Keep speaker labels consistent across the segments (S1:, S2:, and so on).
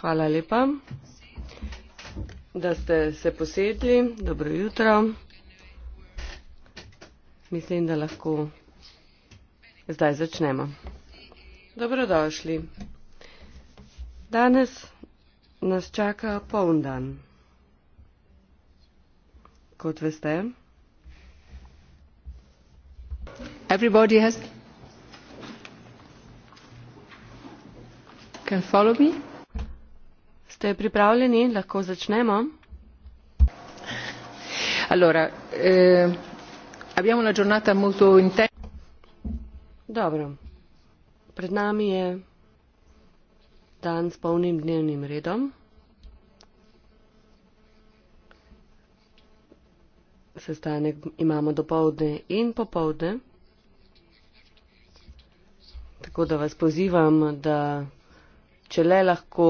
S1: hvala lepa da ste se posedli dobro jutro mislim da lahko zdaj začnemo dobrodošli danes nas čaka poln dan kot veste Everybody has can follow me. Ste pripravljeni? Lahko začnemo. Allora, eh,
S2: abbiamo una giornata molto intensa.
S1: Dobro. Pred nami je dan s polnim dnevnim redom. Sestanek imamo dopoldne in popoldne. Tako da vas pozivam, da če le lahko,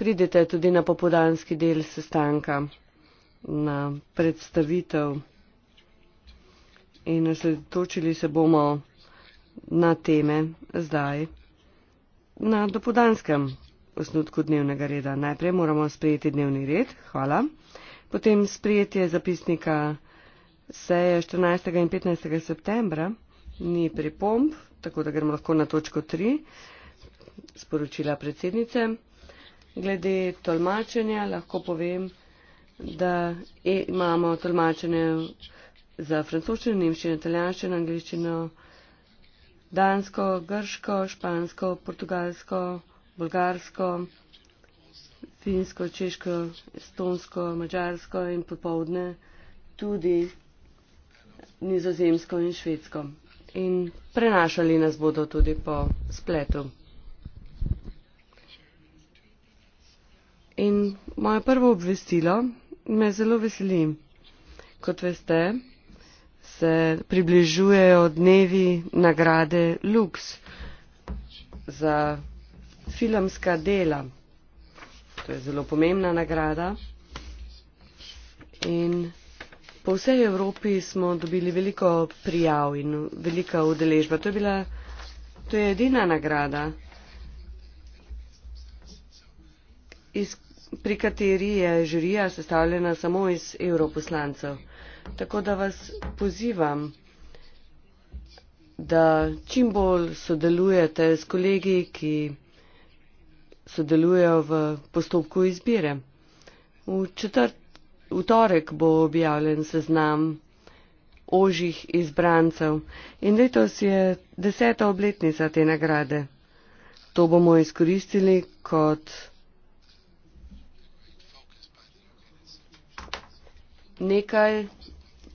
S1: pridete tudi na popodanski del sestanka, na predstavitev in osredotočili se bomo na teme zdaj, na dopodanskem osnutku dnevnega reda. Najprej moramo sprejeti dnevni red, hvala. Potem sprejetje zapisnika seje 14. in 15. septembra, ni pripomb, tako da gremo lahko na točko 3 sporočila predsednice. Glede tolmačenja lahko povem, da e, imamo tolmačenje za francoščino, nemščino, italijanščino, angliščino, dansko, grško, špansko, portugalsko, bolgarsko, finsko, češko, estonsko, mačarsko in popovdne tudi nizozemsko in švedsko. In prenašali nas bodo tudi po spletu. In moje prvo obvestilo me zelo veseli. Kot veste, se približujejo dnevi nagrade Lux za filmska dela. To je zelo pomembna nagrada. In po vsej Evropi smo dobili veliko prijav in velika udeležba. To je bila, to je edina nagrada, iz, pri kateri je žirija sestavljena samo iz europoslancev. Tako da vas pozivam, da čim bolj sodelujete s kolegi, ki sodelujejo v postopku izbire. V, četrt, v torek bo objavljen seznam ožjih izbrancev in letos je deseta obletnica te nagrade. To bomo izkoristili kot. nekaj,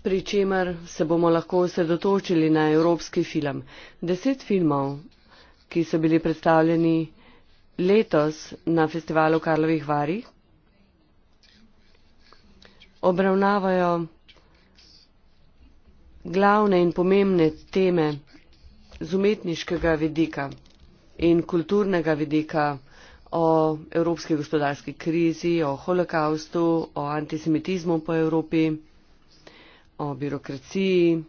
S1: pri čemer se bomo lahko osredotočili na evropski film. Deset filmov, ki so bili predstavljeni letos na festivalu Karlovih Vari, obravnavajo glavne in pomembne teme z umetniškega vidika in kulturnega vidika o evropski gospodarski krizi, o holokaustu, o antisemitizmu po Evropi, o birokraciji,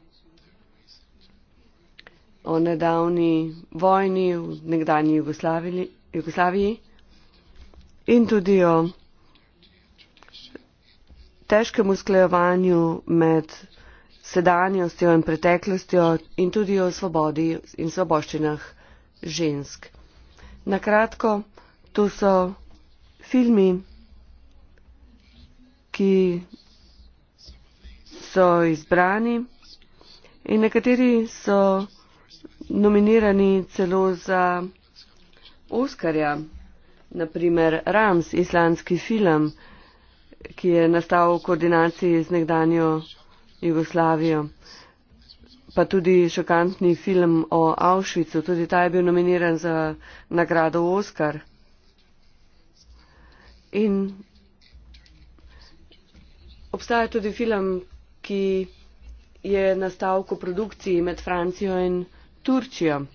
S1: o nedavni vojni v nekdanji Jugoslaviji in tudi o težkem usklejevanju med sedanjostjo in preteklostjo in tudi o svobodi in svoboščinah žensk. Na kratko, To so filmi, ki so izbrani in nekateri so nominirani celo za Oskarja. Naprimer Rams, islandski film, ki je nastal v koordinaciji z nekdanjo Jugoslavijo, pa tudi šokantni film o Auschwitzu, tudi ta je bil nominiran za nagrado Oskar in obstaja tudi film, ki je nastal v produkciji med Francijo in Turčijo.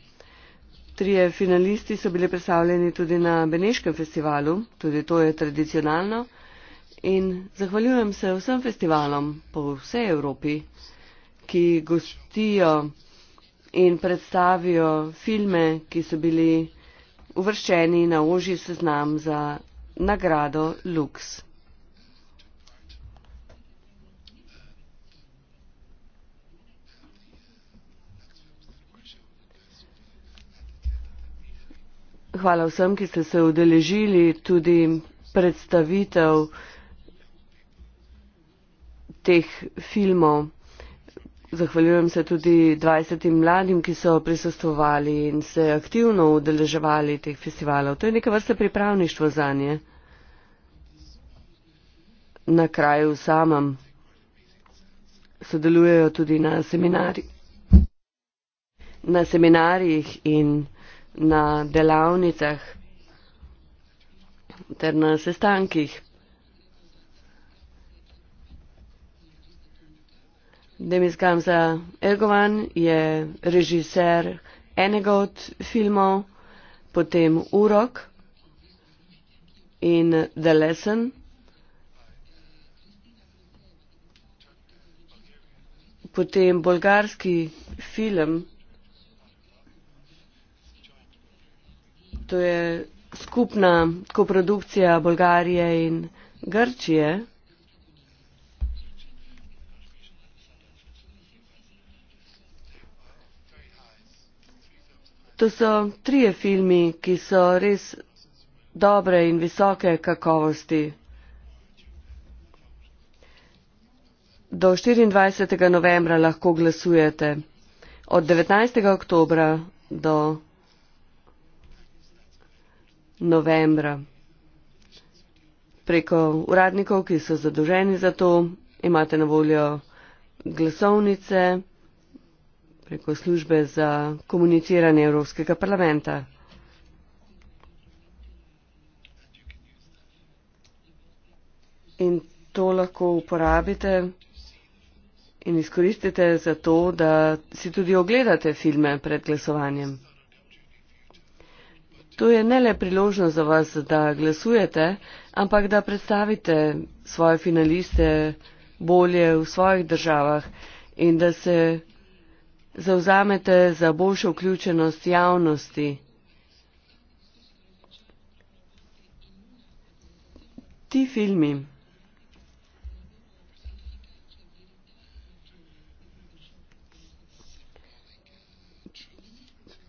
S1: Trije finalisti so bili predstavljeni tudi na Beneškem festivalu, tudi to je tradicionalno. In zahvaljujem se vsem festivalom po vsej Evropi, ki gostijo in predstavijo filme, ki so bili uvrščeni na oži seznam za nagrado Lux. Hvala vsem, ki ste se udeležili tudi predstavitev teh filmov. Zahvaljujem se tudi 20 mladim, ki so prisostovali in se aktivno udeleževali teh festivalov. To je neka vrsta pripravništva za nje. Na kraju samem sodelujejo tudi na seminarjih. Na seminarjih in na delavnicah ter na sestankih. Demis Gamza Egovan je režiser enega od filmov, potem Urok in The Lesson. Potem bolgarski film, to je skupna koprodukcija Bolgarije in Grčije. To so trije filmi, ki so res dobre in visoke kakovosti. Do 24. novembra lahko glasujete. Od 19. oktober do novembra. Preko uradnikov, ki so zadoženi za to, imate na voljo glasovnice preko službe za komuniciranje Evropskega parlamenta. In to lahko uporabite in izkoristite za to, da si tudi ogledate filme pred glasovanjem. To je ne le priložnost za vas, da glasujete, ampak da predstavite svoje finaliste bolje v svojih državah in da se zauzamete za boljšo vključenost javnosti. Ti filmi.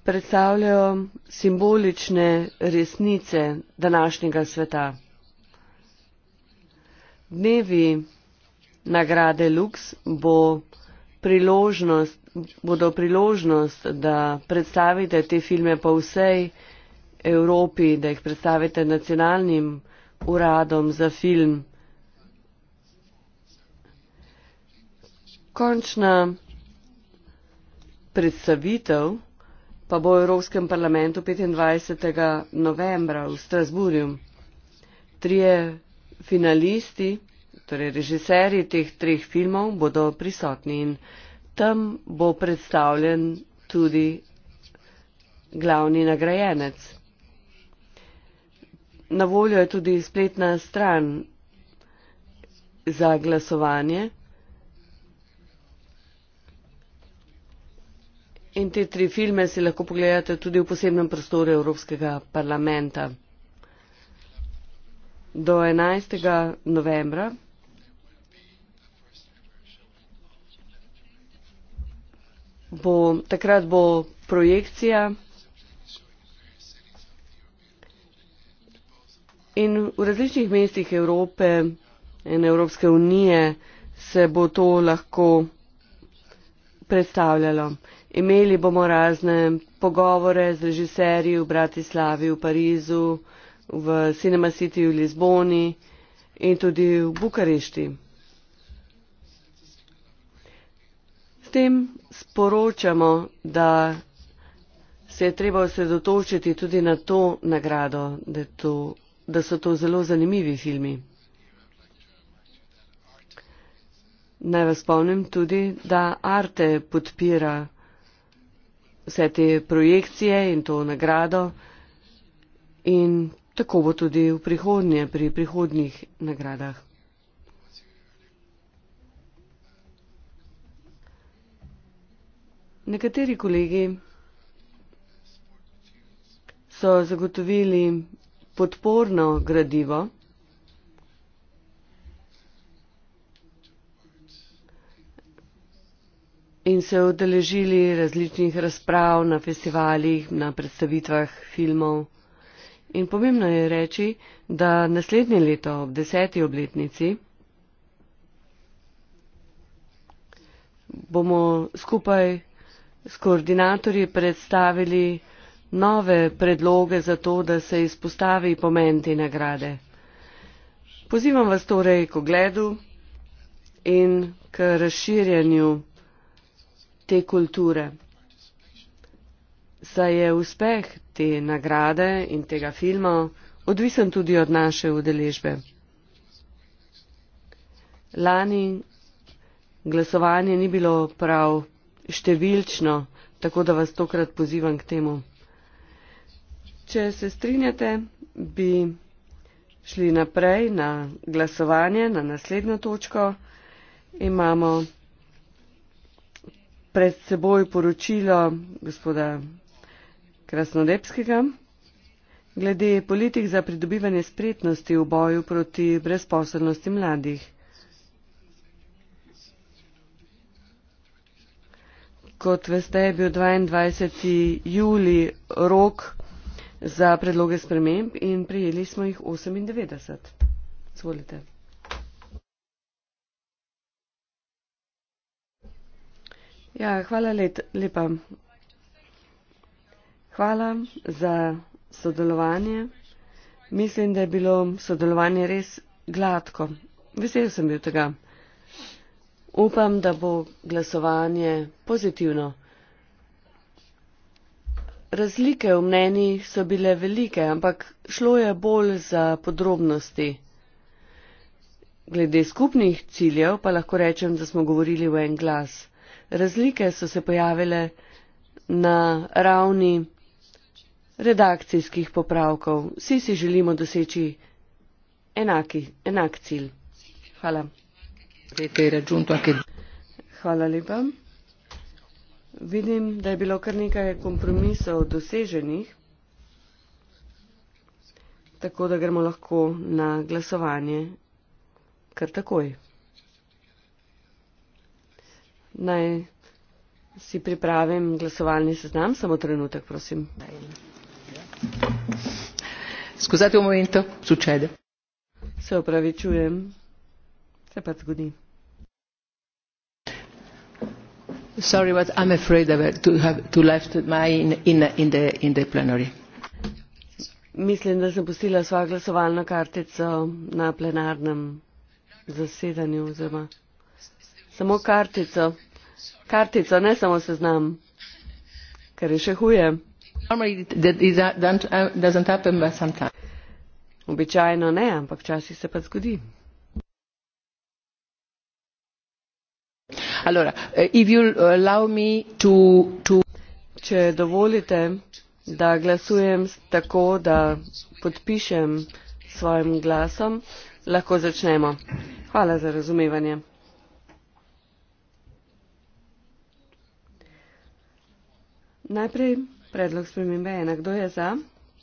S1: predstavljajo simbolične resnice današnjega sveta. Dnevi nagrade Lux bo priložnost bodo priložnost, da predstavite te filme po vsej Evropi, da jih predstavite nacionalnim uradom za film. Končna predstavitev pa bo v Evropskem parlamentu 25. novembra v Strasburju. Trije finalisti, torej režiserji teh treh filmov, bodo prisotni in tam bo predstavljen tudi glavni nagrajenec. Na voljo je tudi spletna stran za glasovanje. In te tri filme si lahko pogledate tudi v posebnem prostoru Evropskega parlamenta. Do 11. novembra bo, takrat bo projekcija in v različnih mestih Evrope in Evropske unije se bo to lahko predstavljalo. Imeli bomo razne pogovore z režiserji v Bratislavi, v Parizu, v Cinema City v Lizboni in tudi v Bukarešti. S tem sporočamo, da se je treba osredotočiti tudi na to nagrado, da, to, da so to zelo zanimivi filmi. Naj vas spomnim tudi, da Arte podpira vse te projekcije in to nagrado in tako bo tudi v prihodnje pri prihodnjih nagradah. Nekateri kolegi so zagotovili podporno gradivo, In se odeležili različnih razprav na festivalih, na predstavitvah filmov. In pomembno je reči, da naslednje leto ob deseti obletnici bomo skupaj s koordinatorji predstavili nove predloge za to, da se izpostavi pomen te nagrade. Pozivam vas torej k ogledu in k razširjanju te kulture. Saj je uspeh te nagrade in tega filma odvisen tudi od naše udeležbe. Lani glasovanje ni bilo prav številčno, tako da vas tokrat pozivam k temu. Če se strinjate, bi šli naprej na glasovanje, na naslednjo točko. Imamo pred seboj poročilo gospoda Krasnodepskega glede politik za pridobivanje spretnosti v boju proti brezposobnosti mladih. kot veste, je bil 22. juli rok za predloge sprememb in prijeli smo jih 98. Zvolite. Ja, hvala let, lepa. Hvala za sodelovanje. Mislim, da je bilo sodelovanje res gladko. Vesel sem bil tega upam, da bo glasovanje pozitivno. Razlike v mneni so bile velike, ampak šlo je bolj za podrobnosti. Glede skupnih ciljev pa lahko rečem, da smo govorili v en glas. Razlike so se pojavile na ravni redakcijskih popravkov. Vsi si želimo doseči enaki, enak cilj. Hvala. Avete raggiunto anche. Hvala lepa. Vidim, da je bilo kar nekaj kompromisov doseženih, tako da gremo lahko na glasovanje kar takoj. Naj si pripravim glasovalni seznam, samo trenutek, prosim.
S2: Scusate un momento, succede.
S1: Se opravičujem se pa zgodi.
S2: Sorry, but I'm afraid of to have to left my in, in, in, the, in the plenary.
S1: Mislim, da sem pustila svojo glasovalno kartico na plenarnem zasedanju. Oziroma. Samo kartico. Kartico, ne samo seznam. Ker je še huje. Običajno ne, ampak včasih se pa zgodi. Eh, eh, če dovolite da glasujem tako da podpišem svojim glasom lahko začnemo hvala za razumevanje najprej predlog spremembe ena kdo je za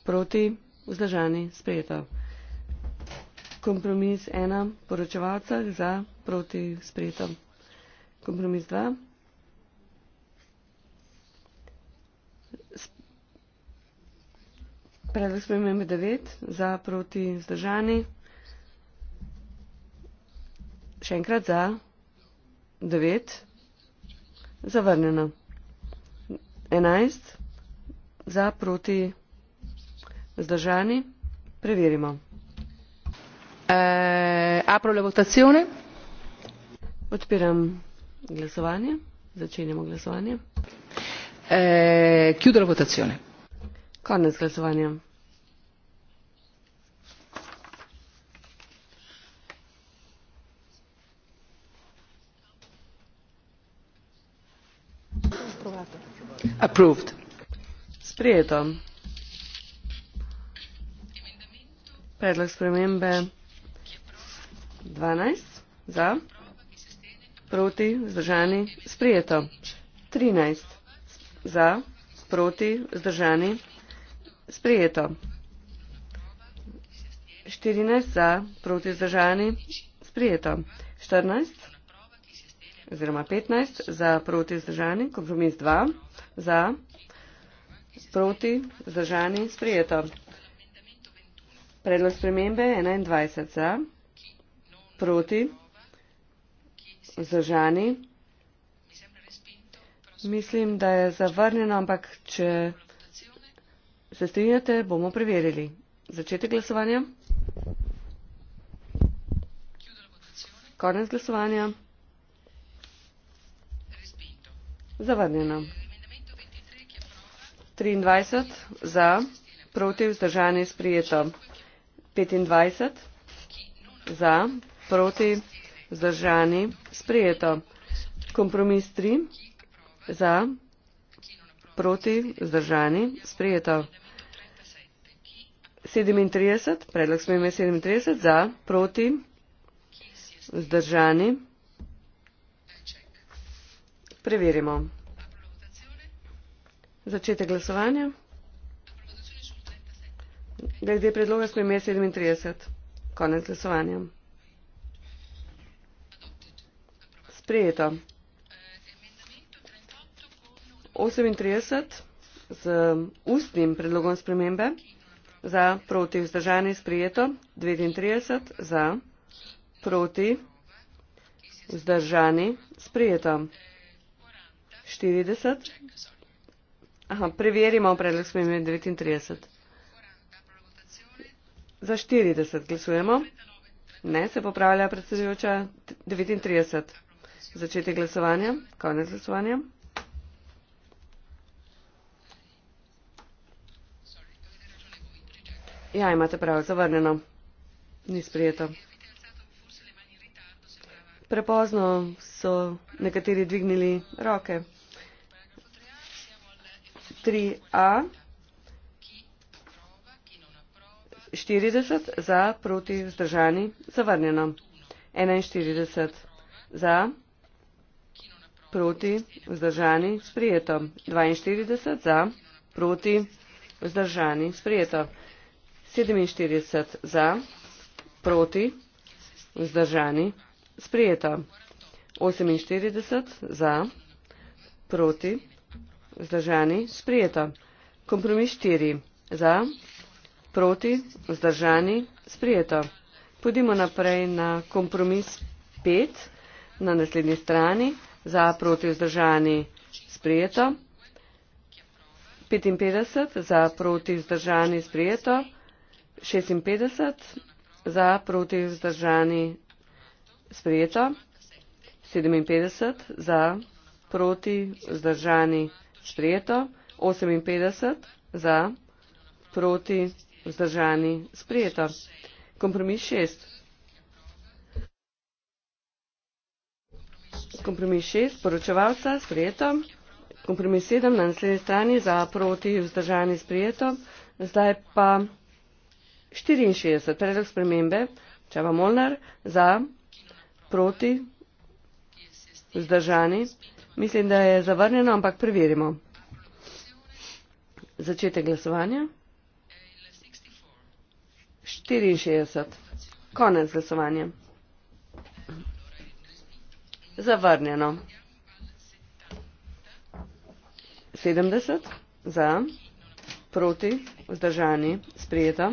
S1: proti vzdržani sprejeto kompromis ena poročevalca za proti sprejeto Kompromis 2. Predlog spremembe 9 za proti zdržani. Še enkrat za 9. Zavrnjeno. 11. Za proti zdržani. Preverimo. Eh, apro la votazione. Odpiram glasovanje. Začenjamo glasovanje. Eh, chiudo la votazione. Konec glasovanja. Approved. Sprijeto. Predlog spremembe 12 za proti, vzdržani, sprijeto. 13 za, proti, vzdržani, sprijeto. 14 za, proti, vzdržani, sprijeto. 14 oziroma 15 za, proti, vzdržani, kompromis 2 za, proti, vzdržani, sprijeto. Predlog spremembe 21 za, proti, vzdržani, sprijeto zažani. Mislim, da je zavrnjeno, ampak če se strinjate, bomo preverili. Začetek glasovanja. Konec glasovanja. Zavrnjeno. 23 za, proti vzdržani sprijeto. 25 za, proti vzdržani sprijeto vzdržani. Sprejeto. Kompromis 3. Za. Proti. Vzdržani. Sprejeto. 37. Predlog smo imeli 37. Za. Proti. Vzdržani. Preverimo. Začete glasovanje. Glede predloga smo imeli 37. Konec glasovanja. sprejeta. 38 z ustnim predlogom spremembe za proti vzdržanje sprejeto, 39 za proti vzdržanje sprejeto. 40. Aha, preverimo predlog spremembe 39. Za 40 glasujemo. Ne, se popravlja predsedujoča 39 začetek glasovanja, konec glasovanja. Ja, imate prav, zavrnjeno. Ni sprijeto. Prepozno so nekateri dvignili roke. 3A. 40 za, proti, vzdržani, zavrnjeno. 41 za proti, vzdržani, sprijeto. 42 za, proti, vzdržani, sprijeto. 47 za, proti, vzdržani, sprijeto. 48 za, proti, vzdržani, sprijeto. Kompromis 4 za, proti, vzdržani, sprijeto. Pudimo naprej na kompromis 5 na naslednji strani za proti vzdržani sprijeto. 55 za proti vzdržani sprijeto. 56 za proti vzdržani sprijeto. 57 za proti vzdržani sprijeto. 58 za proti vzdržani sprijeto. Kompromis 6. kompromis 6, poročevalca, sprejeto. Kompromis 7 na naslednji strani za proti vzdržani sprejeto. Zdaj pa 64, predlog spremembe, Čava Molnar, za proti vzdržani. Mislim, da je zavrnjeno, ampak preverimo. Začetek glasovanja. 64. Konec glasovanja zavrnjeno sedemdeset za proti vzdržani sprejeta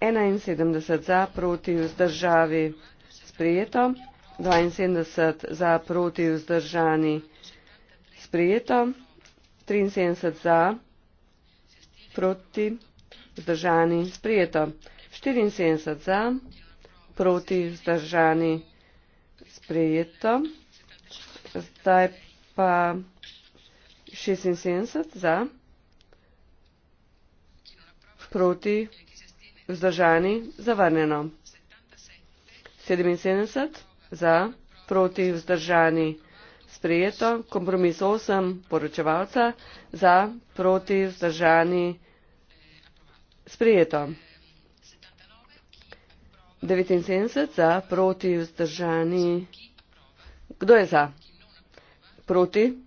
S1: enainsedemdeset za proti vzdržavi sprejeto dvainsedemdeset za proti vzdržani sprejeto triinsedemdeset za proti vzdržani sprejeto štiriinsedemdeset za proti vzdržani sprejeto. Zdaj pa 76 za, proti, vzdržani, zavrnjeno. 77 za, proti, vzdržani, sprejeto. Kompromis 8 poročevalca za, proti, vzdržani, sprejeto. 79 za, proti vzdržani. Kdo je za? Proti?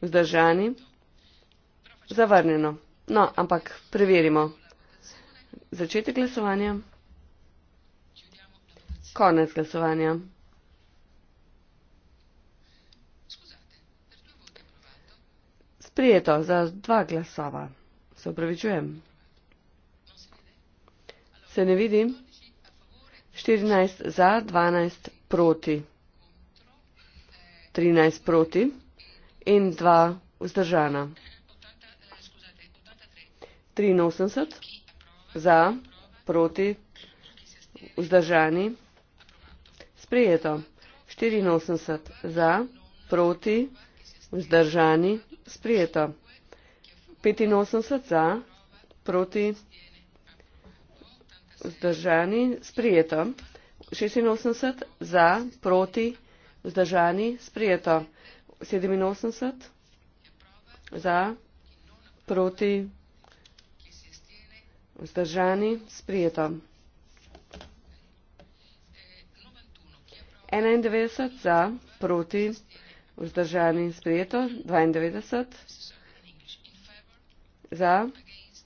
S1: Vzdržani? Zavrnjeno. No, ampak preverimo. Začetek glasovanja. Konec glasovanja. Sprijeto za dva glasova. Se upravičujem. Se ne vidim? 14 za, 12 proti. 13 proti in 2 vzdržana. 83 za, proti, vzdržani. Sprijeto. 84 za, proti, vzdržani. Sprijeto. 85 za, proti, vzdržani sprijeto 86 za proti vzdržani sprijeto 87 za proti vzdržani sprijeto 91 za proti vzdržani sprijeto 92 za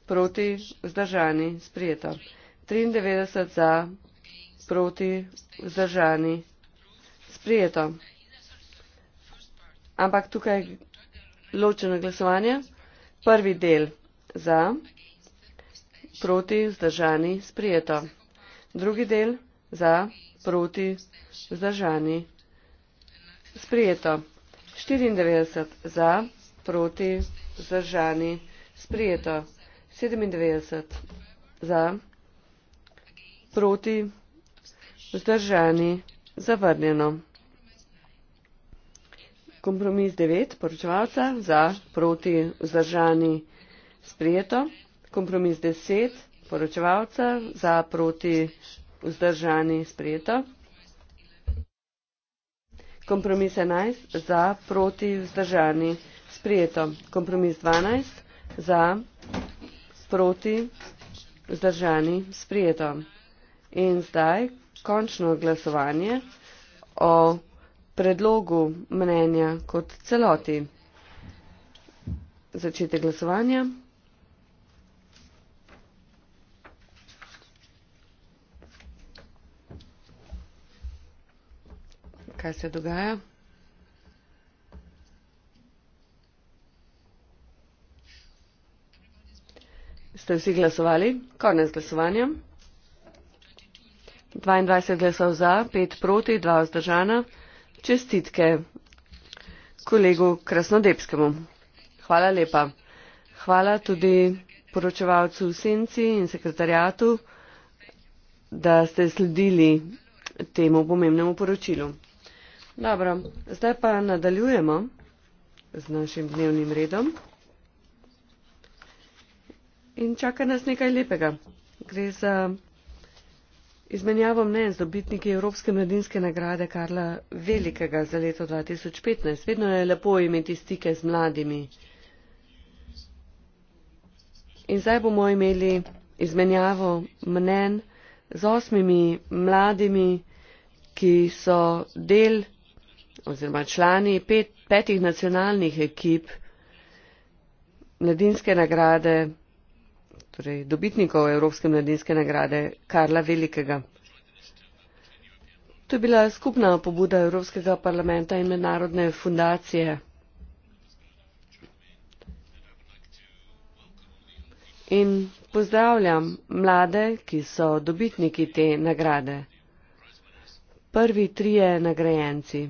S1: proti vzdržani sprijeto 93 za, proti, vzdržani. Sprijeto. Ampak tukaj ločeno glasovanje. Prvi del za, proti, vzdržani. Sprijeto. Drugi del za, proti, vzdržani. Sprijeto. 94 za, proti, vzdržani. Sprijeto. 97 za proti, vzdržani, zavrnjeno. Kompromis 9, poročevalca, za, proti, vzdržani, sprijeto. Kompromis 10, poročevalca, za, proti, vzdržani, sprijeto. Kompromis 11, za, proti, vzdržani, sprijeto. Kompromis 12, za, proti, vzdržani, sprijeto. In zdaj končno glasovanje o predlogu mnenja kot celoti. Začete glasovanje. Kaj se dogaja? Ste vsi glasovali? Konec glasovanja dvaindvajset glasov za pet proti dva vzdržana čestitke kolegu krasnodebskemu hvala lepa hvala tudi poročevalcu senci in sekretarjatu da ste sledili temu pomembnemu poročilu dobro zdaj pa nadaljujemo z našim dnevnim redom in čaka nas nekaj lepega gre za Izmenjavo mnen z dobitniki Evropske mladinske nagrade Karla Velikega za leto 2015. Vedno je lepo imeti stike z mladimi. In zdaj bomo imeli izmenjavo mnen z osmimi mladimi, ki so del oziroma člani pet, petih nacionalnih ekip mladinske nagrade torej dobitnikov Evropske mladinske nagrade Karla Velikega. To je bila skupna pobuda Evropskega parlamenta in mednarodne fundacije. In pozdravljam mlade, ki so dobitniki te nagrade. Prvi trije nagrajenci.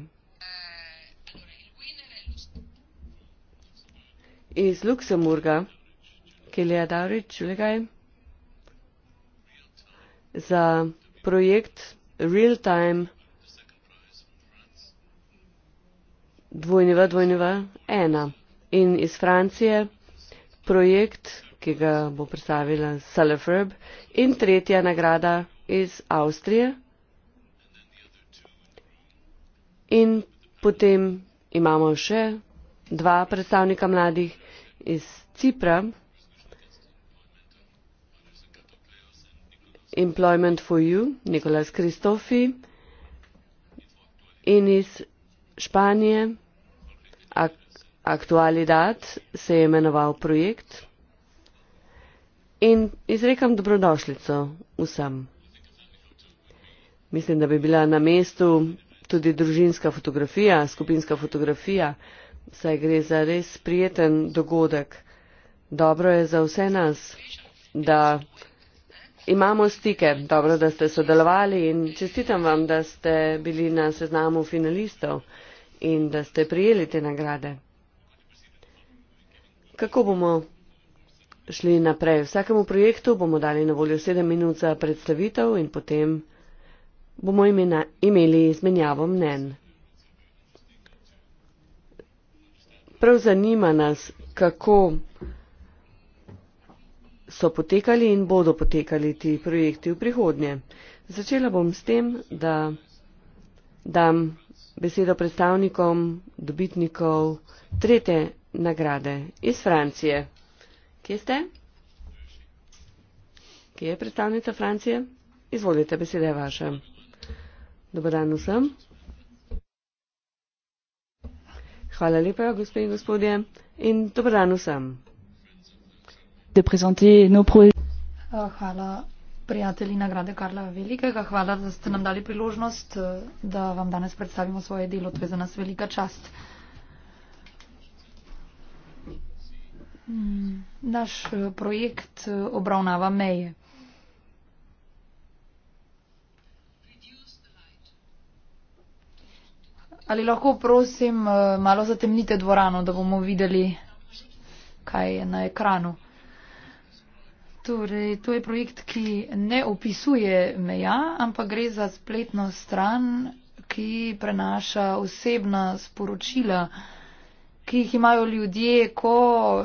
S1: Iz Luksemburga Kelija Darič Legaj za projekt Real Time dvojneva dvojneva ena in iz Francije projekt, ki ga bo predstavila Salaferb in tretja nagrada iz Avstrije in potem imamo še dva predstavnika mladih iz Cipra. employment for you, Nicolas Christofi, in iz Španije ak aktualidad se je imenoval projekt in izrekam dobrodošlico vsem. Mislim, da bi bila na mestu tudi družinska fotografija, skupinska fotografija, saj gre za res prijeten dogodek. Dobro je za vse nas, da imamo stike, dobro, da ste sodelovali in čestitam vam, da ste bili na seznamu finalistov in da ste prijeli te nagrade. Kako bomo šli naprej? Vsakemu projektu bomo dali na voljo sedem minut za predstavitev in potem bomo imena, imeli izmenjavo mnen. Prav zanima nas, kako so potekali in bodo potekali ti projekti v prihodnje. Začela bom s tem, da dam besedo predstavnikom dobitnikov trete nagrade iz Francije. Kje ste? Kje je predstavnica Francije? Izvolite, beseda je vaša. Dobar dan vsem. Hvala lepa, gospe in gospodje, in dobro dan vsem
S2: de présenter nos projets.
S1: Eh,
S3: hvala, prijatelji nagrade Karla Velikega. Hvala, da ste nam dali priložnost, eh, da vam danes predstavimo svoje delo. To je za nas velika čast. Hmm, naš eh, projekt obravnava meje. Ali lahko, prosim, malo zatemnite dvorano, da bomo videli, kaj je na ekranu. Torej, to je projekt, ki ne opisuje meja, ampak gre za spletno stran, ki prenaša osebna sporočila, ki jih imajo ljudje, ko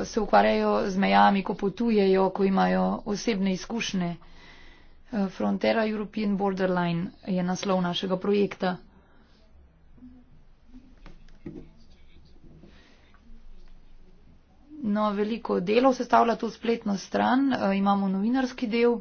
S3: se ukvarjajo z mejami, ko potujejo, ko imajo osebne izkušnje. Eh, Frontera European Borderline je naslov našega projekta. No, veliko delov se stavlja to spletno stran, e, imamo novinarski del.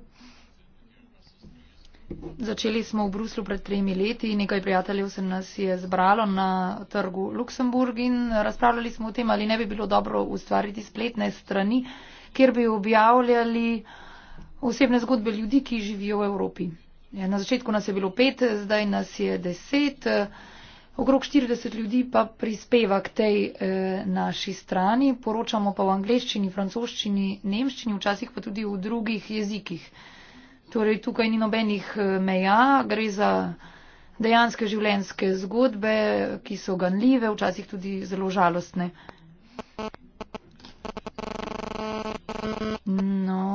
S3: Začeli smo v Bruslu pred tremi leti, nekaj prijateljev se nas je zbralo na trgu Luksemburg in razpravljali smo o tem, ali ne bi bilo dobro ustvariti spletne strani, kjer bi objavljali osebne zgodbe ljudi, ki živijo v Evropi. Ja, na začetku nas je bilo pet, zdaj nas je deset. Okrog 40 ljudi pa prispeva k tej e, naši strani, poročamo pa v angleščini, francoščini, nemščini, včasih pa tudi v drugih jezikih. Torej tukaj ni nobenih eh, meja, gre za dejanske življenjske zgodbe, ki so ganljive, včasih tudi zelo žalostne. No,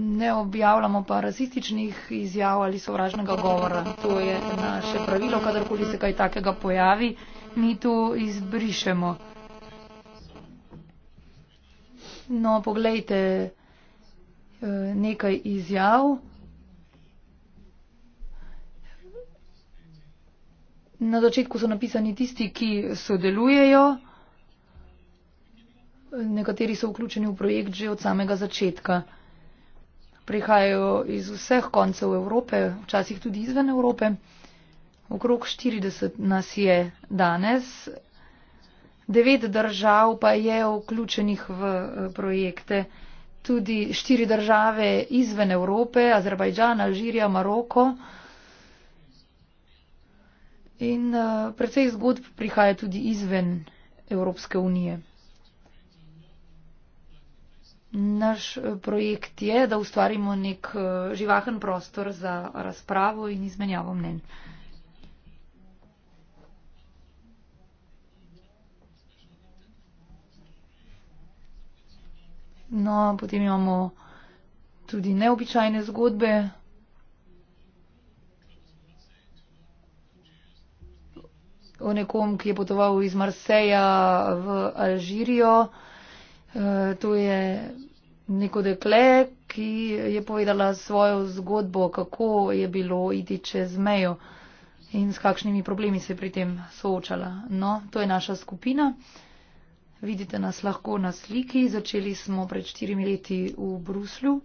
S3: ne objavljamo parazitičnih izjav ali sovražnega govora. To je naše pravilo, kadarkoli se kaj takega pojavi, mi to izbrišemo. No, poglejte eh, nekaj izjav. Na začetku so napisani tisti, ki sodelujejo. Nekateri so vključeni v projekt že od samega začetka prihajajo iz vseh koncev Evrope, včasih tudi izven Evrope. Okrog 40 nas je danes. Devet držav pa je vključenih v eh, projekte. Tudi štiri države izven Evrope, Azerbajdžan, Alžirija, Maroko. In uh, precej zgodb prihaja tudi izven Evropske unije. Naš eh, projekt je, da ustvarimo nek eh, živahen prostor za razpravo in izmenjavo mnen. No, potem imamo tudi neobičajne zgodbe. O nekom, ki je potoval iz Marseja v Alžirijo. Eh, to je neko dekle, ki je povedala svojo zgodbo, kako je bilo iti čez mejo in s kakšnimi problemi se je pri tem soočala. No, to je naša skupina. Vidite nas lahko na sliki. Začeli smo pred štirimi leti v Bruslju.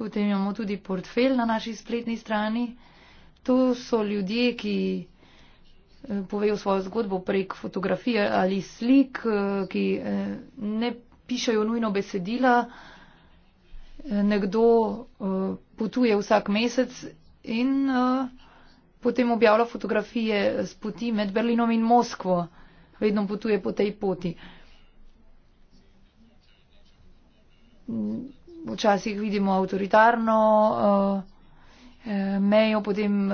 S3: Potem imamo tudi portfelj na naši spletni strani. To so ljudje, ki povejo svojo zgodbo prek fotografije ali slik, eh, ki eh, ne pišajo nujno besedila. Eh, nekdo potuje vsak mesec in potem objavlja fotografije z poti med Berlinom in Moskvo. Vedno potuje po tej poti. Včasih vidimo avtoritarno mejo, potem.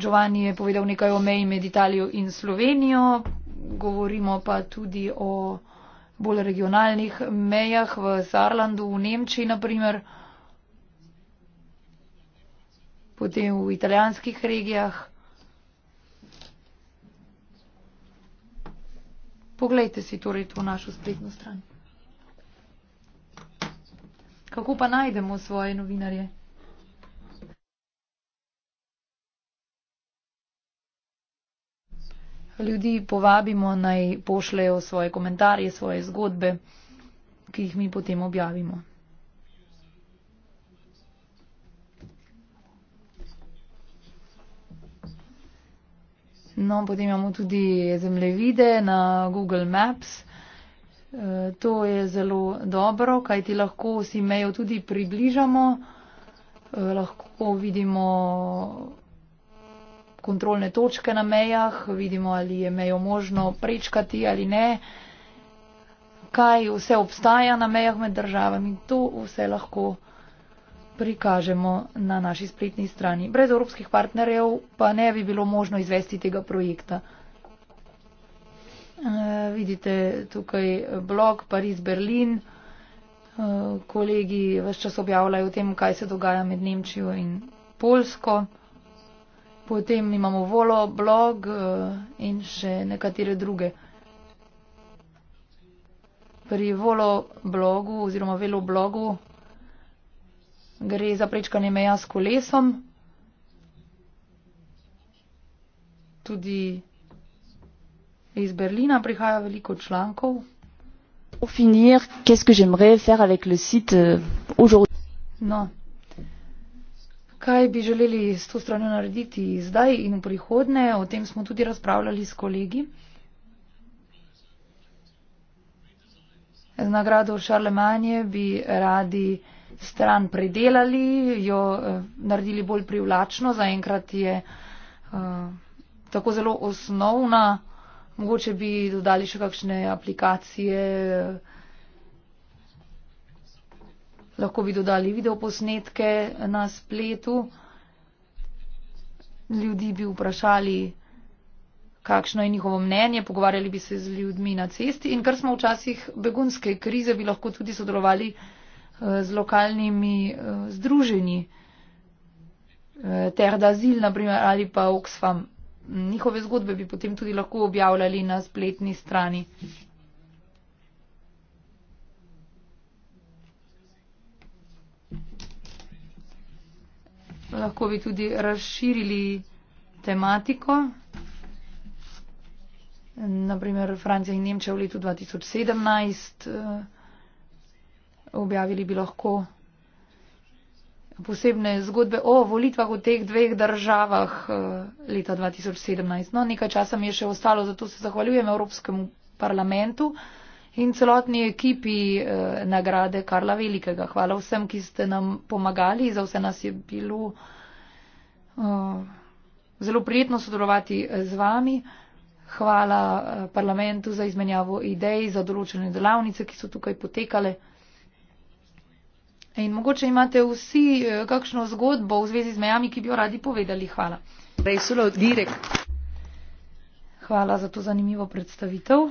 S3: Giovanni je povedal nekaj o meji med Italijo in Slovenijo, govorimo pa tudi o bolj regionalnih mejah v Sarlandu, v Nemčiji naprimer, potem v italijanskih regijah. Poglejte si torej to našo spletno stran. Kako pa najdemo svoje novinarje? ljudi povabimo naj pošlejo svoje komentarje, svoje zgodbe, ki jih mi potem objavimo. No, potem imamo tudi zemljevide na Google Maps. E, to je zelo dobro, kaj ti lahko si mejo tudi približamo, e, lahko vidimo kontrolne točke na mejah, vidimo, ali je mejo možno prečkati ali ne, kaj vse obstaja na mejah med državami. To vse lahko prikažemo na naši spletni strani. Brez evropskih partnerjev pa ne bi bilo možno izvesti tega projekta. E, vidite tukaj blog Pariz-Berlin. E, eh, kolegi vse čas objavljajo o tem, kaj se dogaja med Nemčijo in Polsko. Potem imamo volo, blog eh, in še nekatere druge. Pri volo blogu oziroma velo blogu gre za prečkanje meja s kolesom. Tudi iz Berlina prihaja veliko člankov.
S1: Pour finir, qu'est-ce que j'aimerais faire avec le site euh, aujourd'hui? Non
S3: kaj bi želeli s to stranjo narediti zdaj in v prihodne. O tem smo tudi razpravljali s kolegi. Z nagrado Šarlemanje bi radi stran predelali, jo eh, naredili bolj privlačno. Zaenkrat je uh, tako zelo osnovna. Mogoče bi dodali še kakšne aplikacije. Uh, lahko bi dodali videoposnetke na spletu, ljudi bi vprašali, kakšno je njihovo mnenje, pogovarjali bi se z ljudmi na cesti in kar smo včasih begunske krize, bi lahko tudi sodelovali eh, z lokalnimi eh, združenji. Eh, Terdazil, naprimer, ali pa Oxfam. Njihove zgodbe bi potem tudi lahko objavljali na spletni strani. lahko bi tudi razširili tematiko. Naprimer, Francija in Nemčija v letu 2017 eh, objavili bi lahko posebne zgodbe o volitvah v teh dveh državah eh, leta 2017. No, nekaj časa mi je še ostalo, zato se zahvaljujem Evropskemu parlamentu in celotni ekipi eh, nagrade Karla Velikega. Hvala vsem, ki ste nam pomagali, za vse nas je bilo eh, zelo prijetno sodelovati eh, z vami. Hvala parlamentu za izmenjavo idej, za določene delavnice, ki so tukaj potekale. In mogoče imate vsi kakšno zgodbo v zvezi z mejami, ki bi jo radi povedali. Hvala. Hvala za to zanimivo
S2: predstavitev.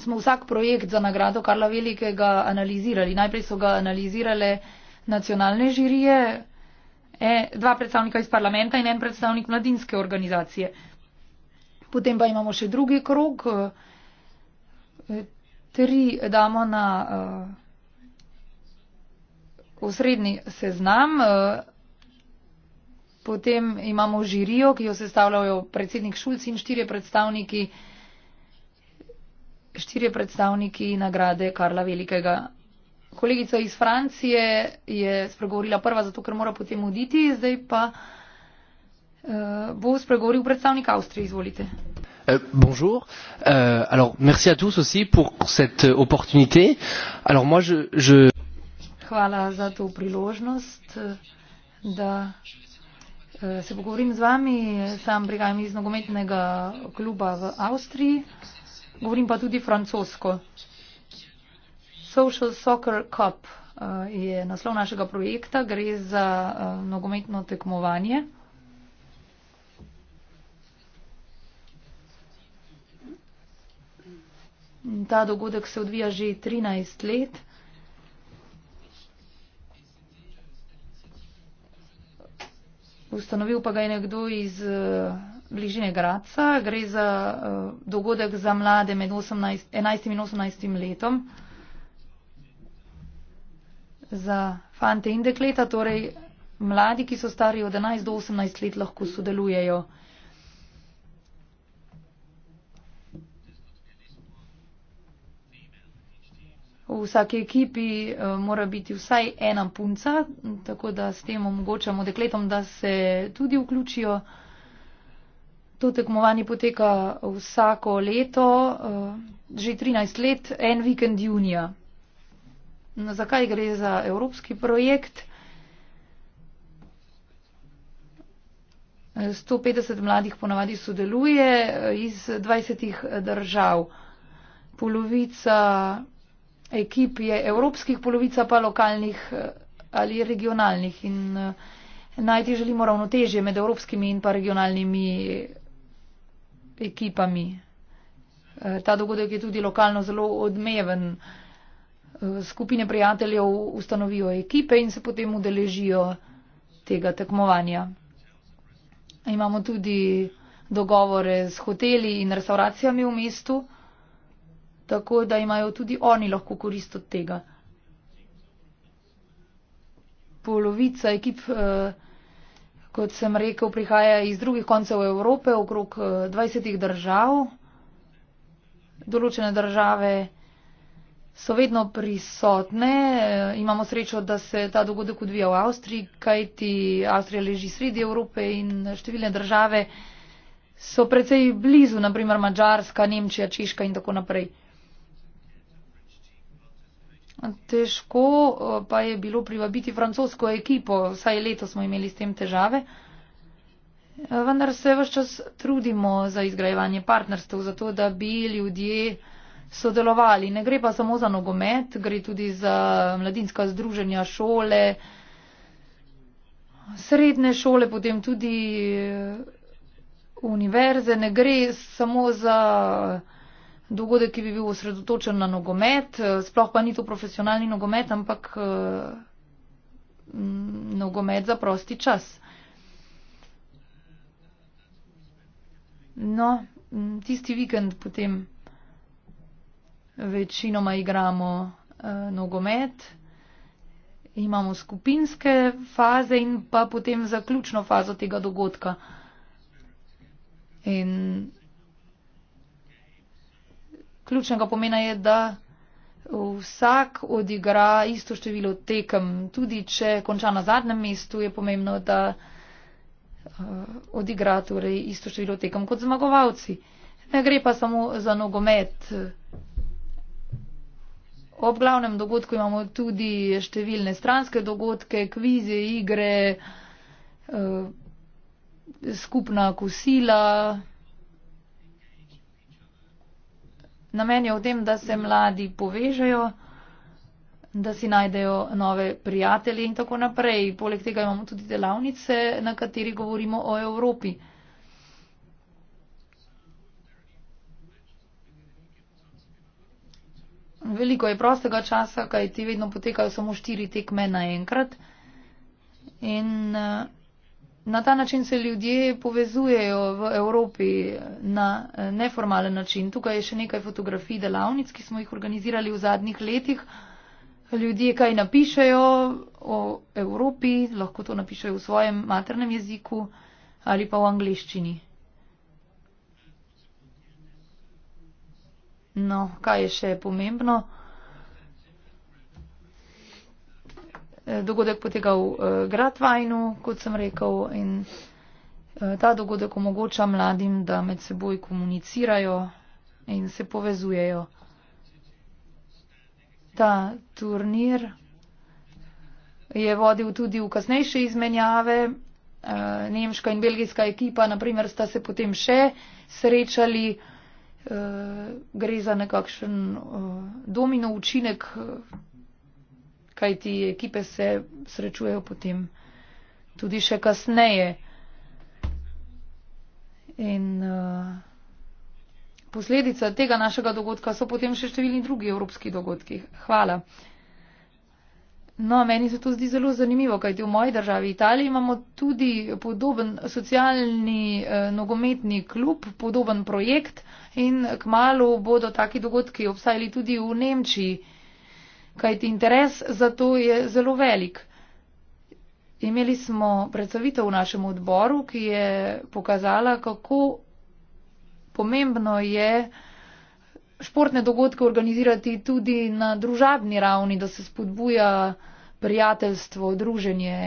S3: smo vsak projekt za nagrado Karla Velikega analizirali. Najprej so ga analizirale nacionalne žirije, e, dva predstavnika iz parlamenta in en predstavnik mladinske organizacije. Potem pa imamo še drugi krok, e, tri damo na e, osrednji seznam, potem imamo žirijo, ki jo sestavljajo predsednik Šulc in štiri predstavniki štirje predstavniki nagrade Karla Velikega. Kolegica iz Francije je spregovorila prva, zato ker mora potem oditi, zdaj pa uh, bo spregovoril predstavnik Avstrije. Izvolite.
S2: Euh, bonjour. Euh, alors, merci à tous aussi pour cette euh, opportunité. Alors, moi, je, je...
S3: Hvala za to priložnost, eh, da euh, se pogovorim z vami. Sam prihajam iz nogometnega kluba v Avstriji. Euh, govorim pa tudi francosko. Social Soccer Cup eh, je naslov našega projekta, gre za eh, nogometno tekmovanje. Ta dogodek se odvija že 13 let. Ustanovil pa ga je nekdo iz eh, bližine Graca. Gre za uh, dogodek za mlade med 18, 11 in 18 letom. Za fante in dekleta, torej mladi, ki so stari od 11 do 18 let, lahko sodelujejo. V vsaki ekipi eh, mora biti vsaj ena punca, tako da s tem omogočamo dekletom, da se tudi vključijo. To tekmovanje poteka vsako leto, eh, že 13 let, en vikend junija. No, zakaj gre za evropski projekt? 150 mladih ponavadi sodeluje eh, iz 20 držav. Polovica ekip je evropskih, polovica pa lokalnih eh, ali regionalnih. In najti želimo ravnotežje med evropskimi in pa regionalnimi ekipami. E, ta dogodek je tudi lokalno zelo odmeven. E, skupine prijateljev ustanovijo ekipe in se potem udeležijo tega tekmovanja. Imamo tudi dogovore s hoteli in restauracijami v mestu, tako da imajo tudi oni lahko korist od tega. Polovica ekip. Eh, kot sem rekel, prihaja iz drugih koncev Evrope, okrog 20 eh, držav. Določene države so vedno prisotne. Eh, imamo srečo, da se ta dogodek odvija v Avstriji, kajti Avstrija leži sredi Evrope in številne države so precej blizu, naprimer Mačarska, Nemčija, Češka in tako naprej. Težko eh, pa je bilo privabiti francosko ekipo, saj leto smo imeli s tem težave. Eh, vendar se vse čas trudimo za izgrajevanje partnerstv, zato da bi ljudje sodelovali. Ne gre pa samo za nogomet, gre tudi za mladinska združenja, šole, srednje šole, potem tudi eh, univerze. Ne gre samo za dogodek, ki bi bil osredotočen na nogomet, eh, sploh pa ni to profesionalni nogomet, ampak uh, nogomet za prosti čas. No, tisti vikend potem večinoma igramo uh, nogomet, imamo skupinske faze in pa potem zaključno fazo tega dogodka. In ključnega pomena je, da vsak odigra isto število tekem. Tudi če konča na zadnjem mestu, je pomembno, da eh, odigra torej isto število tekem kot zmagovalci. Ne gre pa samo za nogomet. Ob glavnem dogodku imamo tudi številne stranske dogodke, kvize, igre, eh, skupna kosila. Namen je v tem, da se mladi povežejo, da si najdejo nove prijatelje in tako naprej. Poleg tega imamo tudi delavnice, na kateri govorimo o Evropi. Veliko je prostega časa, kaj ti vedno potekajo samo štiri tekme naenkrat. In eh, Na ta način se ljudje povezujejo v Evropi na eh, neformalen način. Tukaj je še nekaj fotografij delavnic, ki smo jih organizirali v zadnjih letih. Ljudje kaj napišejo o Evropi, lahko to napišejo v svojem maternem jeziku ali pa v angliščini. No, kaj je še pomembno? Eh, dogodek poteka v eh, Gratvajnu, kot sem rekel, in eh, ta dogodek omogoča mladim, da med seboj komunicirajo in se povezujejo. Ta turnir je vodil tudi v kasnejše izmenjave. Nemška in belgijska ekipa, naprimer, sta se potem še srečali. Gre za nekakšen domino učinek kaj ti ekipe se srečujejo potem tudi še kasneje. In uh, posledica tega našega dogodka so potem še številni drugi evropski dogodki. Hvala. No, meni se to zdi zelo zanimivo, kajti v moji državi Italiji imamo tudi podoben socialni eh, nogometni klub, podoben projekt in k malu bodo taki dogodki obstajali tudi v Nemčiji. Eh, kajti interes za to je zelo velik. Imeli smo predstavitev v našem odboru, ki je pokazala, kako pomembno je športne dogodke organizirati tudi na družabni ravni, da se spodbuja prijateljstvo, druženje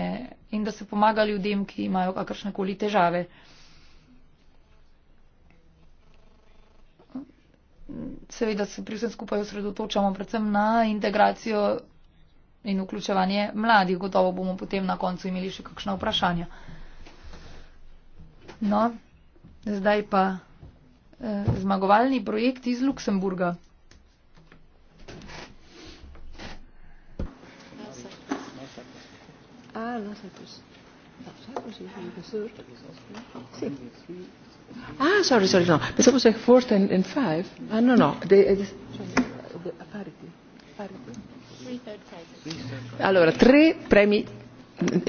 S3: in da se pomaga ljudem, ki imajo kakršne koli težave. seveda se pri vsem skupaj osredotočamo predvsem na integracijo in vključevanje mladih. Gotovo bomo potem na koncu imeli še kakšna vprašanja. No, zdaj pa eh, zmagovalni projekt iz Luksemburga.
S2: Ah, no, no Ah, sorry, sorry, no. Pensavo fosse fourth and, and five. Ah, no, no. The, the, the, a parity. A parity. Allora, tre premi,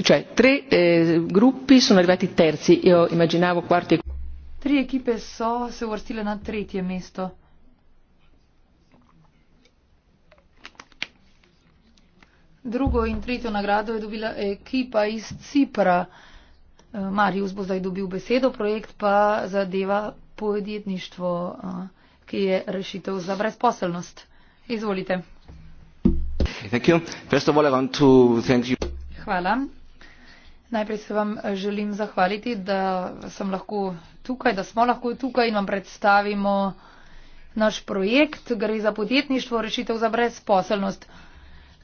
S2: cioè tre eh, gruppi sono arrivati terzi, io immaginavo quarti e quarti.
S3: Tre equipe so se vuoi stile non tre ti è messo. Drugo in trito una grado e dubila equipa is Cipra. Eh, Marius bo zdaj dobil besedo, projekt pa zadeva podjetništvo, eh, ki je rešitev za brezposelnost. Izvolite. Hvala. Najprej se vam želim zahvaliti, da sem lahko tukaj, da smo lahko tukaj in vam predstavimo naš projekt. Gre za podjetništvo, rešitev za brezposelnost.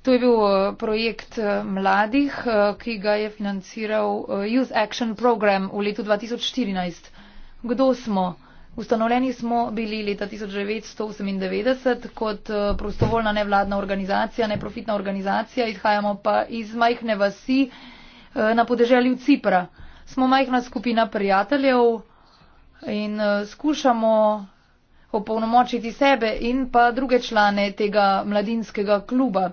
S3: To je bil eh, projekt eh, mladih, eh, ki ga je financiral Youth Action Program v letu 2014. Kdo smo? Ustanovljeni smo bili leta 1998 kot prostovoljna nevladna organizacija, neprofitna organizacija, izhajamo pa iz majhne vasi na podeželju Cipra. Smo majhna skupina prijateljev in skušamo opolnomočiti sebe in pa druge člane tega mladinskega kluba.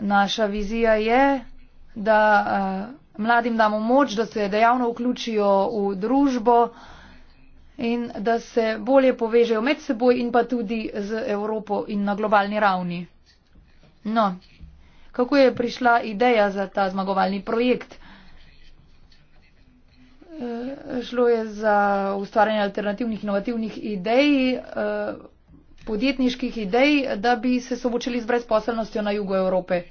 S3: Naša vizija je, da uh, mladim damo moč, da se dejavno vključijo v družbo in da se bolje povežejo med seboj in pa tudi z Evropo in na globalni ravni. No, kako je prišla ideja za ta zmagovalni projekt? E, šlo je za ustvarjanje alternativnih inovativnih idej. E, podjetniških idej, da bi se soočili z brezposelnostjo na jugu Evrope.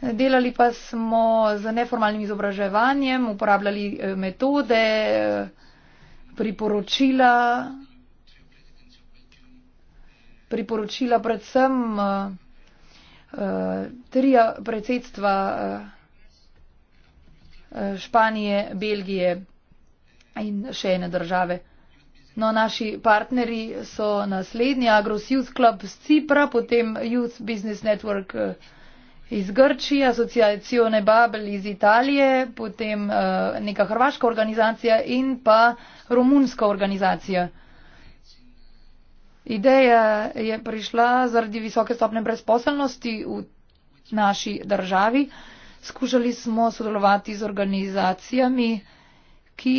S3: Delali pa smo z neformalnim izobraževanjem, uporabljali eh, metode, eh, priporočila, priporočila predvsem eh, tri predsedstva Španije, Belgije in še ene države. No, naši partnerji so naslednji, Agros Youth Club z Cipra, potem Youth Business Network eh, iz Grčije, Asociacione Babel iz Italije, potem eh, neka hrvaška organizacija in pa romunska organizacija. Ideja je prišla zaradi visoke stopne brezposelnosti v naši državi. Skušali smo sodelovati z organizacijami, ki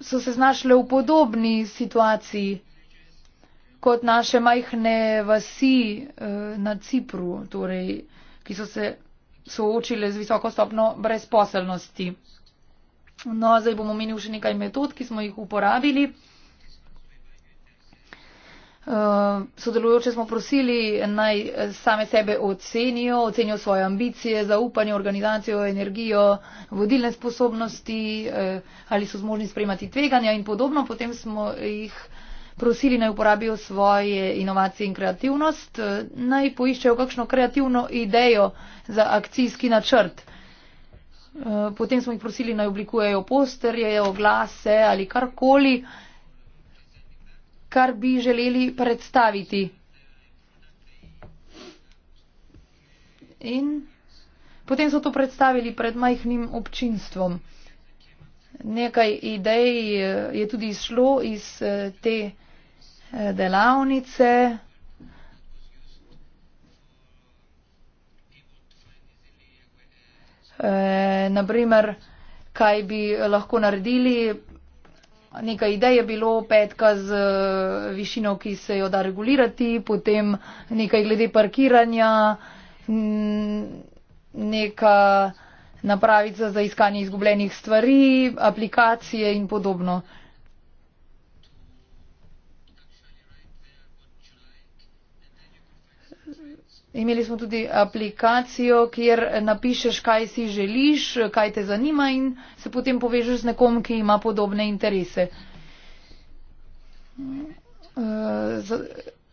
S3: so se znašle v podobni situaciji kot naše majhne vasi eh, na Cipru, torej, ki so se soočile z visoko stopno brezposelnosti. No, zdaj bom omenil še nekaj metod, ki smo jih uporabili. Eh, sodelujoče smo prosili naj eh, same sebe ocenijo, ocenijo svoje ambicije, zaupanje, organizacijo, energijo, vodilne sposobnosti, eh, ali so zmožni sprejemati tveganja in podobno. Potem smo jih prosili naj uporabijo svoje inovacije in kreativnost, naj poiščejo kakšno kreativno idejo za akcijski načrt. Potem smo jih prosili naj oblikujejo posterje, oglase ali karkoli kar bi želeli predstaviti. In potem so to predstavili pred majhnim občinstvom. Nekaj idej eh, je tudi izšlo iz eh, te eh, delavnice. E, naprimer, kaj bi lahko naredili, nekaj idej je bilo, petka z eh, višino, ki se jo da regulirati, potem nekaj glede parkiranja, neka napravica za iskanje izgubljenih stvari, aplikacije in podobno. Imeli smo tudi aplikacijo, kjer napišeš, kaj si želiš, kaj te zanima in se potem povežeš z nekom, ki ima podobne interese.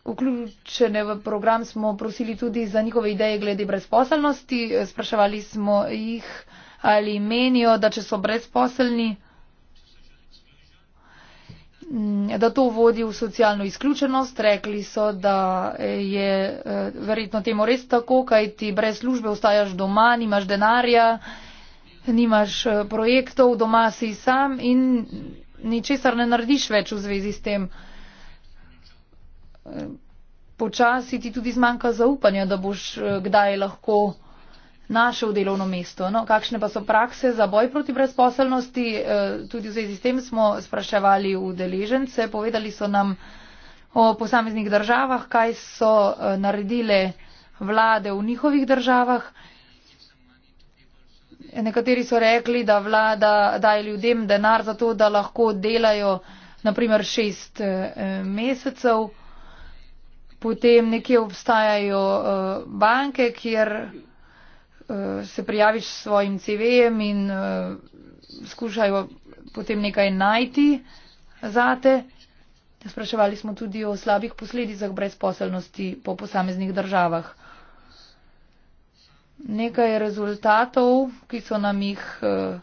S3: Vključene v program smo prosili tudi za njihove ideje glede brezposelnosti. Spraševali smo jih, ali menijo, da če so brezposelni. Mm, da to vodi v socialno izključenost. Rekli so, da je eh, verjetno temu res tako, kaj ti brez službe ostajaš doma, nimaš denarja, nimaš eh, projektov, doma si sam in ničesar ne narediš več v zvezi s tem. Eh, počasi ti tudi zmanjka zaupanja, da boš kdaj lahko našel delovno mesto. No, kakšne pa so prakse za boj proti brezposelnosti? E, tudi v zvezi s tem smo spraševali udeležence, povedali so nam o posameznih državah, kaj so e, naredile vlade v njihovih državah. Nekateri so rekli, da vlada daje ljudem denar za to, da lahko delajo naprimer šest e, mesecev. Potem nekje obstajajo banke, kjer Eh, se prijaviš s svojim CV-jem in uh, skušajo potem nekaj najti zate. Spraševali smo tudi o slabih posledicah brezposelnosti po posameznih državah. Nekaj rezultatov, ki so nam jih uh,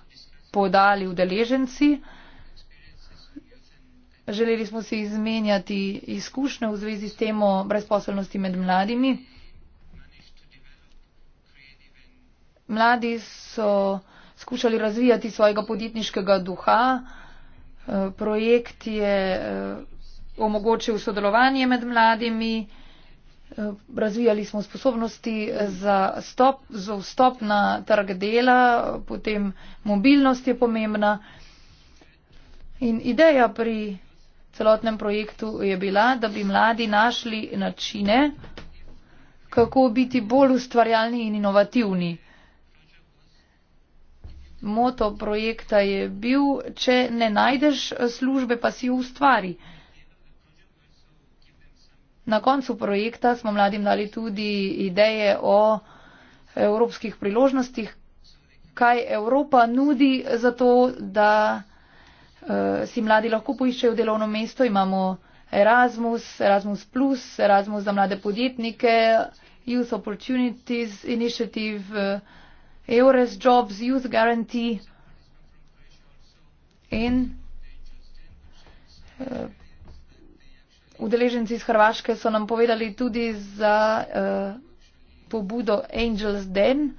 S3: podali udeleženci. Želeli smo se izmenjati izkušnje v zvezi s temo brezposelnosti med mladimi. mladi so skušali razvijati svojega podjetniškega duha. Eh, projekt je eh, omogočil sodelovanje med mladimi, eh, razvijali smo sposobnosti za, stop, za vstop na trg dela, potem mobilnost je pomembna. In ideja pri celotnem projektu je bila, da bi mladi našli načine, kako biti bolj ustvarjalni in inovativni moto projekta je bil, če ne najdeš službe, pa si jo ustvari. Na koncu projekta smo mladim dali tudi ideje o evropskih priložnostih, kaj Evropa nudi za to, da eh, si mladi lahko poiščejo delovno mesto. Imamo Erasmus, Erasmus, Erasmus za mlade podjetnike, Youth Opportunities Initiative eh, EURES Jobs Youth Guarantee in eh, udeleženci iz Hrvaške so nam povedali tudi za eh, pobudo Angels Den,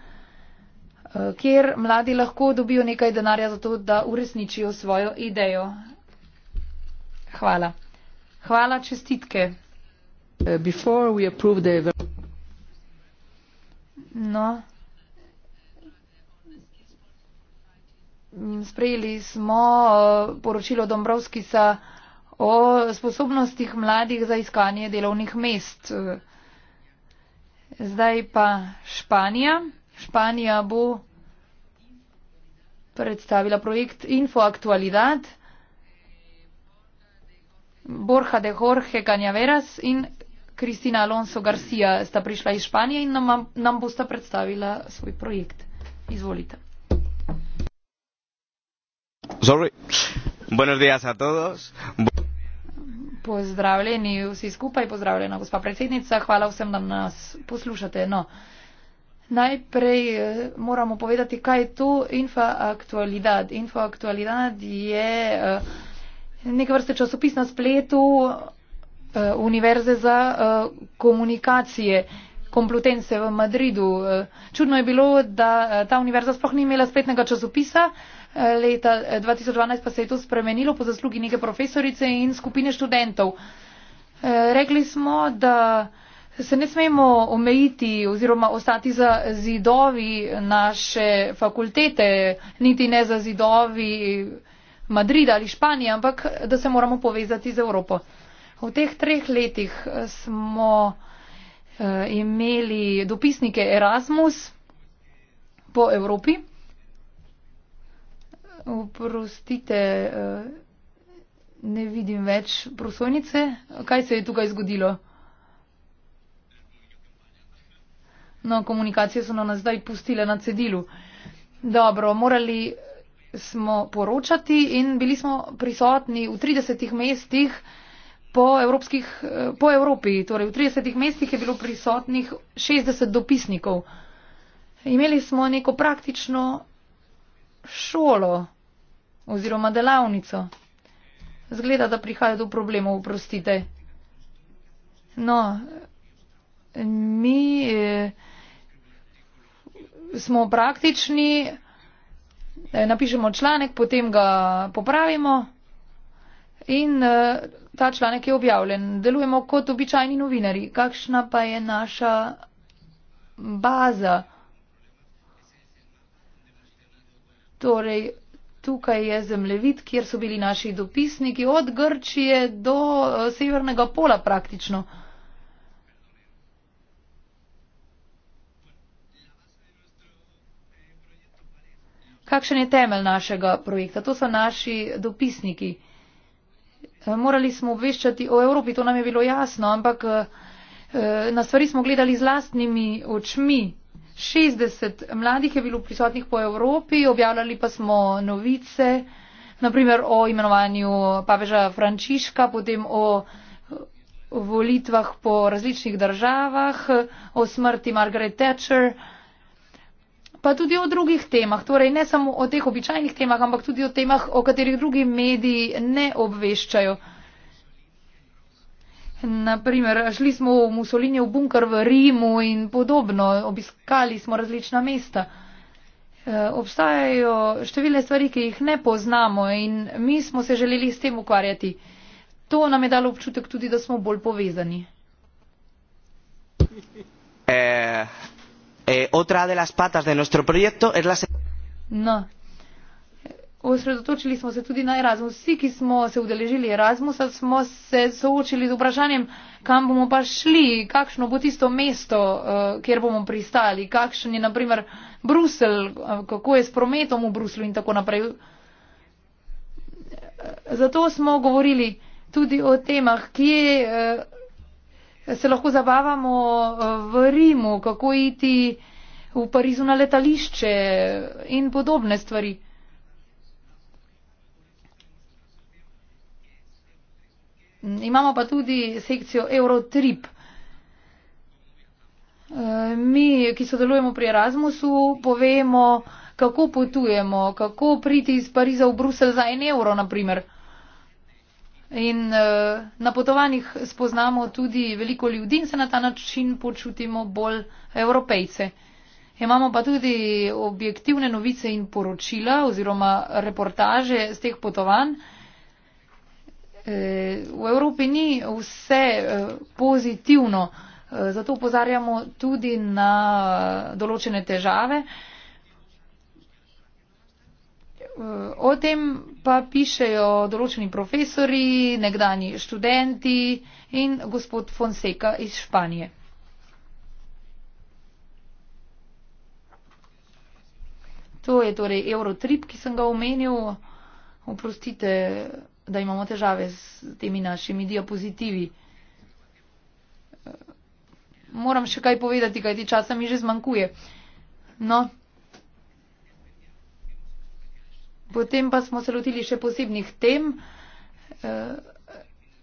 S3: eh, kjer mladi lahko dobijo nekaj denarja za to, da uresničijo svojo idejo. Hvala. Hvala čestitke.
S2: Before we approve the...
S3: No. Mm, sprejeli smo eh, poročilo Dombrovskisa o sposobnostih mladih za iskanje delovnih mest. Zdaj pa Španija. Španija bo predstavila projekt Info Actualidad, Borja de Jorge Cañaveras in Kristina Alonso Garcia sta prišla iz Španije in nam, nam bosta predstavila svoj projekt. Izvolite. Pozdravljeni vsi skupaj, pozdravljena gospa predsednica, hvala vsem, da nas poslušate. No, najprej eh, moramo povedati, kaj je to infoaktualidad. Infoaktualidad je eh, neke vrste časopis na spletu eh, Univerze za komunikacije. Komplutense v Madridu. Čudno je bilo, da ta univerza sploh ni imela spletnega časopisa, leta 2012 eh, pa se je to spremenilo po zaslugi neke profesorice in skupine študentov. Eh, rekli smo, da se ne smemo omejiti oziroma ostati za zidovi naše fakultete, niti ne za zidovi Madrida ali Španije, ampak da se moramo povezati z Evropo. V teh treh letih eh, smo imeli dopisnike Erasmus po Evropi. Oprostite, eh, ne vidim več prosojnice. Kaj se je tukaj zgodilo? No, komunikacije so nam zdaj pustile na cedilu. Dobro, morali smo poročati in bili smo prisotni v 30 mestih po, evropskih, eh, po Evropi. Torej, v 30 mestih je bilo prisotnih 60 dopisnikov. Imeli smo neko praktično šolo oziroma delavnico. Zgleda, da prihaja do problemov, oprostite. No, mi eh, smo praktični, eh, napišemo članek, potem ga popravimo in eh, ta članek je objavljen. Delujemo kot običajni novinari. Kakšna pa je naša baza? Torej, tukaj je zemljevid, kjer so bili naši dopisniki od Grčije do eh, severnega pola praktično. Kakšen je temelj našega projekta? To so naši dopisniki. Eh, morali smo obveščati o Evropi, to nam je bilo jasno, ampak eh, na stvari smo gledali z lastnimi očmi. 60 mladih je bilo prisotnih po Evropi, objavljali pa smo novice, naprimer o imenovanju papeža Frančiška, potem o eh, volitvah po različnih državah, o smrti Margaret Thatcher, pa tudi o drugih temah, torej ne samo o teh običajnih temah, ampak tudi o temah, o katerih drugi mediji ne obveščajo. Naprimer, šli smo v Mussolinijev bunker v Rimu in podobno, obiskali smo različna mesta. E, obstajajo številne stvari, ki jih ne poznamo in mi smo se želeli s tem ukvarjati. To nam je dalo občutek tudi, da smo bolj povezani.
S1: Eh, eh,
S2: otra de las patas de nuestro proyecto es la.
S3: No, osredotočili smo se tudi na Erasmus. Vsi, ki smo se udeležili Erasmusa, smo se soočili z vprašanjem, kam bomo pa šli, kakšno bo tisto mesto, eh, kjer bomo pristali, kakšen je naprimer Brusel, eh, kako je s prometom v Bruslu in tako naprej. Eh, zato smo govorili tudi o temah, kje se lahko zabavamo v Rimu, kako iti v Parizu na letališče in podobne stvari. Imamo pa tudi sekcijo Eurotrip. Eh, mi, ki sodelujemo pri Erasmusu, povemo, kako potujemo, kako priti iz Pariza v Brusel za en evro, naprimer. In eh, na potovanjih spoznamo tudi veliko ljudi in se na ta način počutimo bolj evropejce. Imamo pa tudi objektivne novice in poročila oziroma reportaže z teh potovanj. Eh, v Evropi ni vse eh, pozitivno, eh, zato upozarjamo tudi na določene težave. O tem pa pišejo določeni profesori, nekdani študenti in gospod Fonseca iz Španije. To je torej Eurotrip, ki sem ga omenil. Oprostite da imamo težave s temi našimi diapozitivi. Moram še kaj povedati, kaj ti časa mi že zmanjkuje. No. Potem pa smo se lotili še posebnih tem. Eh,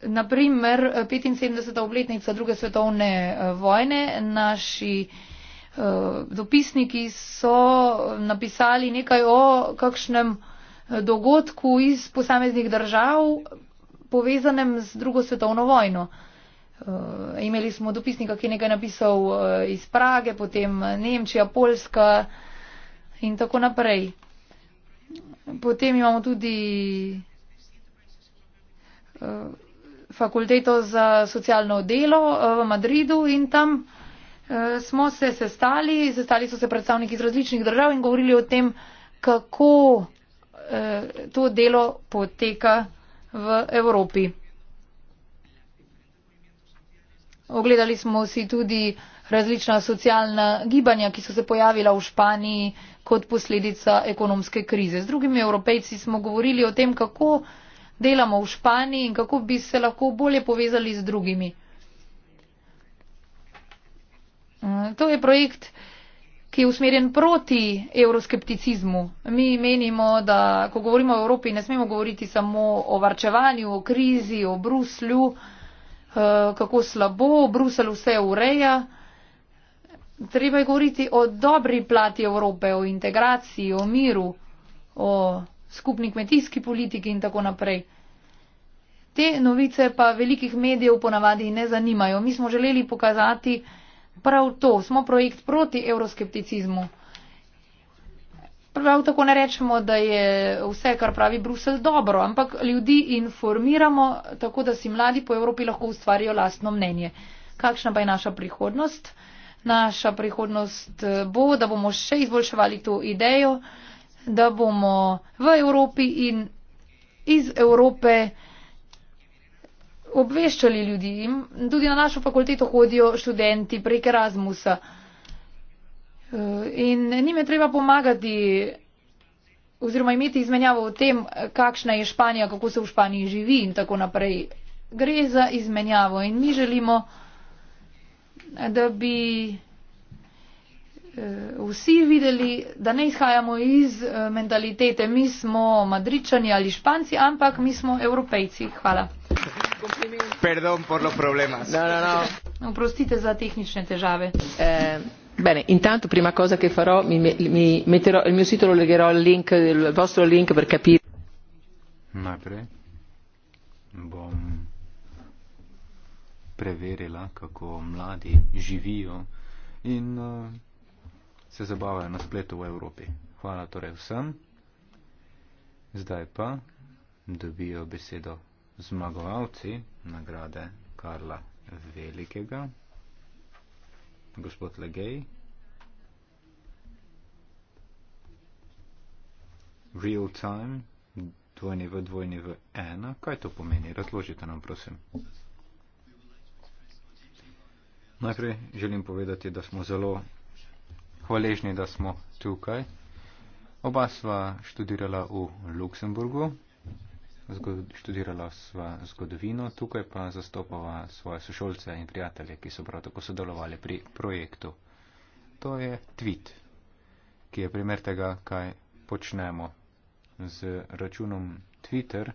S3: Naprimer, 75. obletnica druge svetovne eh, vojne. Naši eh, dopisniki so napisali nekaj o kakšnem dogodku iz posameznih držav, povezanem z drugo svetovno vojno. E, imeli smo dopisnika, ki je nekaj napisal eh, iz Prage, potem Nemčija, Poljska in tako naprej. Potem imamo tudi e, fakulteto za socialno delo v Madridu in tam e, smo se sestali, sestali so se predstavniki iz različnih držav in govorili o tem, kako Eh, to delo poteka v Evropi. Ogledali smo si tudi različna socialna gibanja, ki so se pojavila v Španiji kot posledica ekonomske krize. Z drugimi evropejci smo govorili o tem, kako delamo v Španiji in kako bi se lahko bolje povezali z drugimi. Eh, to je projekt, ki je usmerjen proti euroskepticizmu. Mi menimo, da ko govorimo o Evropi, ne smemo govoriti samo o varčevanju, o krizi, o Bruslju, eh, kako slabo Brusel vse ureja. Treba je govoriti o dobri plati Evrope, o integraciji, o miru, o skupni kmetijski politiki in tako naprej. Te novice pa velikih medijev ponavadi ne zanimajo. Mi smo želeli pokazati, prav to, smo projekt proti euroskepticizmu. Prav tako ne rečemo, da je vse, kar pravi Brusel, dobro, ampak ljudi informiramo tako, da si mladi po Evropi lahko ustvarijo lastno mnenje. Kakšna pa je naša prihodnost? Naša prihodnost eh, bo, da bomo še izboljševali to idejo, da bomo v Evropi in iz Evrope obveščali ljudi. In tudi na našo fakulteto hodijo študenti prek Erasmusa. Eh, in njime treba pomagati oziroma imeti izmenjavo o tem, kakšna je Španija, kako se v Španiji živi in tako naprej. Gre za izmenjavo in mi želimo, da bi Eh, vsi videli, da ne izhajamo iz eh, mentalitete, mi smo Madričani ali Španci, ampak mi smo Evropejci. Hvala.
S4: Perdon por los
S2: problemas. No, no,
S4: no.
S3: Oprostite
S2: za tehnične težave. Eh. Bene, intanto prima cosa che farò, mi, mi metterò, il mio sito lo legherò al link, il vostro link per capire.
S4: Najprej bom preverila, kako mladi živijo in uh, se zabavajo na spletu v Evropi. Hvala torej vsem. Zdaj pa dobijo besedo zmagovalci nagrade Karla Velikega. Gospod Legej. Real time, dvojni v dvojni v ena. Kaj to pomeni? Razložite nam, prosim. Najprej želim povedati, da smo zelo hvaležni, da smo tukaj. Oba sva študirala v Luksemburgu, Zgod študirala sva zgodovino, tukaj pa zastopava svoje sošolce in prijatelje, ki so prav tako sodelovali pri projektu. To je tweet, ki je primer tega, kaj počnemo z računom Twitter.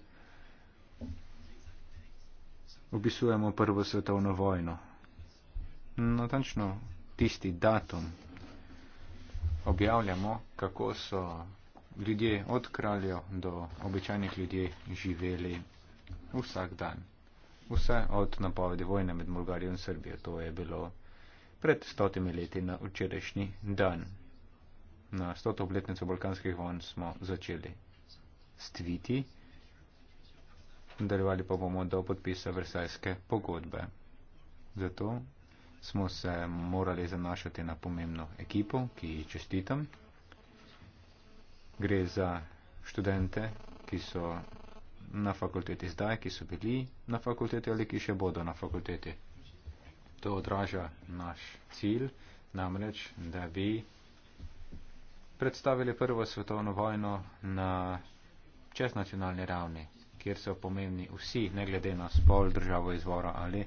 S4: Opisujemo prvo svetovno vojno. Natančno tisti datum, objavljamo, kako so ljudje od kraljev do običajnih ljudi živeli vsak dan. Vse od napovedi vojne med Bolgarijo in Srbijo, to je bilo pred stotimi leti na včerajšnji dan. Na stoto obletnico balkanskih vojn smo začeli s tviti, nadaljevali pa bomo do podpisa Versajske pogodbe. Zato smo se morali zanašati na pomembno ekipo, ki ji čestitam. Gre za študente, ki so na fakulteti zdaj, ki so bili na fakulteti ali ki še bodo na fakulteti. To odraža naš cilj, namreč, da bi predstavili prvo svetovno vojno na čestnacionalni ravni, kjer so pomembni vsi, ne glede na spol, državo izvora ali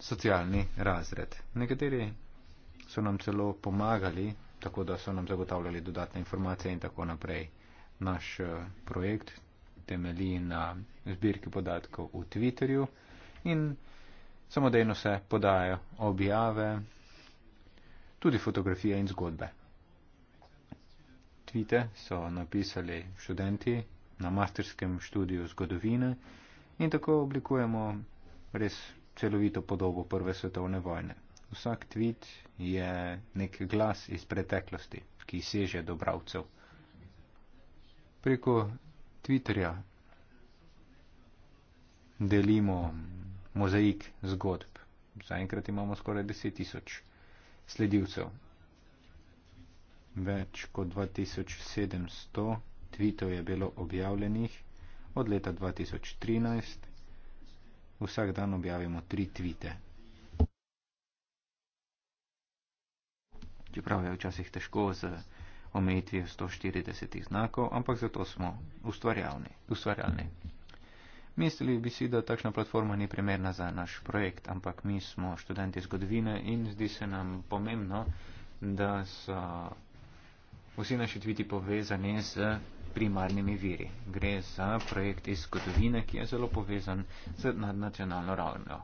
S4: socialni razred. Nekateri so nam celo pomagali, tako da so nam zagotavljali dodatne informacije in tako naprej. Naš eh, projekt temelji na zbirki podatkov v Twitterju in samodejno se podajo objave, tudi fotografije in zgodbe. Tvite so napisali študenti na masterskem študiju zgodovine in tako oblikujemo res celovito podobo Prve svetovne vojne. Vsak tweet je nek glas iz preteklosti, ki seže do bravcev. Preko Twitterja delimo mozaik zgodb. Zaenkrat imamo skoraj 10 tisoč sledilcev. Več kot 2700 tweetov je bilo objavljenih od leta 2013 vsak dan objavimo tri tvite. Čeprav je včasih težko z omejitvijo 140 znakov, ampak zato smo ustvarjalni. ustvarjalni. Mislili bi si, da takšna platforma ni primerna za naš projekt, ampak mi smo študenti zgodovine in zdi se nam pomembno, da so vsi naši tviti povezani z primarnimi viri. Gre za projekt iz zgodovine, ki je zelo povezan z nadnacionalno ravno.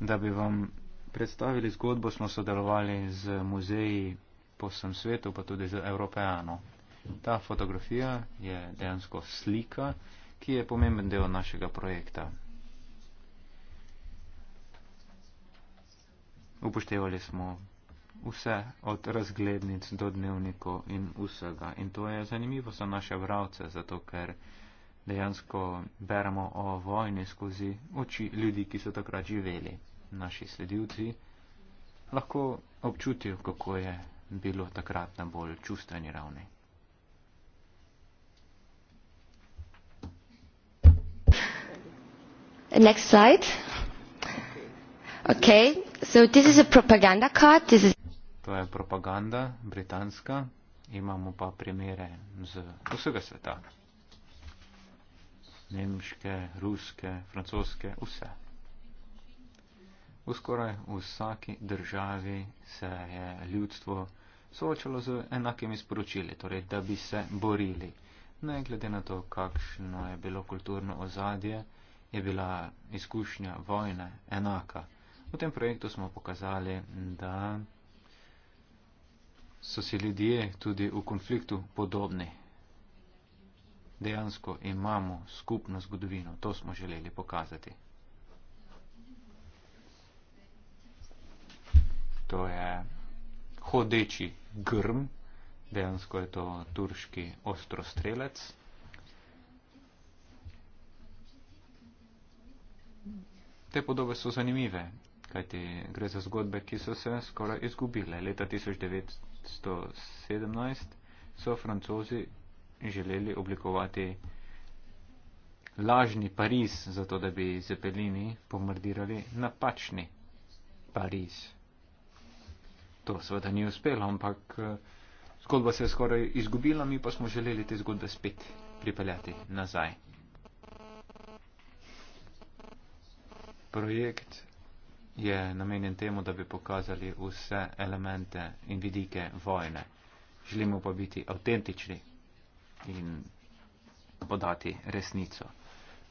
S4: Da bi vam predstavili zgodbo, smo sodelovali z muzeji po vsem svetu, pa tudi z Evropejano. Ta fotografija je dejansko slika, ki je pomemben del našega projekta. upoštevali smo vse od razglednic do dnevniko in vsega. In to je zanimivo za naše vravce, zato ker dejansko beremo o vojni skozi oči ljudi, ki so takrat živeli. Naši sledilci lahko občutijo, kako je bilo takrat na bolj čustveni ravni.
S2: Next slide. Okay, so this is a propaganda card. This is
S4: to je propaganda britanska. Imamo pa primere z vsega sveta. Nemške, ruske, francoske, vse. V skoraj vsaki državi se je ljudstvo soočalo z enakimi sporočili, torej da bi se borili. Ne glede na to, kakšno je bilo kulturno ozadje, je bila izkušnja vojne enaka. V tem projektu smo pokazali, da so si ljudje tudi v konfliktu podobni. Dejansko imamo skupno zgodovino, to smo želeli pokazati. To je hodeči grm, dejansko je to turški ostrostrelec. Te podobe so zanimive kajti gre za zgodbe, ki so se skoraj izgubile. Leta 1917 so francozi želeli oblikovati lažni Pariz, zato da bi zepelini pomrdirali napačni Pariz. To seveda ni uspelo, ampak eh, zgodba se je skoraj izgubila, mi pa smo želeli te zgodbe spet pripeljati nazaj. Projekt je namenjen temu, da bi pokazali vse elemente in vidike vojne. Želimo pa biti avtentični in podati resnico.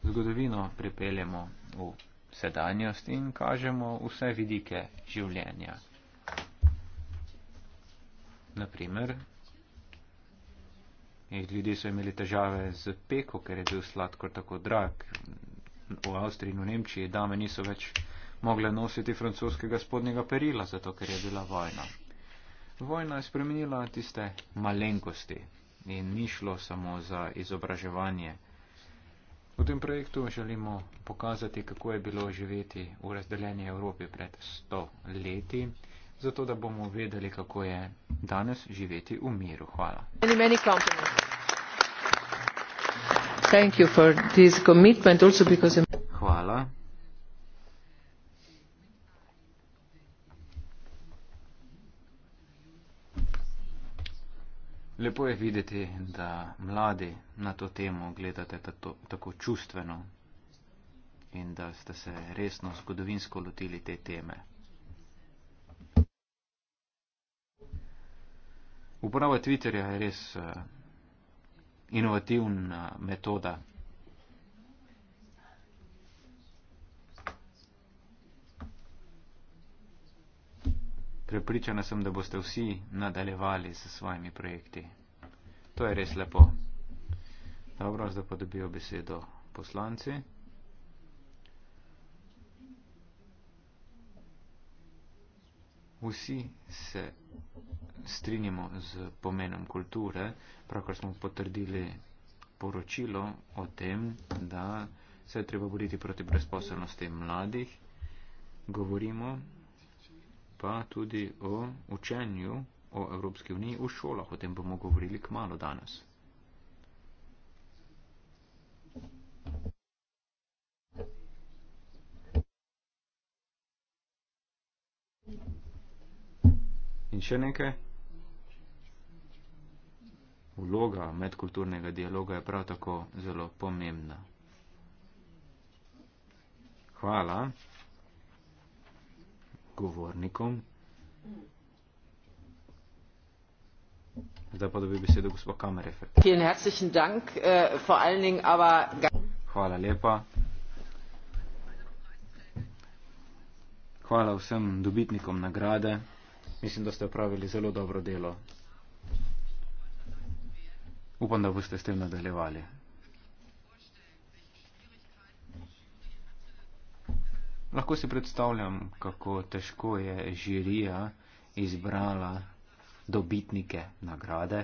S4: Zgodovino pripeljemo v sedanjost in kažemo vse vidike življenja. Naprimer, ljudje so imeli težave z peko, ker je bil sladkor tako drag. V Avstriji in v Nemčiji dame niso več mogle nositi francoskega spodnjega perila, zato ker je bila vojna. Vojna je spremenila tiste malenkosti in ni šlo samo za izobraževanje. V tem projektu želimo pokazati, kako je bilo živeti v razdeljeni Evropi pred sto leti, zato da bomo vedeli, kako je danes živeti v miru. Hvala. Many, many Hvala. Lepo je videti, da mladi na to temo gledate tato, tako čustveno in da ste se resno zgodovinsko lotili te teme. Uporaba Twitterja je res eh, inovativna metoda Prepričana sem, da boste vsi nadaljevali s svojimi projekti. To je res lepo. Dobro, zdaj pa dobijo besedo poslanci. Vsi se strinjamo z pomenom kulture, pravkar smo potrdili poročilo o tem, da se je treba boriti proti brezposobnosti mladih. Govorimo pa tudi o učenju o Evropski uniji v šolah. O tem bomo govorili k malo danes. In še nekaj. Vloga medkulturnega dialoga je prav tako zelo pomembna. Hvala govornikom. Zdaj pa dobi besedo gospa Kamerefer.
S2: Äh,
S4: Hvala lepa. Hvala vsem dobitnikom nagrade. Mislim, da ste opravili zelo dobro delo. Upam, da boste s tem nadaljevali. Lahko si predstavljam, kako težko je žirija izbrala dobitnike nagrade.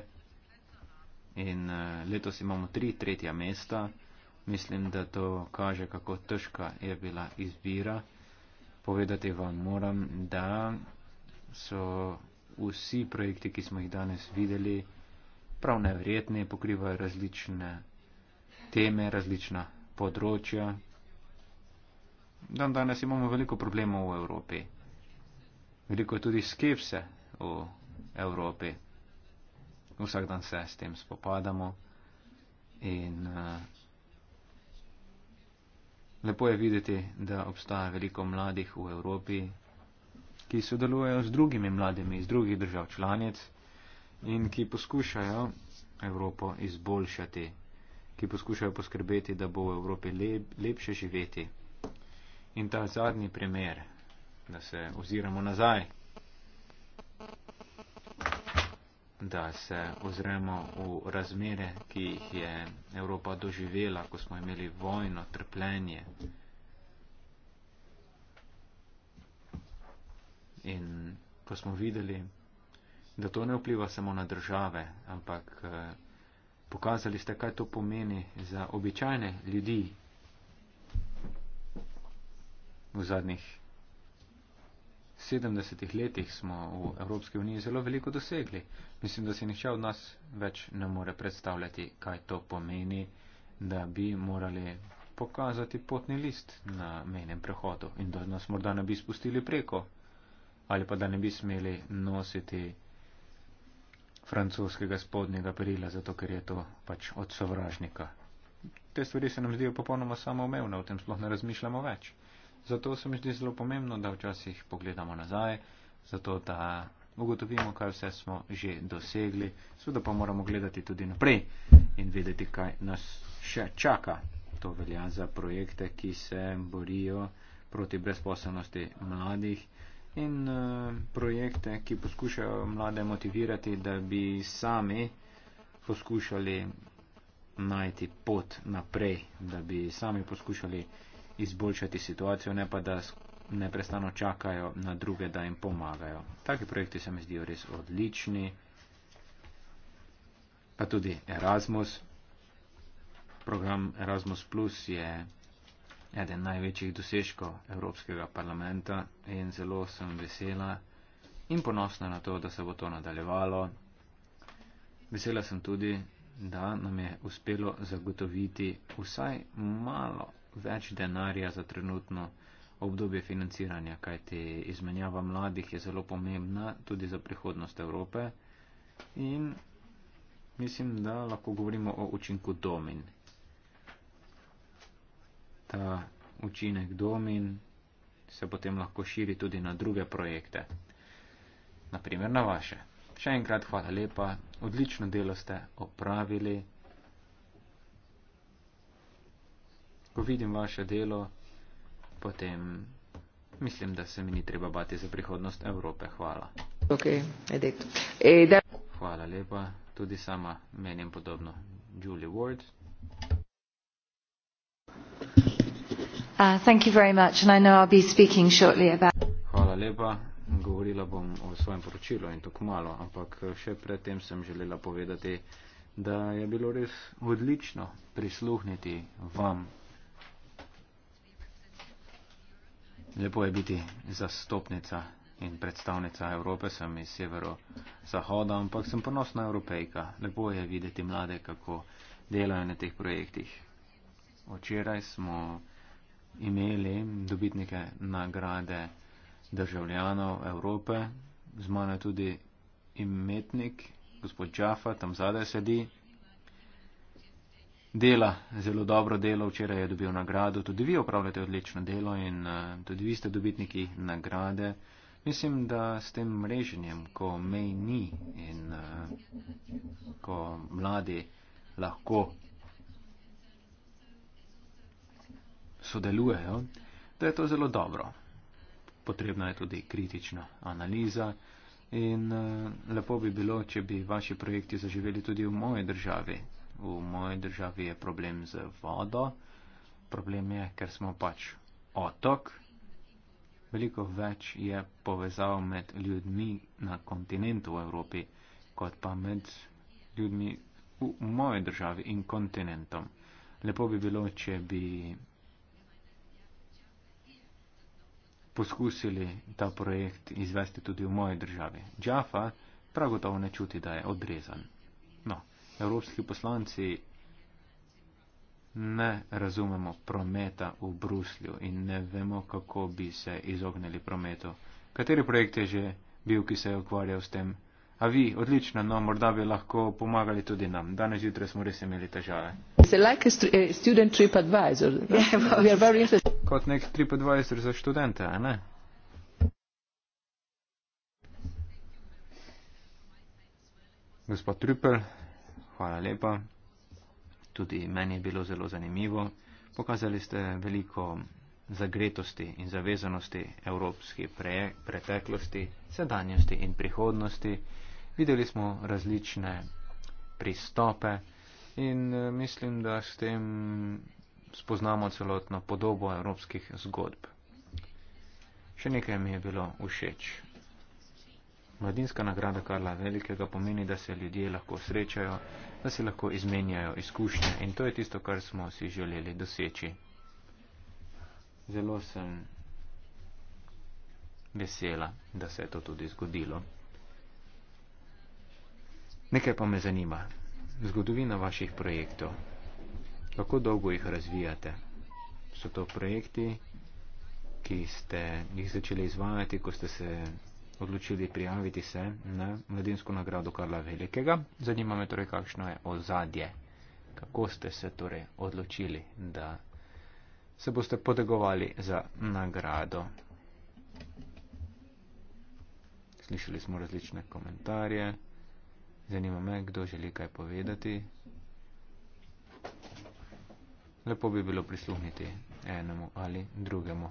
S4: In eh, letos imamo tri tretja mesta. Mislim, da to kaže, kako težka je bila izbira. Povedati vam moram, da so vsi projekti, ki smo jih danes videli, prav nevrjetni, pokrivajo različne teme, različna področja, Dan danes imamo veliko problemov v Evropi. Veliko je tudi skepse v Evropi. Vsak dan se s tem spopadamo. In uh, lepo je videti, da obstaja veliko mladih v Evropi, ki sodelujejo z drugimi mladimi iz drugih držav članic in ki poskušajo Evropo izboljšati, ki poskušajo poskrbeti, da bo v Evropi lep, lepše živeti. In ta zadnji primer, da se oziramo nazaj, da se oziramo v razmere, ki jih je Evropa doživela, ko smo imeli vojno, trpljenje. In ko smo videli, da to ne vpliva samo na države, ampak eh, pokazali ste, kaj to pomeni za običajne ljudi, v zadnjih 70 letih smo v Evropski uniji zelo veliko dosegli. Mislim, da se nihče od nas več ne more predstavljati, kaj to pomeni, da bi morali pokazati potni list na menem prehodu in da nas morda ne bi spustili preko ali pa da ne bi smeli nositi francoskega spodnjega perila, zato ker je to pač od sovražnika. Te stvari se nam zdijo popolnoma samoumevne, o tem sploh ne razmišljamo več. Zato se mi zdi zelo pomembno, da včasih pogledamo nazaj, zato da ugotovimo, kaj vse smo že dosegli. Seveda pa moramo gledati tudi naprej in vedeti, kaj nas še čaka. To velja za projekte, ki se borijo proti brezposobnosti mladih in eh, projekte, ki poskušajo mlade motivirati, da bi sami poskušali najti pot naprej, da bi sami poskušali izboljšati situacijo, ne pa da neprestano čakajo na druge, da jim pomagajo. Taki projekti se mi zdijo res odlični. Pa tudi Erasmus. Program Erasmus Plus je eden največjih dosežkov Evropskega parlamenta in zelo sem vesela in ponosna na to, da se bo to nadaljevalo. Vesela sem tudi, da nam je uspelo zagotoviti vsaj malo več denarja za trenutno obdobje financiranja, kajti izmenjava mladih je zelo pomembna tudi za prihodnost Evrope in mislim, da lahko govorimo o učinku domin. Ta učinek domin se potem lahko širi tudi na druge projekte, naprimer na vaše. Še enkrat hvala lepa, odlično delo ste opravili. ko vidim vaše delo, potem mislim, da se mi ni treba bati za prihodnost Evrope. Hvala.
S2: Okay. Eh,
S4: Hvala lepa. Tudi sama menim podobno. Julie Ward. Uh, Hvala lepa. Govorila bom o svojem poročilu in to kmalo, ampak eh, še predtem sem želela povedati, da je bilo res odlično prisluhniti vam Lepo je biti zastopnica in predstavnica Evrope, sem iz severo-zahoda, ampak sem ponosna evropejka. Lepo je videti mlade, kako delajo na teh projektih. Včeraj smo imeli dobitnike nagrade državljanov Evrope, z mano je tudi imetnik, gospod Džafa, tam zadaj sedi, dela zelo dobro delo, včeraj je dobil nagrado, tudi vi opravljate odlično delo in eh, tudi vi ste dobitniki nagrade. Mislim, da s tem mreženjem, ko mej ni in eh, ko mladi lahko sodelujejo, da je to zelo dobro. Potrebna je tudi kritična analiza in eh, lepo bi bilo, če bi vaši projekti zaživeli tudi v moji državi, v moji državi je problem z vodo. Problem je, ker smo pač otok. Veliko več je povezav med ljudmi na kontinentu v Evropi, kot pa med ljudmi v moji državi in kontinentom. Lepo bi bilo, če bi poskusili ta projekt izvesti tudi v moji državi. Džafa prav gotovo ne čuti, da je odrezan evropski poslanci ne razumemo prometa v Bruslju in ne vemo, kako bi se izognili prometu. Kateri projekt je že bil, ki se je ukvarjal s tem? A vi, odlično, no morda bi lahko pomagali tudi nam. Danes zjutraj smo res imeli težave.
S2: Like eh, student trip advisor. Ja. Yeah,
S4: Kot nek trip advisor za študente, a ne? Gospod Trippel, Hvala lepa. Tudi meni je bilo zelo zanimivo. Pokazali ste veliko zagretosti in zavezanosti evropski pre preteklosti, sedanjosti in prihodnosti. Videli smo različne pristope in eh, mislim, da s tem spoznamo celotno podobo evropskih zgodb. Še nekaj mi je bilo všeč. Mladinska nagrada Karla Velikega pomeni, da se ljudje lahko srečajo, da se lahko izmenjajo izkušnje in to je tisto, kar smo si želeli doseči. Zelo sem vesela, da se je to tudi zgodilo. Nekaj pa me zanima. Zgodovina vaših projektov. Kako dolgo jih razvijate? So to projekti, ki ste jih začeli izvajati, ko ste se odločili prijaviti se na mladinsko nagrado Karla Velikega. Zanima me torej, kakšno je ozadje, kako ste se torej odločili, da se boste podegovali za nagrado. Slišali smo različne komentarje. Zanima me, kdo želi kaj povedati. Lepo bi bilo prisluhniti enemu ali drugemu.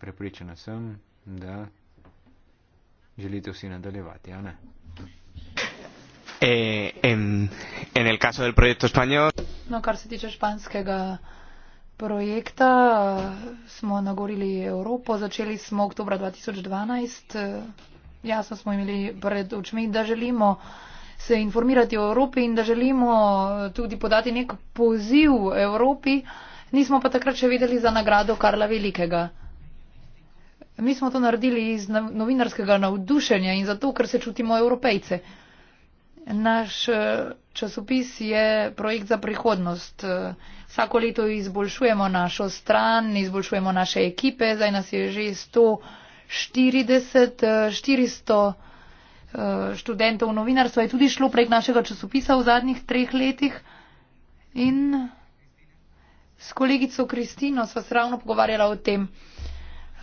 S4: Prepričana sem, da Želite vsi nadaljevati, ja ne? Eh, en el caso del proyecto español.
S3: No, kar se tiče španskega projekta, smo nagorili Evropo, začeli smo oktober eh, 2012. Jasno smo imeli pred očmi, da želimo se informirati o Evropi in da želimo eh, tudi podati nek poziv Evropi, nismo pa takrat še videli za nagrado Karla Velikega. Mi smo to naredili iz novinarskega navdušenja in zato, ker se čutimo evropejce. Naš eh, časopis je projekt za prihodnost. Eh, vsako leto izboljšujemo našo stran, izboljšujemo naše ekipe, zdaj nas je že 140, 400 eh, študentov novinarstva je tudi šlo prek našega časopisa v zadnjih treh letih in s kolegico Kristino sva se ravno pogovarjala o tem.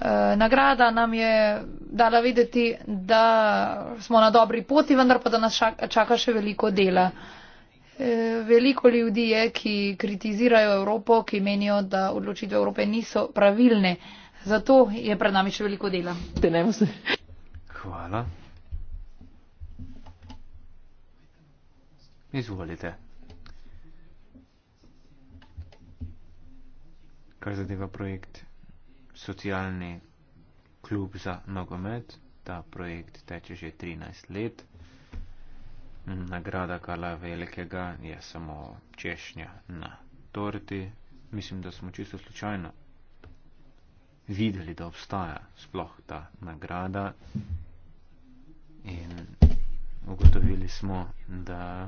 S3: Eh, nagrada nam je dala videti, da smo na dobri poti, vendar pa da nas čaka še veliko dela. Eh, veliko ljudi je, ki kritizirajo Evropo, ki menijo, da odločitve Evrope niso pravilne. Zato je pred nami še veliko dela.
S2: Hvala.
S4: Izvolite. Kar zadeva projekt socialni klub za nogomet. Ta projekt teče že 13 let. Nagrada Kala Velikega je samo češnja na torti. Mislim, da smo čisto slučajno videli, da obstaja sploh ta nagrada. In ugotovili smo, da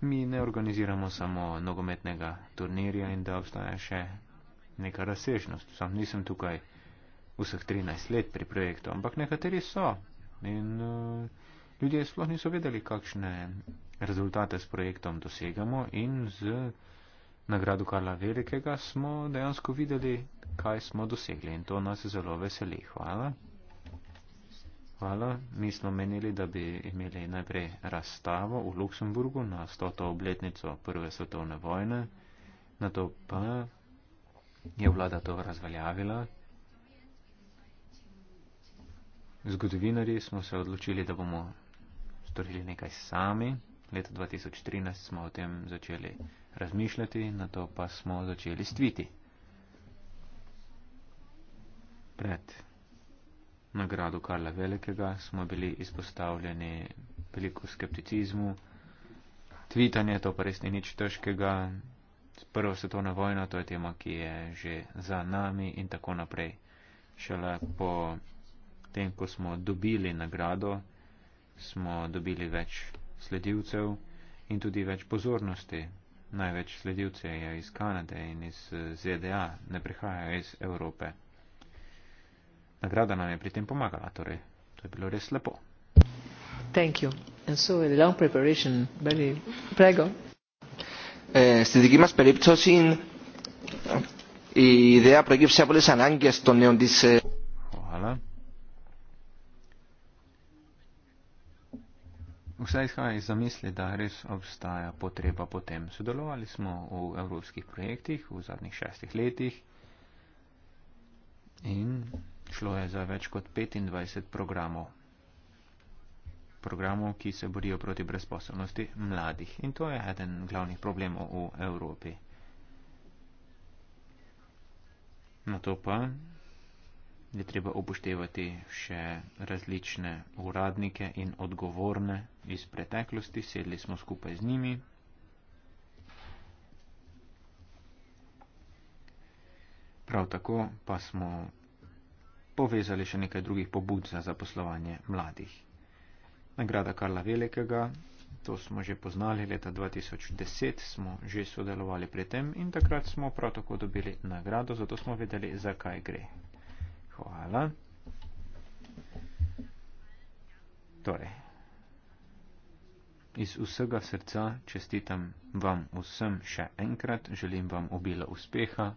S4: mi ne organiziramo samo nogometnega turnirja in da obstaja še neka razsežnost. Sam nisem tukaj vseh 13 let pri projektu, ampak nekateri so. In uh, ljudje sploh niso vedeli, kakšne rezultate s projektom dosegamo in z nagrado Karla Velikega smo dejansko videli, kaj smo dosegli in to nas zelo veseli. Hvala. Hvala. Mi smo menili, da bi imeli najprej razstavo v Luksemburgu na 100. obletnico Prve svetovne vojne, na to pa je vlada to razveljavila. Zgodovinari smo se odločili, da bomo storili nekaj sami. Leta 2013 smo o tem začeli razmišljati, na to pa smo začeli stviti. Pred nagrado Karla Velikega smo bili izpostavljeni veliko skepticizmu. Tvitanje to pa res ni nič težkega, prvo svetovno vojno, to je tema, ki je že za nami in tako naprej. Šele po tem, ko smo dobili nagrado, smo dobili več sledilcev in tudi več pozornosti. Največ sledilcev je iz Kanade in iz eh, ZDA, ne prihajajo iz Evrope. Nagrada nam je pri tem pomagala, torej to je bilo res lepo.
S2: Thank you. And so a long preparation, very prego στη δική μας περίπτωση η ιδέα προέκυψε από τις ανάγκες των νέων της Αλλά
S4: Vsaj izhaja iz zamisli, da res obstaja potreba po tem. Sodelovali smo v evropskih projektih v zadnjih šestih letih in šlo je za več kot 25 programov programov, ki se borijo proti brezposobnosti mladih. In to je eden glavnih problemov v Evropi. Na to pa je treba upoštevati še različne uradnike in odgovorne iz preteklosti. Sedli smo skupaj z njimi. Prav tako pa smo povezali še nekaj drugih pobud za zaposlovanje mladih nagrada Karla Velikega, to smo že poznali, leta 2010 smo že sodelovali pri tem in takrat smo prav tako dobili nagrado, zato smo vedeli, zakaj gre. Hvala. Torej, iz vsega srca čestitam vam vsem še enkrat, želim vam obilo uspeha.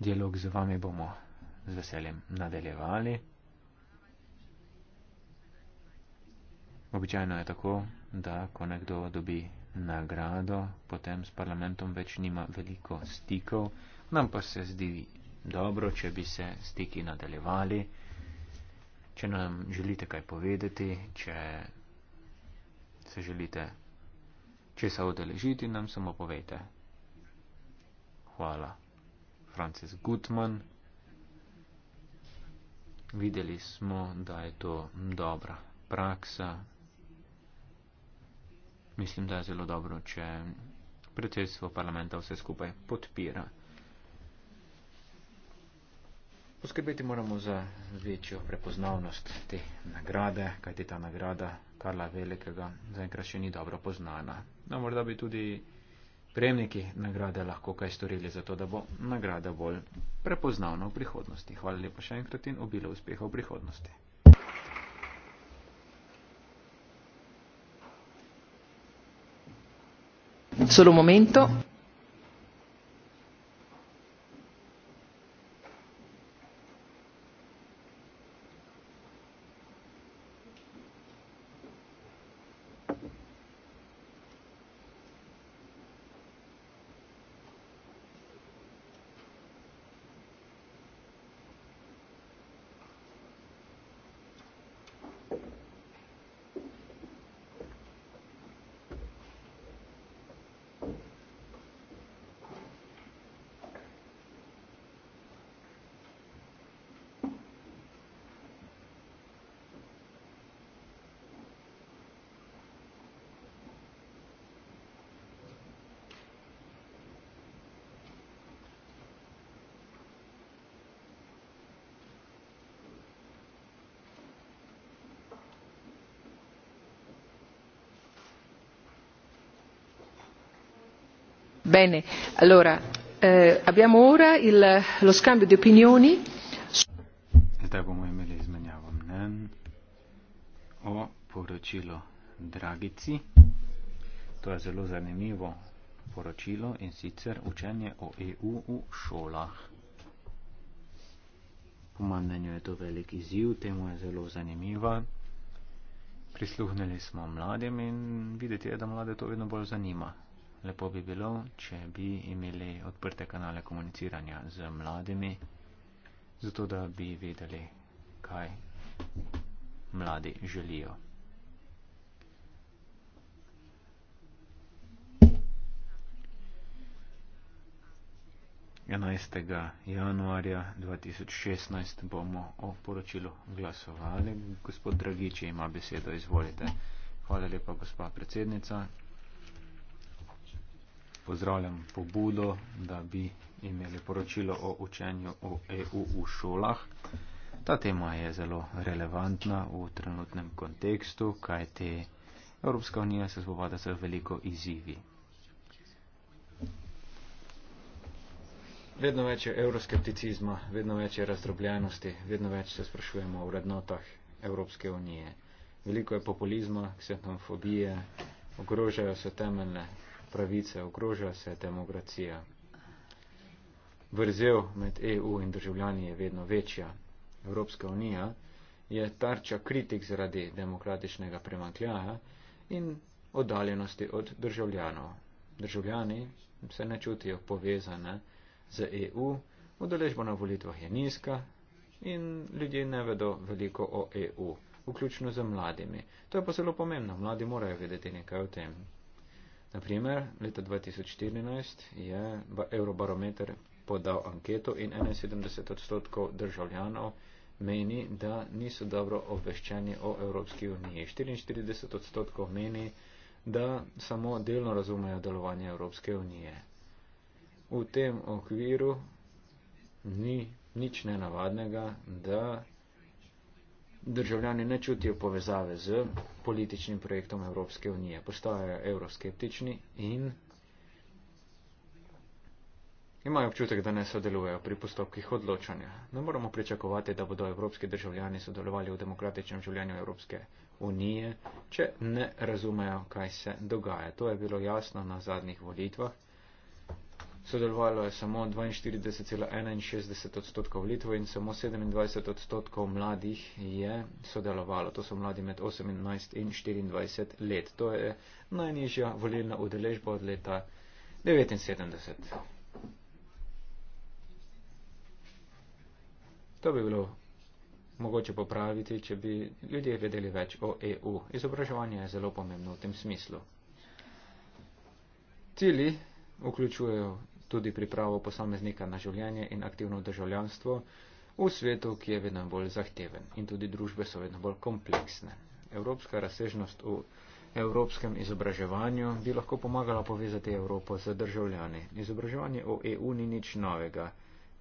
S4: Dialog z vami bomo z veseljem nadaljevali. Običajno je tako, da ko nekdo dobi nagrado, potem s parlamentom več nima veliko stikov, nam pa se zdi dobro, če bi se stiki nadaljevali. Če nam želite kaj povedati, če se želite česa odeležiti, nam samo povejte. Hvala. Francis Gutman. Videli smo, da je to dobra praksa mislim, da je zelo dobro, če predsedstvo parlamenta vse skupaj podpira. Poskrbeti moramo za večjo prepoznavnost te nagrade, kajti ta nagrada Karla Velikega zaenkrat še ni dobro poznana. No, morda bi tudi prejemniki nagrade lahko kaj storili za to, da bo nagrada bolj prepoznavna v prihodnosti. Hvala lepa še enkrat in obilo uspeha v prihodnosti.
S2: solo un momento. Eh, abbiamo ora lo scambio di opinioni
S4: zdaj bomo imeli izmenjavo mnen o poročilo dragici to je zelo zanimivo poročilo in sicer učenje o EU v šolah po mnenju je to velik izziv temu je zelo zanimiva prisluhnili smo mladim in videti je da mlade to vedno bolj zanima Lepo bi bilo, če bi imeli odprte kanale komuniciranja z mladimi, zato da bi vedeli, kaj mladi želijo. Enajstega januarja 2016 bomo o poročilu glasovali. Gospod Dragiči ima besedo, izvolite. Hvala lepa, gospa predsednica pozdravljam pobudo, da bi imeli poročilo o učenju o EU v šolah. Ta tema je zelo relevantna v trenutnem kontekstu, kaj te Evropska unija se spopada z veliko izzivi. Vedno več je euroskepticizma, vedno več je razdrobljenosti, vedno več se sprašujemo o vrednotah Evropske unije. Veliko je populizma, ksenofobije, ogrožajo se temeljne pravice, ogroža se demokracija. Vrzel med EU in državljani je vedno večja. Evropska unija je tarča kritik zaradi demokratičnega premankljaja in oddaljenosti od državljanov. Državljani se ne čutijo povezane z EU, udeležba na volitvah je nizka in ljudje ne vedo veliko o EU, vključno z mladimi. To je pa zelo pomembno, mladi morajo vedeti nekaj o tem. Naprimer, leta 2014 je Eurobarometer podal anketo in 71 odstotkov državljanov meni, da niso dobro obveščeni o Evropski uniji. 44 odstotkov meni, da samo delno razumejo delovanje Evropske unije. V tem okviru ni nič nenavadnega, da državljani ne čutijo povezave z političnim projektom Evropske unije, postajajo euroskeptični in imajo občutek, da ne sodelujejo pri postopkih odločanja. Ne moramo pričakovati, da bodo evropski državljani sodelovali v demokratičnem življenju Evropske unije, če ne razumejo, kaj se dogaja. To je bilo jasno na zadnjih volitvah. Sodelovalo je samo 42,61 odstotkov Litvo in samo 27 odstotkov mladih je sodelovalo. To so mladi med 18 in 24 let. To je najnižja volilna udeležba od leta 1979. To bi bilo mogoče popraviti, če bi ljudje vedeli več o EU. Izobraževanje je zelo pomembno v tem smislu. Cili vključujejo tudi pripravo posameznika na življenje in aktivno državljanstvo v svetu, ki je vedno bolj zahteven in tudi družbe so vedno bolj kompleksne. Evropska razsežnost v evropskem izobraževanju bi lahko pomagala povezati Evropo z državljani. Izobraževanje v EU ni nič novega,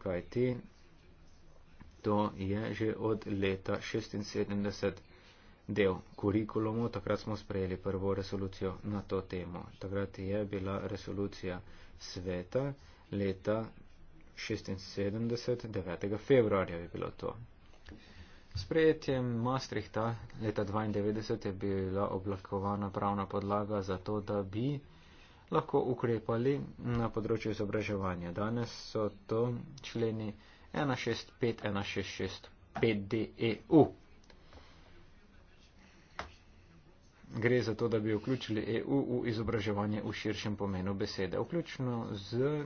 S4: kajti to je že od leta 76 del kurikulumu, takrat smo sprejeli prvo resolucijo na to temo. Takrat je bila resolucija sveta leta 76, 9. februarja je bilo to. Sprejetjem Maastrichta leta 92 je bila oblakovana pravna podlaga za to, da bi lahko ukrepali na področju izobraževanja. Danes so to členi 165, 166, 5DEU. gre za to, da bi vključili EU v izobraževanje v širšem pomenu besede, vključno z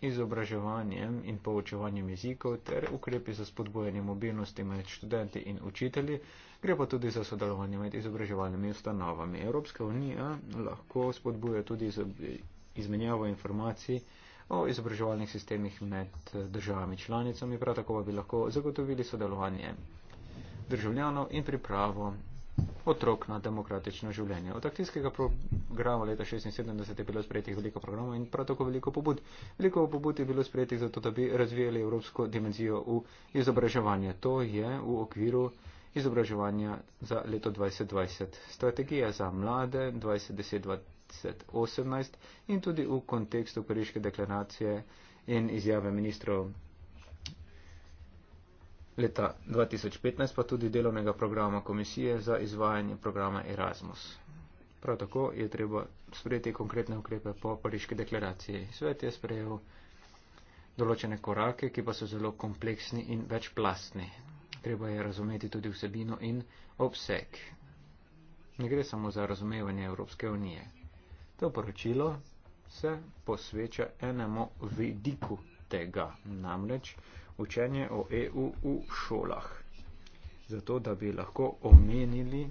S4: izobraževanjem in poučevanjem jezikov ter ukrepi za spodbojanje mobilnosti med študenti in učitelji, gre pa tudi za sodelovanje med izobraževalnimi ustanovami. Evropska unija lahko spodbuja tudi izmenjavo informacij o izobraževalnih sistemih med državami članicami, prav tako pa bi lahko zagotovili sodelovanje državljanov in pripravo otrok na demokratično življenje. Od akcijskega programa leta 1976 je bilo sprejetih veliko programov in prav tako veliko pobud. Veliko pobud je bilo sprejetih zato, da bi razvijali evropsko dimenzijo v izobraževanje. To je v okviru izobraževanja za leto 2020. Strategija za mlade 2010-2018 in tudi v kontekstu Pariške deklaracije in izjave ministrov leta 2015 pa tudi delovnega programa komisije za izvajanje programa Erasmus. Prav tako je treba sprejeti konkretne ukrepe po Pariški deklaraciji. Svet je sprejel določene korake, ki pa so zelo kompleksni in večplastni. Treba je razumeti tudi vsebino in obseg. Ne gre samo za razumevanje Evropske unije. To poročilo se posveča enemu vidiku tega, namreč učenje o EU v šolah, zato da bi lahko omenili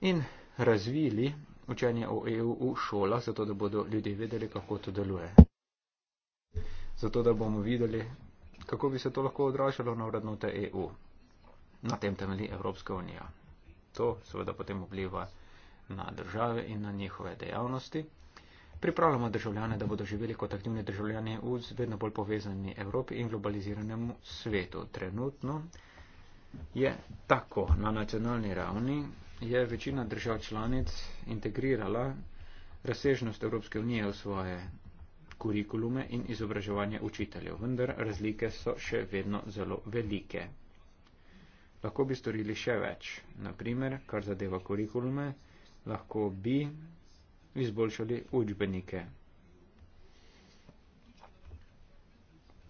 S4: in razvili učenje o EU v šolah, zato da bodo ljudje vedeli, kako to deluje. Zato da bomo videli, kako bi se to lahko odražalo na vrednote EU. Na tem temelji Evropska unija. To seveda potem vpliva na države in na njihove dejavnosti. Pripravljamo državljane, da bodo živeli kot aktivni državljani v vedno bolj povezani Evropi in globaliziranemu svetu. Trenutno je tako. Na nacionalni ravni je večina držav članic integrirala razsežnost Evropske unije v svoje kurikulume in izobraževanje učiteljev, vendar razlike so še vedno zelo velike. Lahko bi storili še več. Naprimer, kar zadeva kurikulume, lahko bi izboljšali učbenike.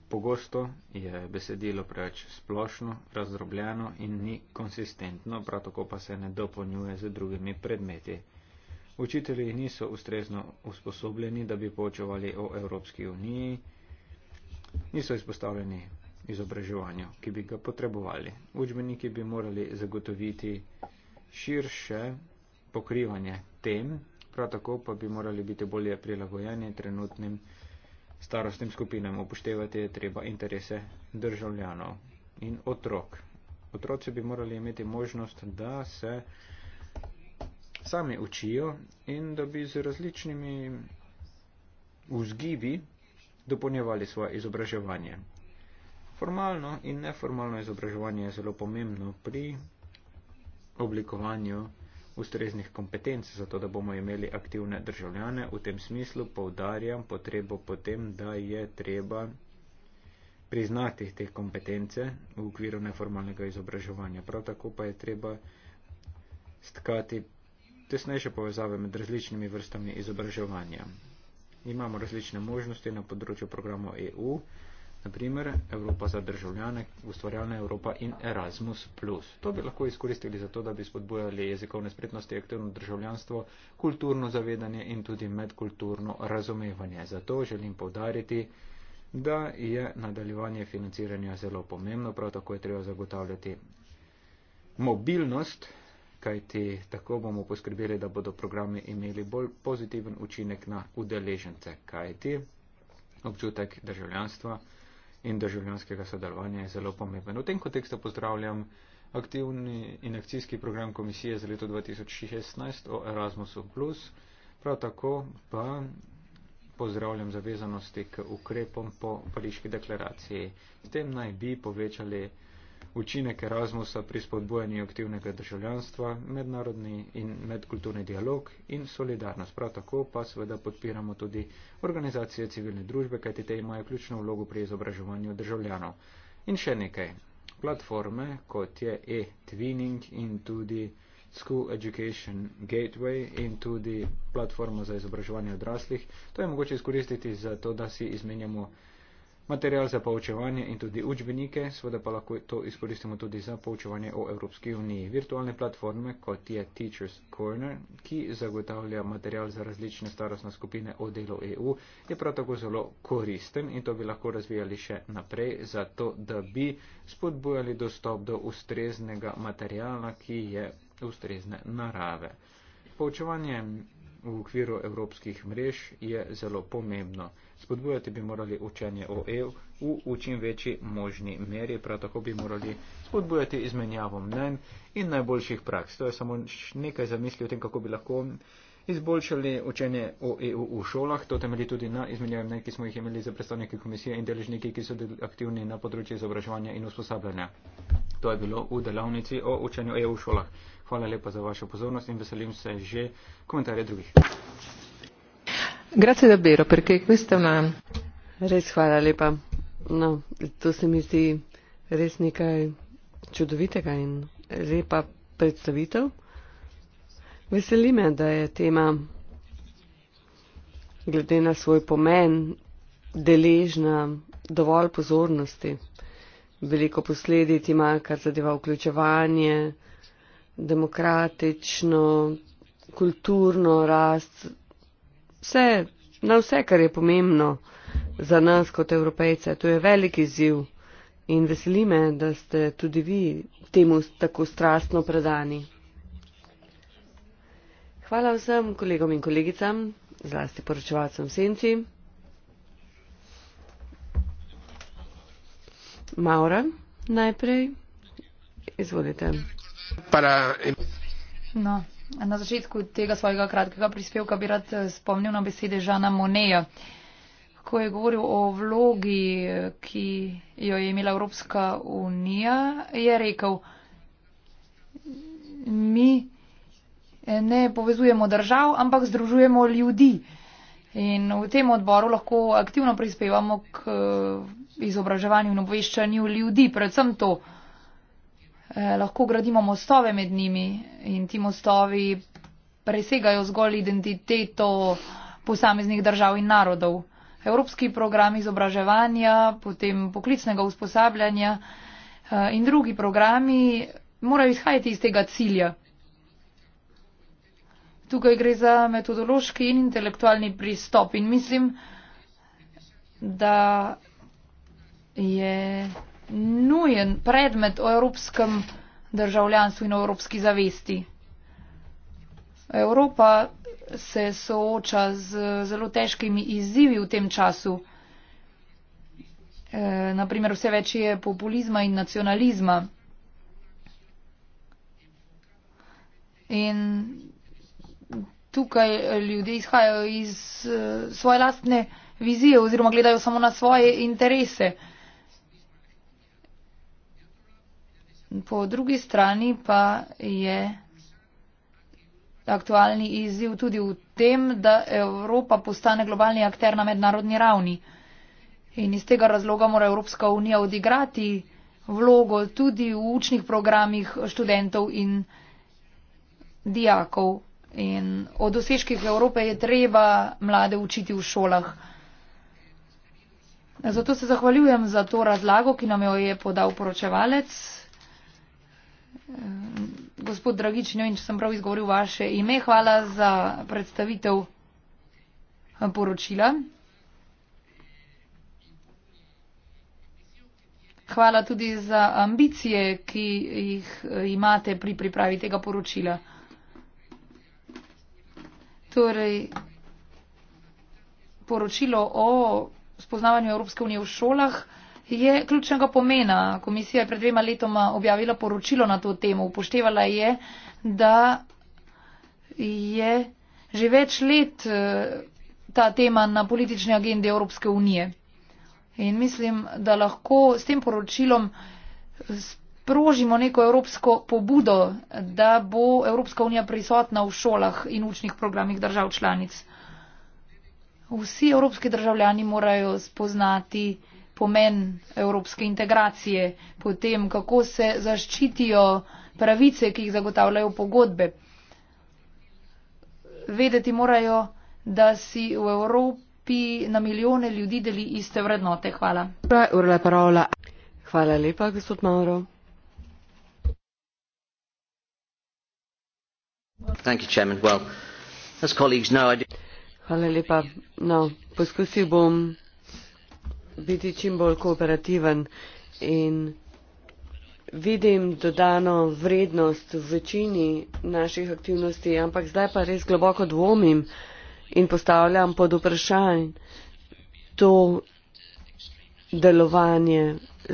S4: Pogosto je besedilo preveč splošno, razdrobljeno in ni konsistentno, prav tako pa se ne dopolnjuje z drugimi predmeti. Učitelji niso ustrezno usposobljeni, da bi poučevali o Evropski uniji, niso izpostavljeni izobraževanju, ki bi ga potrebovali. Učbeniki bi morali zagotoviti širše pokrivanje tem, prav tako pa bi morali biti bolje prilagojeni trenutnim starostnim skupinam. Upoštevati je treba interese državljanov in otrok. Otroci bi morali imeti možnost, da se sami učijo in da bi z različnimi vzgibi dopolnjevali svoje izobraževanje. Formalno in neformalno izobraževanje je zelo pomembno pri oblikovanju ustreznih kompetenc, zato da bomo imeli aktivne državljane. V tem smislu povdarjam potrebo potem, da je treba priznati te kompetence v okviru neformalnega izobraževanja. Prav tako pa je treba stkati tesnejše povezave med različnimi vrstami izobraževanja. Imamo različne možnosti na področju programov EU naprimer Evropa za državljane, ustvarjalna Evropa in Erasmus. To bi lahko izkoristili za to, da bi spodbujali jezikovne spretnosti, aktivno državljanstvo, kulturno zavedanje in tudi medkulturno razumevanje. Zato želim povdariti, da je nadaljevanje financiranja zelo pomembno, prav tako je treba zagotavljati mobilnost, kajti tako bomo poskrbeli, da bodo programe imeli bolj pozitiven učinek na udeležence, kajti občutek državljanstva in državljanskega sodelovanja je zelo pomemben. V tem kontekstu pozdravljam aktivni in akcijski program komisije za leto 2016 o Erasmusu Plus, prav tako pa pozdravljam zavezanosti k ukrepom po pariški deklaraciji. S tem naj bi povečali učinek Erasmusa pri spodbujanju aktivnega državljanstva, mednarodni in medkulturni dialog in solidarnost. Prav tako pa seveda podpiramo tudi organizacije civilne družbe, kajti te imajo ključno vlogo pri izobraževanju državljanov. In še nekaj. Platforme, kot je e-twinning in tudi School Education Gateway in tudi platforma za izobraževanje odraslih, to je mogoče izkoristiti za to, da si izmenjamo material za poučevanje in tudi učbenike, seveda pa lahko to izkoristimo tudi za poučevanje o Evropski uniji. Virtualne platforme, kot je Teachers Corner, ki zagotavlja material za različne starostne skupine o delu EU, je prav tako zelo koristen in to bi lahko razvijali še naprej, zato da bi spodbujali dostop do ustreznega materiala, ki je ustrezne narave. Poučevanje v okviru evropskih mrež je zelo pomembno. Spodbujati bi morali učenje o EU v, v čim večji možni meri, prav tako bi morali spodbujati izmenjavo mnen in najboljših praks. To je samo nekaj zamisli o tem, kako bi lahko izboljšali učenje o EU v šolah. To temelji tudi na izmenjavi mnenj, ki smo jih imeli za predstavnike komisije in deležniki, ki so aktivni na področju izobraževanja in usposabljanja. To je bilo v delavnici o učenju EU v šolah. Hvala lepa za vašo pozornost in veselim se že komentarje drugih.
S1: Grazie davvero perché questa è una res hvala lepa. No, to se mi zdi res nekaj čudovitega in lepa predstavitev. Veseli me, da je tema glede na svoj pomen deležna dovolj pozornosti. Veliko posledic ima, kar zadeva vključevanje, demokratično, kulturno rast, vse, na vse, kar je pomembno za nas kot evropejce. To je veliki ziv in veseli me, da ste tudi vi temu tako strastno predani. Hvala vsem kolegom in kolegicam, zlasti poročevalcem Senci. Maura, najprej, izvolite.
S3: No, na začetku tega svojega kratkega prispevka bi rad eh, spomnil na besede Žana Moneja, ko je govoril o vlogi, eh, ki jo je imela Evropska unija, je rekel, mi ne povezujemo držav, ampak združujemo ljudi. In v tem odboru lahko aktivno prispevamo k eh, izobraževanju in obveščanju ljudi, predvsem to. Eh, lahko gradimo mostove med njimi in ti mostovi presegajo zgolj identiteto posameznih držav in narodov. Evropski program izobraževanja, potem poklicnega usposabljanja eh, in drugi programi morajo izhajati iz tega cilja. Tukaj gre za metodološki in intelektualni pristop in mislim, da je nujen predmet o evropskem državljanstvu in o evropski zavesti. Evropa se sooča z zelo težkimi izzivi v tem času. E, naprimer, vse več je populizma in nacionalizma. In tukaj eh, ljudje izhajajo iz eh, svoje lastne vizije oziroma gledajo samo na svoje interese. Po drugi strani pa je aktualni izziv tudi v tem, da Evropa postane globalni akter na mednarodni ravni. In iz tega razloga mora Evropska unija odigrati vlogo tudi v učnih programih študentov in dijakov. In o dosežkih Evrope je treba mlade učiti v šolah. Zato se zahvaljujem za to razlago, ki nam jo je podal poročevalec. Gospod Dragič, ne vem, če sem prav izgovoril vaše ime, hvala za predstavitev poročila. Hvala tudi za ambicije, ki jih imate pri pripravi tega poročila. Torej, poročilo o spoznavanju Evropske unije v šolah je ključnega pomena. Komisija je pred dvema letoma objavila poročilo na to temo. Upoštevala je, da je že več let eh, ta tema na politični agendi Evropske unije. In mislim, da lahko s tem poročilom sprožimo neko evropsko pobudo, da bo Evropska unija prisotna v šolah in učnih programih držav članic. Vsi evropski državljani morajo spoznati pomen evropske integracije, potem kako se zaščitijo pravice, ki jih zagotavljajo pogodbe. Vedeti morajo, da si v Evropi na milijone ljudi deli iste vrednote. Hvala.
S1: Hvala lepa, gospod Mauro. No, no, poskusil bom biti čim bolj kooperativen in vidim dodano vrednost v večini naših aktivnosti, ampak zdaj pa res globoko dvomim in postavljam pod vprašanj to delovanje,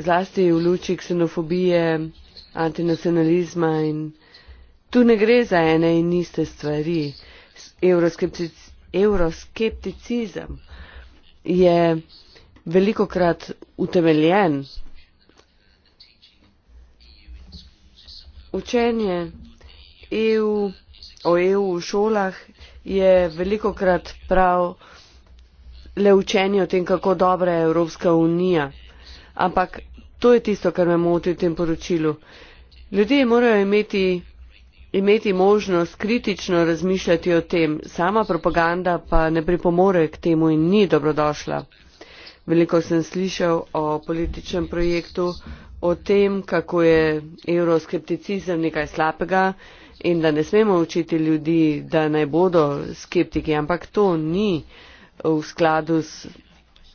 S1: zlasti v luči ksenofobije, antinacionalizma in Tu ne gre za ene in iste stvari. Evroskeptic, evroskepticizem je veliko krat utemeljen. Učenje EU, o EU v šolah je veliko krat prav le učenje o tem, kako dobra je Evropska unija. Ampak to je tisto, kar me moti v tem poročilu. Ljudje morajo imeti imeti možnost kritično razmišljati o tem sama propaganda pa ne pripomore k temu in ni dobrodošla. Veliko sem slišal o političnem projektu, o tem, kako je euroskepticizem nekaj slabega in da ne smemo učiti ljudi, da naj bodo skeptiki, ampak to ni v skladu s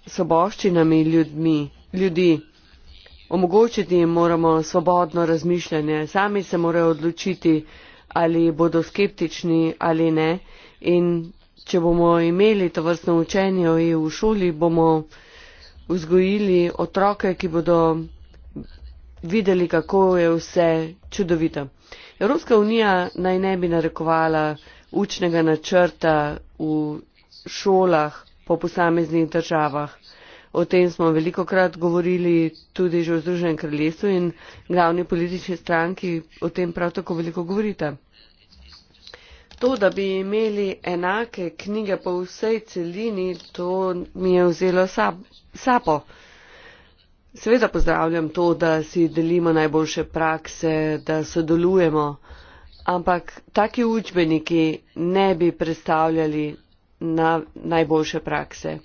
S1: soboščinami ljudmi, ljudi omogočiti jim moramo svobodno razmišljanje. Sami se morajo odločiti, ali bodo skeptični ali ne. In če bomo imeli to vrstno učenje v EU šoli, bomo vzgojili otroke, ki bodo videli, kako je vse čudovito. Evropska unija naj ne bi narekovala učnega načrta v šolah po posameznih državah. O tem smo veliko krat govorili tudi že v Združenem kraljestvu in glavni politični stranki o tem prav tako veliko govorite. To, da bi imeli enake knjige po vsej celini, to mi je vzelo sapo. Seveda pozdravljam to, da si delimo najboljše prakse, da sodelujemo, ampak taki učbeniki ne bi predstavljali na najboljše prakse.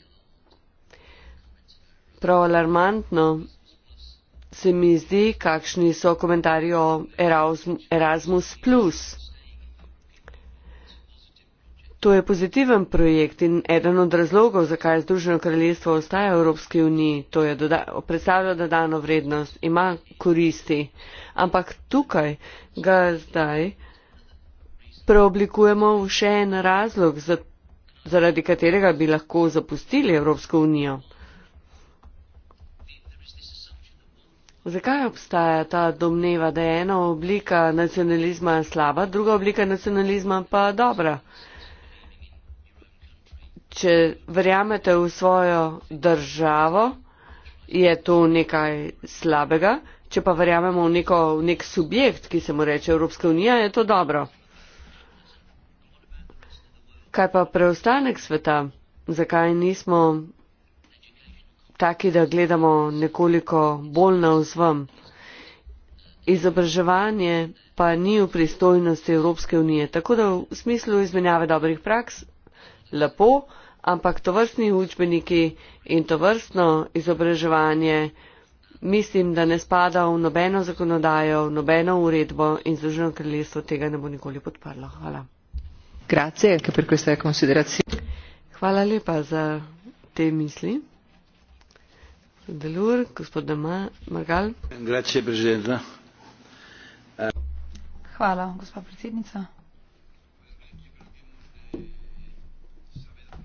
S1: Prav alarmantno se mi zdi, kakšni so komentarji o Erasmus. Plus. To je pozitiven projekt in eden od razlogov, zakaj Združeno kraljestvo ostaja v Evropski uniji, to je predstavljalo dodano vrednost, ima koristi. Ampak tukaj ga zdaj preoblikujemo v še en razlog, zaradi katerega bi lahko zapustili Evropsko unijo. Zakaj obstaja ta domneva, da je ena oblika nacionalizma slaba, druga oblika nacionalizma pa dobra? Če verjamete v svojo državo, je to nekaj slabega, če pa verjamemo v, neko, v nek subjekt, ki se mu reče Evropska unija, je to dobro. Kaj pa preostanek sveta? Zakaj nismo taki, da gledamo nekoliko bolj na vzvam. Izobraževanje pa ni v pristojnosti Evropske unije, tako da v smislu izmenjave dobrih praks lepo, ampak tovrstni učbeniki in tovrstno izobraževanje mislim, da ne spada v nobeno zakonodajo, v nobeno uredbo in Združeno kraljestvo tega ne bo nikoli podparlo. Hvala. Grazie, Hvala lepa za te misli. Delur, gospod Magal.
S4: Grazie, presidenta.
S1: Hvala, gospa predsednica.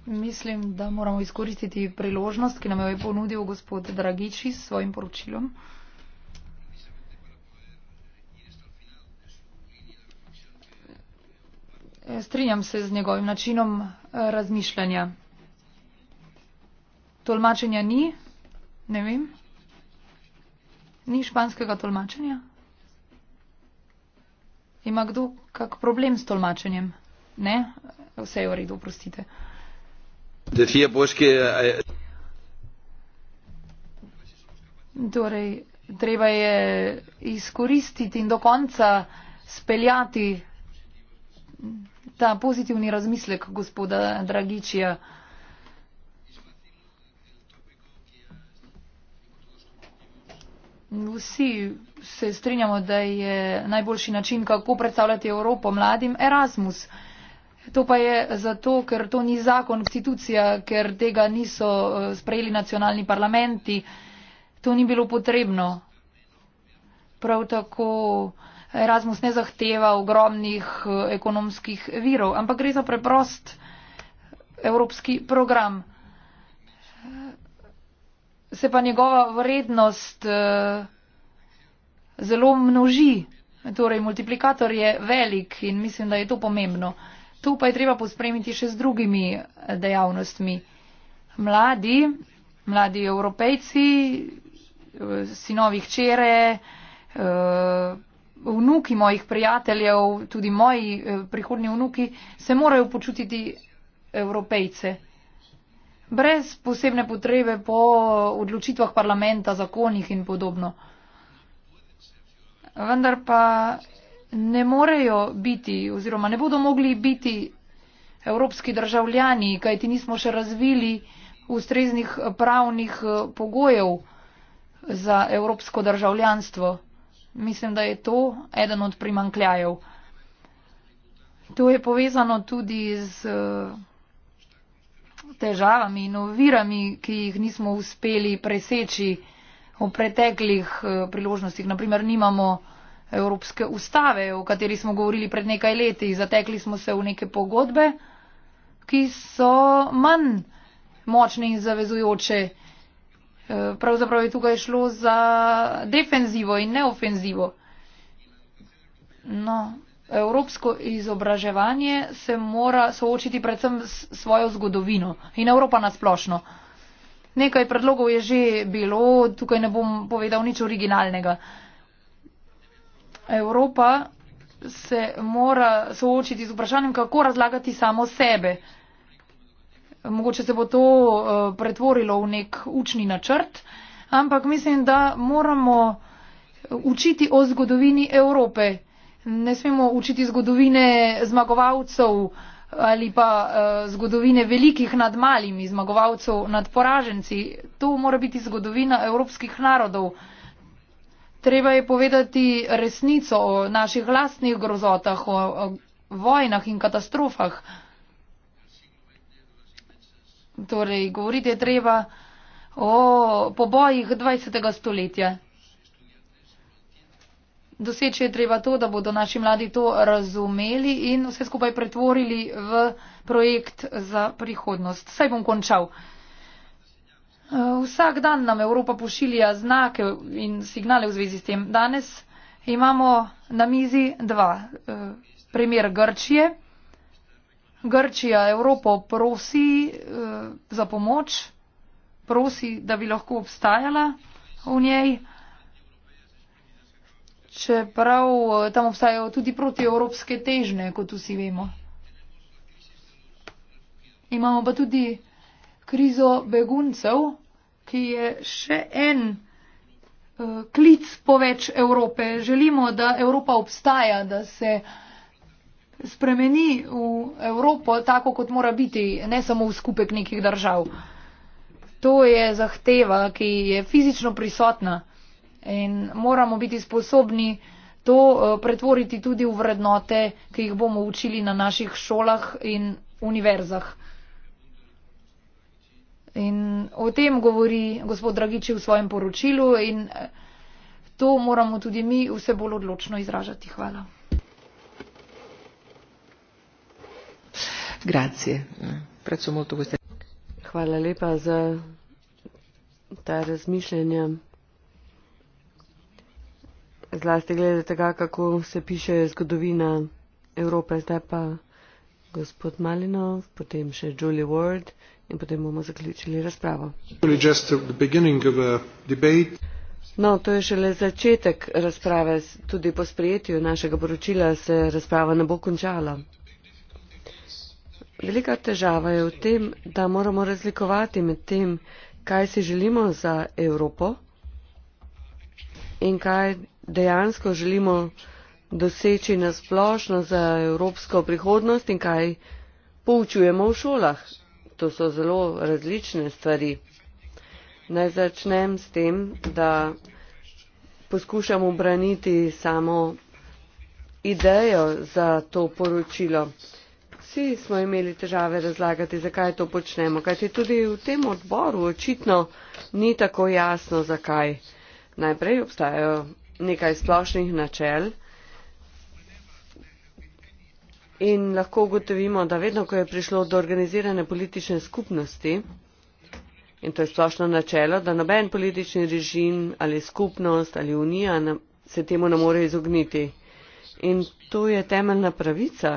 S3: Mislim, da moramo izkoristiti priložnost, ki nam jo je ponudil gospod Dragiči s svojim poročilom. Strinjam se z njegovim načinom eh, razmišljanja. Tolmačenja ni, Ne vem. Ni španskega tolmačenja? Ima kdo kak problem s tolmačenjem? Ne? Vse je v redu, prostite.
S1: Defija Boške. Eh, eh.
S3: Torej, treba je izkoristiti in do konca speljati ta pozitivni razmislek gospoda Dragičija. Vsi se strinjamo, da je najboljši način, kako predstavljati Evropo mladim, Erasmus. To pa je zato, ker to ni zakon, institucija, ker tega niso eh, sprejeli nacionalni parlamenti. To ni bilo potrebno. Prav tako Erasmus ne zahteva ogromnih eh, ekonomskih virov, ampak gre za preprost evropski program se pa njegova vrednost uh, zelo množi. Torej, multiplikator je velik in mislim, da je to pomembno. To pa je treba pospremiti še z drugimi eh, dejavnostmi. Mladi, mladi evropejci, eh, sinovi hčere, vnuki mojih prijateljev, tudi moji prihodni vnuki, se morajo počutiti evropejce brez posebne potrebe po odločitvah parlamenta, zakonih in podobno. Vendar pa ne morejo biti oziroma ne bodo mogli biti evropski državljani, kajti nismo še razvili ustreznih pravnih eh, pogojev za evropsko državljanstvo. Mislim, da je to eden od primankljajev. To je povezano tudi z eh, težavami in ovirami, ki jih nismo uspeli preseči v preteklih eh, priložnostih. Naprimer, nimamo Evropske ustave, o kateri smo govorili pred nekaj leti. Zatekli smo se v neke pogodbe, ki so manj močne in zavezujoče. Eh, pravzaprav je tukaj šlo za defenzivo in neofenzivo. No, evropsko izobraževanje se mora soočiti predvsem s svojo zgodovino in Evropa nasplošno. Nekaj predlogov je že bilo, tukaj ne bom povedal nič originalnega. Evropa se mora soočiti z vprašanjem, kako razlagati samo sebe. Mogoče se bo to eh, pretvorilo v nek učni načrt, ampak mislim, da moramo učiti o zgodovini Evrope ne smemo učiti zgodovine zmagovalcev ali pa uh, zgodovine velikih nad malimi, zmagovalcev nad poraženci. To mora biti zgodovina evropskih narodov. Treba je povedati resnico o naših lastnih grozotah, o, o vojnah in katastrofah. Torej, govoriti je treba o pobojih 20. stoletja. Doseči je treba to, da bodo naši mladi to razumeli in vse skupaj pretvorili v projekt za prihodnost. Saj bom končal. Vsak dan nam Evropa pošilja znake in signale v zvezi s tem. Danes imamo na mizi dva. Primer Grčije. Grčija Evropo prosi eh, za pomoč, prosi, da bi lahko obstajala v njej čeprav eh, tam obstajajo tudi protievropske težne, kot vsi vemo. Imamo pa tudi krizo beguncev, ki je še en uh, klic po več Evrope. Želimo, da Evropa obstaja, da se spremeni v Evropo tako, kot mora biti, ne samo v skupek nekih držav. To je zahteva, ki je fizično prisotna. In moramo biti sposobni to eh, pretvoriti tudi v vrednote, ki jih bomo učili na naših šolah in univerzah. In o tem govori gospod Dragiči v svojem poročilu in eh, to moramo tudi mi vse bolj odločno izražati. Hvala.
S1: Hvala lepa za ta razmišljanja zlasti glede tega, kako se piše zgodovina Evrope, zdaj pa gospod Malinov, potem še Julie Ward in potem bomo zaključili razpravo. No, to je šele začetek razprave. Tudi po sprejetju našega poročila se razprava ne bo končala. Velika težava je v tem, da moramo razlikovati med tem, kaj si želimo za Evropo in kaj dejansko želimo doseči na splošno za evropsko prihodnost in kaj poučujemo v šolah. To so zelo različne stvari. Naj začnem s tem, da poskušam obraniti samo idejo za to poročilo. Vsi smo imeli težave razlagati, zakaj to počnemo, kajti tudi v tem odboru očitno ni tako jasno, zakaj. Najprej obstajajo nekaj splošnih načel in lahko ugotovimo, da vedno, ko je prišlo do organizirane politične skupnosti, in to je splošno načelo, da noben politični režim ali skupnost ali unija se temu ne more izogniti. In to je temeljna pravica,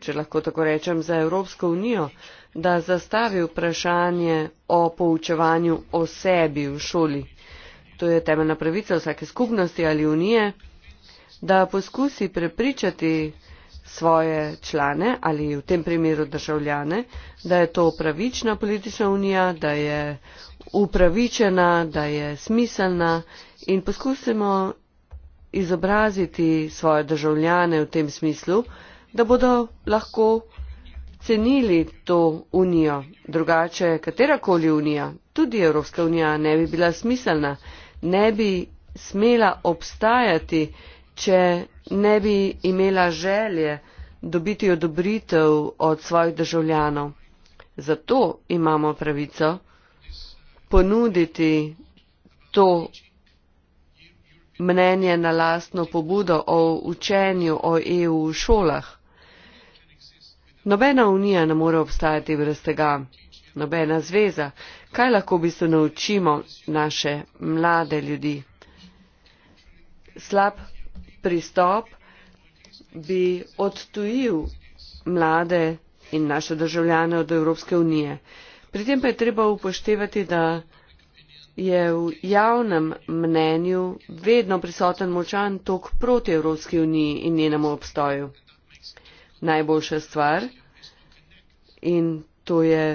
S1: če lahko tako rečem, za Evropsko unijo, da zastavi vprašanje o poučevanju o sebi v šoli to je temeljna pravica vsake skupnosti ali unije, da poskusi prepričati svoje člane ali v tem primeru državljane, da je to pravična politična unija, da je upravičena, da je smiselna in poskusimo izobraziti svoje državljane v tem smislu, da bodo lahko cenili to unijo. Drugače, katerakoli unija, tudi Evropska unija, ne bi bila smiselna ne bi smela obstajati, če ne bi imela želje dobiti odobritev od svojih državljanov. Zato imamo pravico ponuditi to mnenje na lastno pobudo o učenju o EU v šolah. Nobena unija ne more obstajati brez tega, nobena zveza kaj lahko v bistvu naučimo naše mlade ljudi. Slab pristop bi odtujil mlade in naše državljane od Evropske unije. Pri tem pa je treba upoštevati, da je v javnem mnenju vedno prisoten močan tok proti Evropski uniji in njenemu obstoju. Najboljša stvar in to je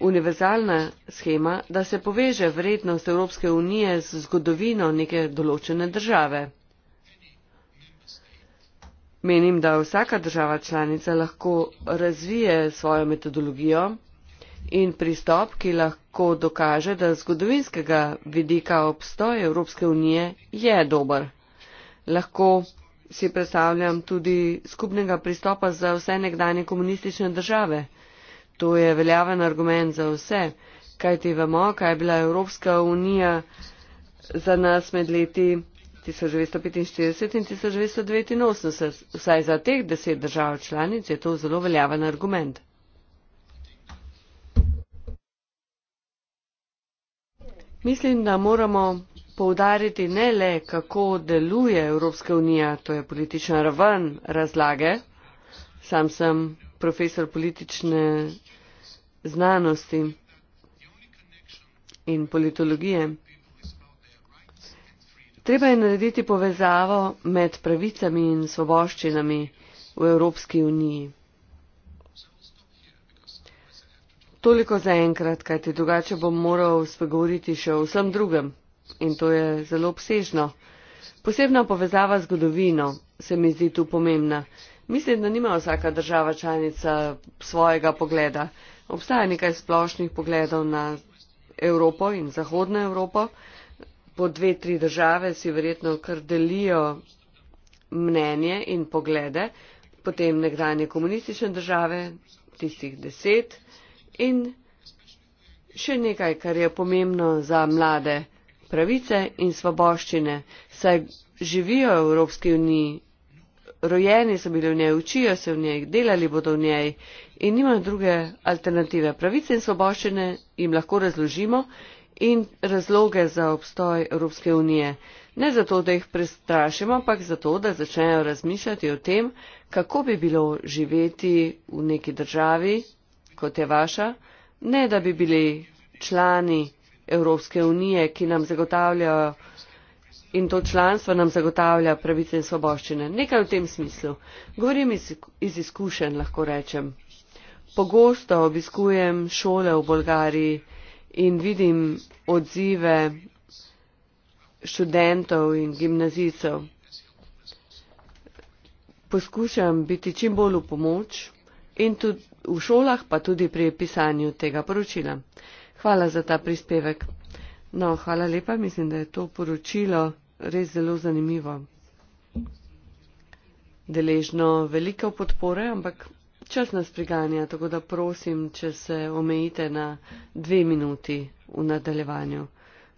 S1: univerzalna shema, da se poveže vrednost Evropske unije z zgodovino neke določene države. Menim, da vsaka država članica lahko razvije svojo metodologijo in pristop, ki lahko dokaže, da z zgodovinskega vidika obstoj Evropske unije je dober. Lahko si predstavljam tudi skupnega pristopa za vse nekdanje komunistične države. To je veljaven argument za vse, kaj ti vemo, kaj je bila Evropska unija za nas med leti 1945 in 1989. Vsaj za teh deset držav članic je to zelo veljaven argument. Mislim, da moramo poudariti ne le, kako deluje Evropska unija, to je politična raven razlage. Sam sem profesor politične znanosti in politologije. Treba je narediti povezavo med pravicami in svoboščinami v Evropski uniji. Toliko za enkrat, kajti drugače bom moral spregovoriti še o vsem drugem in to je zelo obsežno. Posebna povezava z zgodovino se mi zdi tu pomembna. Mislim, da nima vsaka država članica svojega pogleda. Obstaja nekaj splošnih pogledov na Evropo in Zahodno Evropo. Po dve, tri države si verjetno kar delijo mnenje in poglede, potem nekdanje komunistične države, tistih deset in še nekaj, kar je pomembno za mlade pravice in svoboščine, saj živijo v Evropski uniji, rojeni so bili v njej, učijo se v njej, delali bodo v njej in nimajo druge alternative. Pravice in svoboščine jim lahko razložimo in razloge za obstoj Evropske unije. Ne zato, da jih prestrašimo, ampak zato, da začnejo razmišljati o tem, kako bi bilo živeti v neki državi, kot je vaša, ne da bi bili člani Evropske unije, ki nam zagotavljajo in to članstvo nam zagotavlja pravice in svoboščine. Nekaj v tem smislu. Govorim iz, iz izkušenj, lahko rečem. Pogosto obiskujem šole v Bolgariji in vidim odzive študentov in gimnazijcev. Poskušam biti čim bolj v pomoč in tudi v šolah, pa tudi pri pisanju tega poročila. Hvala za ta prispevek. No, hvala lepa, mislim, da je to poročilo res zelo zanimivo. Deležno veliko podpore, ampak. Čas nas priganja, tako da prosim, če se omejite na dve minuti v nadaljevanju.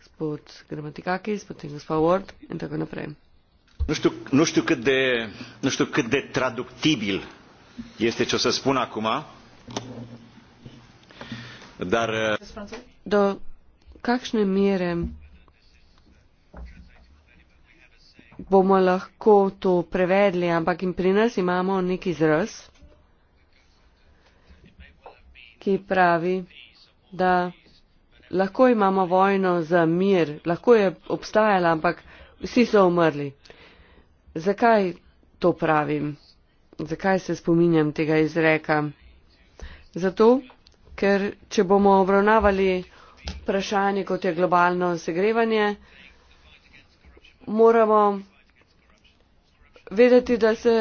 S1: Spod Gramatikakis, potem gospod Ward in tako naprej.
S2: Nu știu,
S4: cât de, nu știu cât de traductibil este ce o să spun acum, dar... Uh,
S1: Do, kakšne mere bomo lahko to prevedli, ampak in pri nas imamo nek izraz ki pravi, da lahko imamo vojno za mir, lahko je obstajala, ampak vsi so umrli. Zakaj to pravim? Zakaj se spominjam tega izreka? Zato, ker če bomo obravnavali vprašanje, kot je globalno segrevanje, moramo vedeti, da se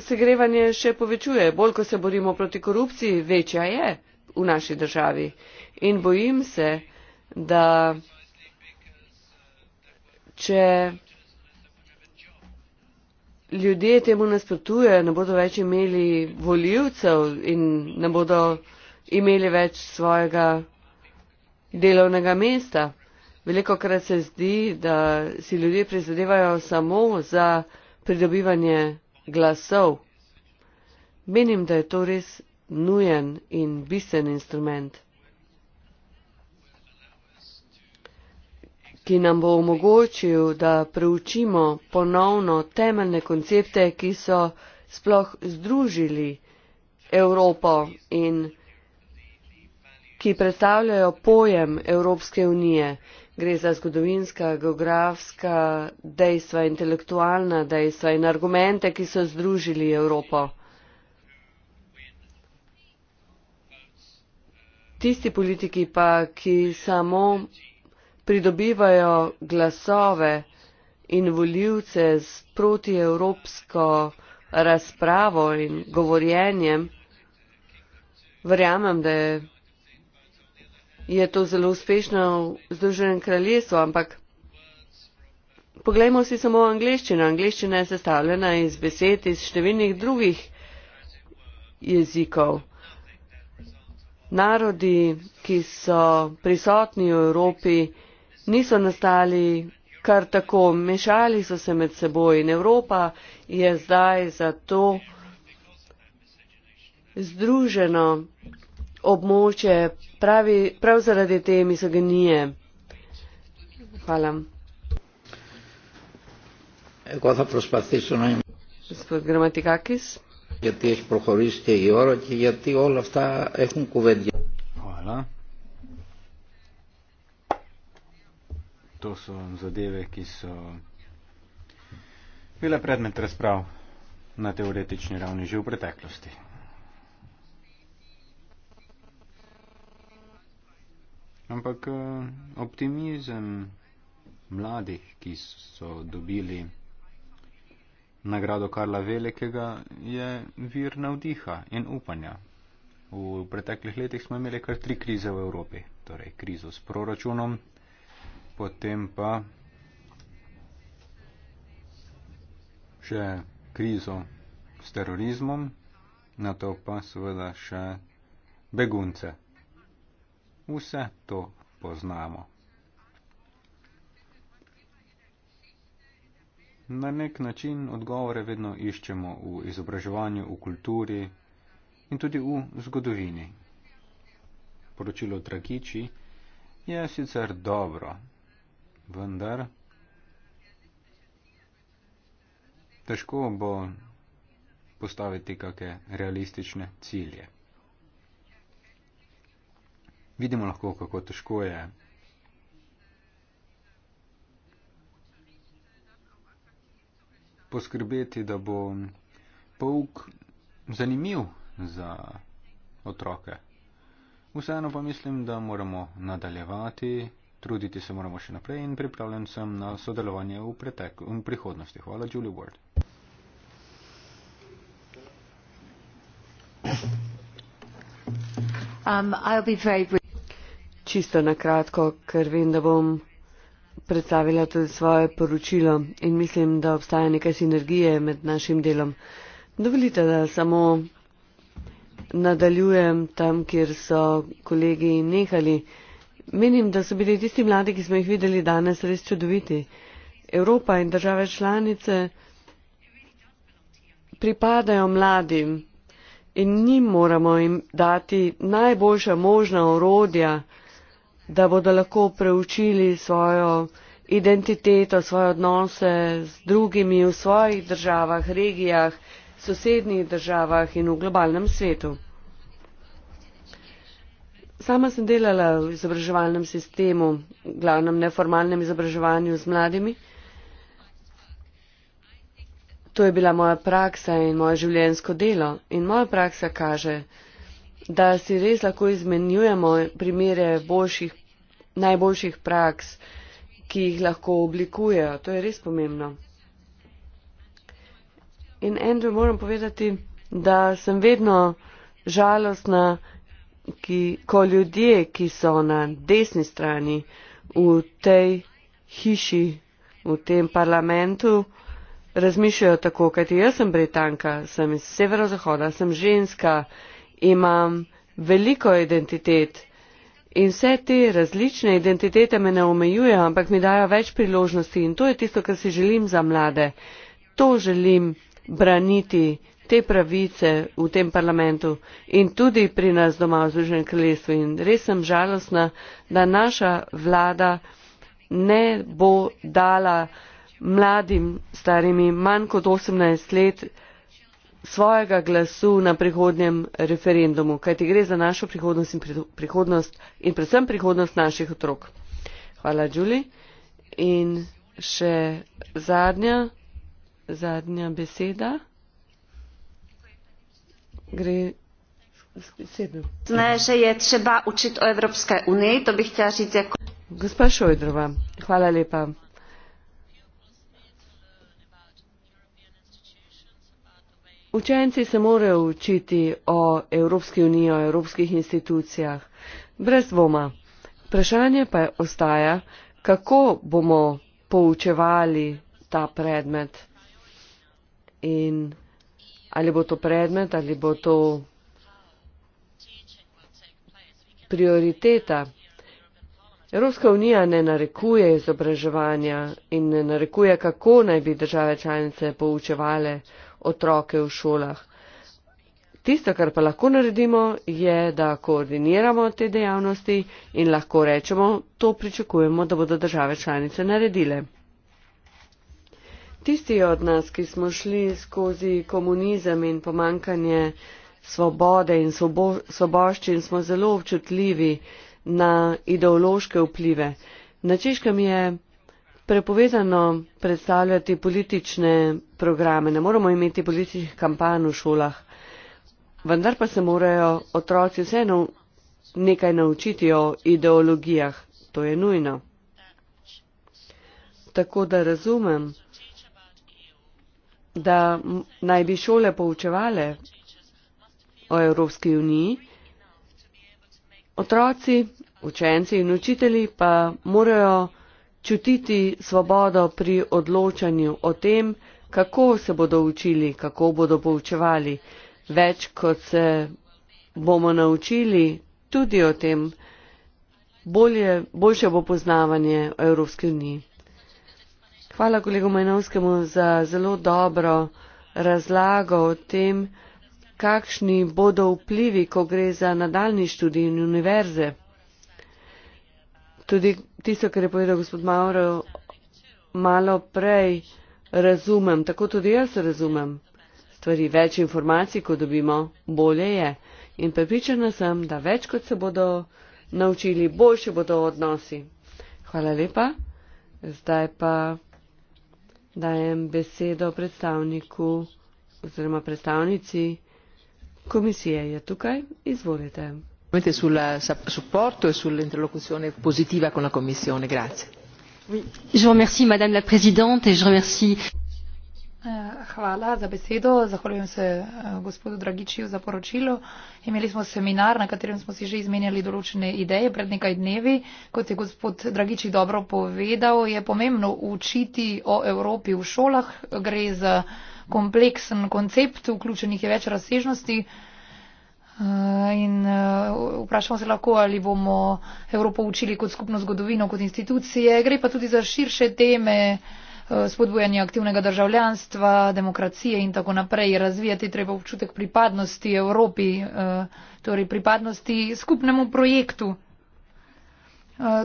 S1: segrevanje še povečuje. Bolj, ko se borimo proti korupciji, večja je v naši državi. In bojim se, da če ljudje temu nasprotuje, ne bodo več imeli voljivcev in ne bodo imeli več svojega delovnega mesta. Veliko krat se zdi, da si ljudje prizadevajo samo za pridobivanje glasov. Menim, da je to res nujen in bisen instrument, ki nam bo omogočil, da preučimo ponovno temeljne koncepte, ki so sploh združili Evropo in ki predstavljajo pojem Evropske unije gre za zgodovinska, geografska dejstva, intelektualna dejstva in argumente, ki so združili Evropo. Tisti politiki pa, ki samo pridobivajo glasove in voljivce s protievropsko razpravo in govorjenjem, verjamem, da je je to zelo uspešno v Združenem kraljestvu, ampak poglejmo si samo angliščino. Angliščina je sestavljena iz besed iz številnih drugih jezikov. Narodi, ki so prisotni v Evropi, niso nastali kar tako, mešali so se med seboj in Evropa je zdaj zato združeno območje pravi, prav zaradi te misoginije. Hvala.
S2: Gospod
S1: Gramatikakis.
S4: Hvala. To so zadeve, ki so bile predmet razprav na teoretični ravni že v preteklosti. ampak eh, optimizem mladih, ki so dobili nagrado Karla Velikega, je vir navdiha in upanja. V preteklih letih smo imeli kar tri krize v Evropi, torej krizo s proračunom, potem pa še krizo s terorizmom, na to pa seveda še begunce. Vse to poznamo. Na nek način odgovore vedno iščemo v izobraževanju, v kulturi in tudi v zgodovini. Poročilo Dragiči je sicer dobro, vendar težko bo postaviti kakšne realistične cilje. Vidimo lahko, kako težko je. Poskrbeti, da bo pouk zanimiv za otroke. Vseeno pa mislim, da moramo nadaljevati, truditi se moramo še naprej in pripravljen sem na sodelovanje v, pretek, v prihodnosti. Hvala, Julie Ward.
S1: Um, čisto na kratko, ker vem, da bom predstavila tudi svoje poročilo in mislim, da obstaja nekaj sinergije med našim delom. Dovolite, da samo nadaljujem tam, kjer so kolegi nehali. Menim, da so bili tisti mladi, ki smo jih videli danes, res čudoviti. Evropa in države članice pripadajo mladim in njim moramo jim dati najboljša možna orodja, da bodo lahko preučili svojo identiteto, svoje odnose z drugimi v svojih državah, regijah, sosednjih državah in v globalnem svetu. Sama sem delala v izobraževalnem sistemu, glavnem neformalnem izobraževanju z mladimi. To je bila moja praksa in moje življenjsko delo. In moja praksa kaže, da si res lahko izmenjujemo primere boljših najboljših praks, ki jih lahko oblikujejo. To je res pomembno. In Andrew, moram povedati, da sem vedno žalostna, ki, ko ljudje, ki so na desni strani v tej hiši, v tem parlamentu, razmišljajo tako, kajti jaz sem Britanka, sem iz severozahoda, sem ženska, imam veliko identitet. In vse te različne identitete me ne omejujejo, ampak mi dajo več priložnosti in to je tisto, kar si želim za mlade. To želim braniti, te pravice v tem parlamentu in tudi pri nas doma v Združenem kraljestvu. In res sem žalostna, da naša vlada ne bo dala mladim starimi manj kot 18 let svojega glasu na prihodnjem referendumu, kajti gre za našo prihodnost in, prihodnost in predvsem prihodnost naših otrok. Hvala, Đuli. In še zadnja, zadnja beseda. Gre. Ne, že je treba učiti o Evropske uniji, to bi htela reči. Gospa Šojdrova, hvala lepa. Učenci se morajo učiti o Evropski uniji, o evropskih institucijah, brez dvoma. Vprašanje pa je ostaja, kako bomo poučevali ta predmet in ali bo to predmet ali bo to prioriteta. Evropska unija ne narekuje izobraževanja in ne narekuje, kako naj bi države članice poučevale otroke v šolah. Tisto, kar pa lahko naredimo, je, da koordiniramo te dejavnosti in lahko rečemo, to pričakujemo, da bodo države članice naredile. Tisti od nas, ki smo šli skozi komunizem in pomankanje svobode in svobo, svoboščin, smo zelo občutljivi na ideološke vplive. Na češkem je prepovedano predstavljati politične programe, ne moramo imeti političnih kampanj v šolah, vendar pa se morajo otroci vseeno nekaj naučiti o ideologijah, to je nujno. Tako da razumem, da naj bi šole poučevale o Evropski uniji, otroci, učenci in učitelji pa morajo čutiti svobodo pri odločanju o tem, kako se bodo učili, kako bodo poučevali. Več kot se bomo naučili tudi o tem, bolje, boljše bo poznavanje o Evropski uniji. Hvala kolegu Majnovskemu za zelo dobro razlago o tem, kakšni bodo vplivi, ko gre za nadaljni študij in univerze. Tudi tisto, kar je povedal gospod Mauro, malo prej razumem, tako tudi jaz razumem stvari. Več informacij, ko dobimo, bolje je. In prepričana sem, da več kot se bodo naučili, boljše bodo odnosi. Hvala lepa. Zdaj pa dajem besedo predstavniku oziroma predstavnici komisije. Je tukaj? Izvolite
S2: naturalmente sul supporto e sull'interlocuzione positiva con la commissione. Eh, eh,
S3: imeli smo seminar na katerem smo si že izmenjali določene ideje pred nekaj dnevi kot je gospod dragiči dobro povedal je pomembno učiti o evropi v šolah gre za kompleksen koncept vključenih je več razsežnosti Eh, in eh, vprašamo se lahko, ali bomo Evropo učili kot skupno zgodovino, kot institucije. Gre pa tudi za širše teme eh, spodbujanja aktivnega državljanstva, demokracije in tako naprej. Razvijati treba občutek pripadnosti Evropi, torej pripadnosti skupnemu projektu.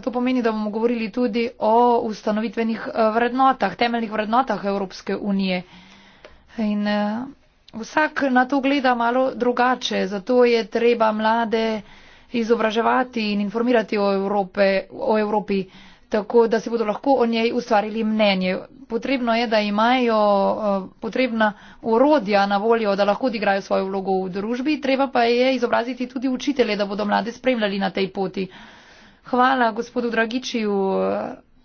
S3: To pomeni, da bomo govorili tudi o ustanovitvenih vrednotah, temeljnih vrednotah Evropske unije. In, Vsak na to gleda malo drugače, zato je treba mlade izobraževati in informirati o, Evrope, o Evropi, tako da si bodo lahko o njej ustvarili mnenje. Potrebno je, da imajo eh, potrebna urodja na voljo, da lahko odigrajo svojo vlogo v družbi, treba pa je izobraziti tudi učitelje, da bodo mlade spremljali na tej poti. Hvala gospodu Dragičiju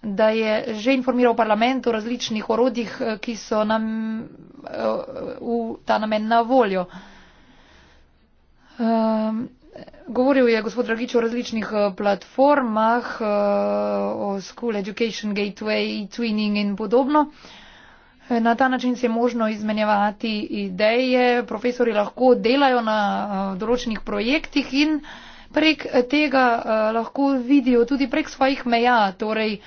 S3: da je že informiral parlament o različnih orodjih, eh, ki so nam eh, v ta namen na voljo. Ehm, govoril je gospod Dragič o različnih eh, platformah, o School Education Gateway, Twinning in podobno. Na ta način se je možno izmenjevati ideje, profesori lahko delajo na določenih projektih in prek tega lahko vidijo tudi prek svojih meja, torej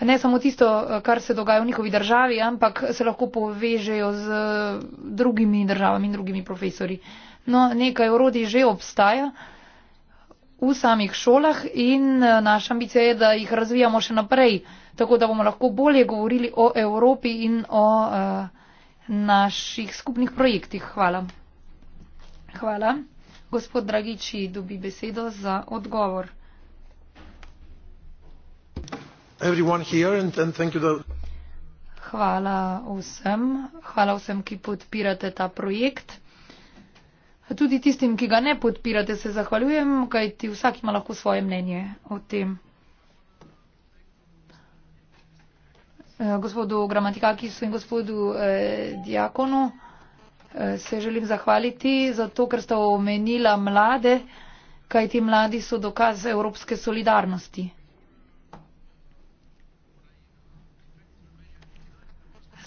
S3: ne samo tisto, kar se dogaja v njihovi državi, ampak se lahko povežejo z drugimi državami in drugimi profesori. No, nekaj orodij že obstaja v samih šolah in eh, naša ambicija je, da jih razvijamo še naprej, tako da bomo lahko bolje govorili o Evropi in o uh, naših skupnih projektih. Hvala. Hvala. Gospod Dragiči dobi besedo za odgovor. Hvala vsem, hvala vsem, ki podpirate ta projekt. Tudi tistim, ki ga ne podpirate, se zahvaljujem, kajti vsak ima lahko svoje mnenje o tem. Eh, gospodu Gramatikakisu in gospodu eh, Diakonu eh, se želim zahvaliti za to, ker sta omenila mlade, kajti mladi so dokaz evropske solidarnosti.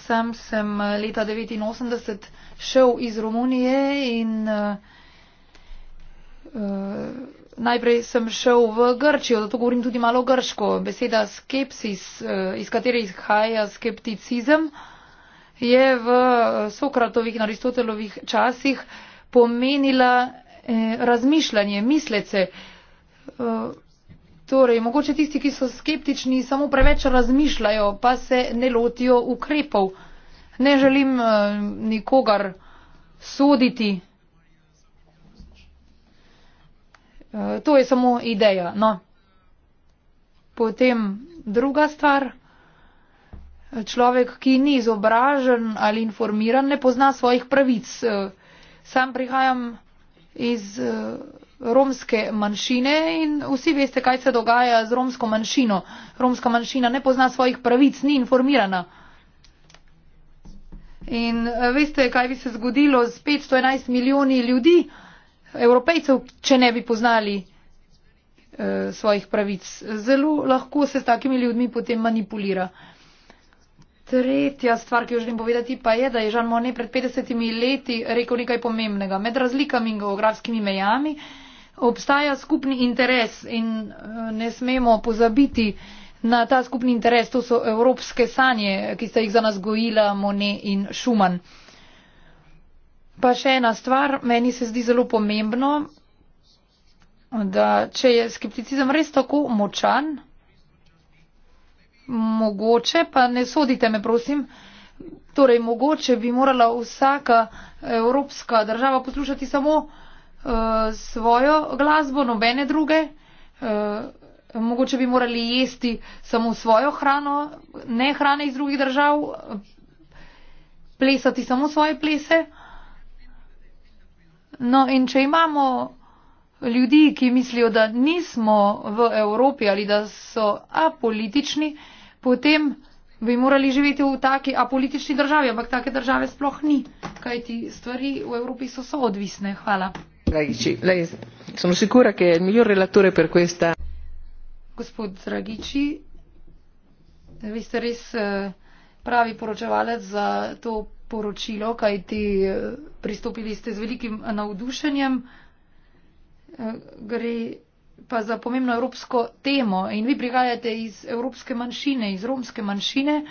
S3: sam sem eh, leta 89 šel iz Romunije in uh, uh, najprej sem šel v Grčijo, zato govorim tudi malo grško. Beseda skepsis, uh, iz katere izhaja skepticizem, je v Sokratovih in Aristotelovih časih pomenila eh, razmišljanje, mislece. Uh, Torej, mogoče tisti, ki so skeptični, samo preveč razmišljajo, pa se ne lotijo ukrepov. Ne želim uh, nikogar soditi. Uh, to je samo ideja. No. Potem druga stvar. Človek, ki ni izobražen ali informiran, ne pozna svojih pravic. Uh, sam prihajam iz. Uh, romske manjšine in vsi veste, kaj se dogaja z romsko manjšino. Romska manjšina ne pozna svojih pravic, ni informirana. In eh, veste, kaj bi se zgodilo z 511 milijoni ljudi, evropejcev, če ne bi poznali eh, svojih pravic. Zelo lahko se s takimi ljudmi potem manipulira. Tretja stvar, ki jo želim povedati, pa je, da je Žan Monet pred 50 leti rekel nekaj pomembnega. Med razlikami in geografskimi mejami obstaja skupni interes in eh, ne smemo pozabiti na ta skupni interes. To so evropske sanje, ki sta jih za nas gojila Monet in Šuman. Pa še ena stvar, meni se zdi zelo pomembno, da če je skepticizem res tako močan, mogoče, pa ne sodite me, prosim, torej mogoče bi morala vsaka evropska država poslušati samo uh, uh, svojo glasbo, nobene druge. Uh, mogoče bi morali jesti samo svojo hrano, ne hrane iz drugih držav, plesati samo svoje plese. No in če imamo ljudi, ki mislijo, da nismo v Evropi ali da so apolitični, potem bi morali živeti v taki apolitični državi, ampak take države sploh ni, kajti stvari v Evropi so soodvisne. Hvala
S2: draghi lei sono sicura che è il miglior relatore per questa
S3: gospod draghi vi ste res eh, pravi poročevalec za to poročilo kajti eh, pristopili ste z velikim navdušenjem eh, gre pa za pomembno evropsko temo in vi prihajate iz evropske manjšine iz romske manjšine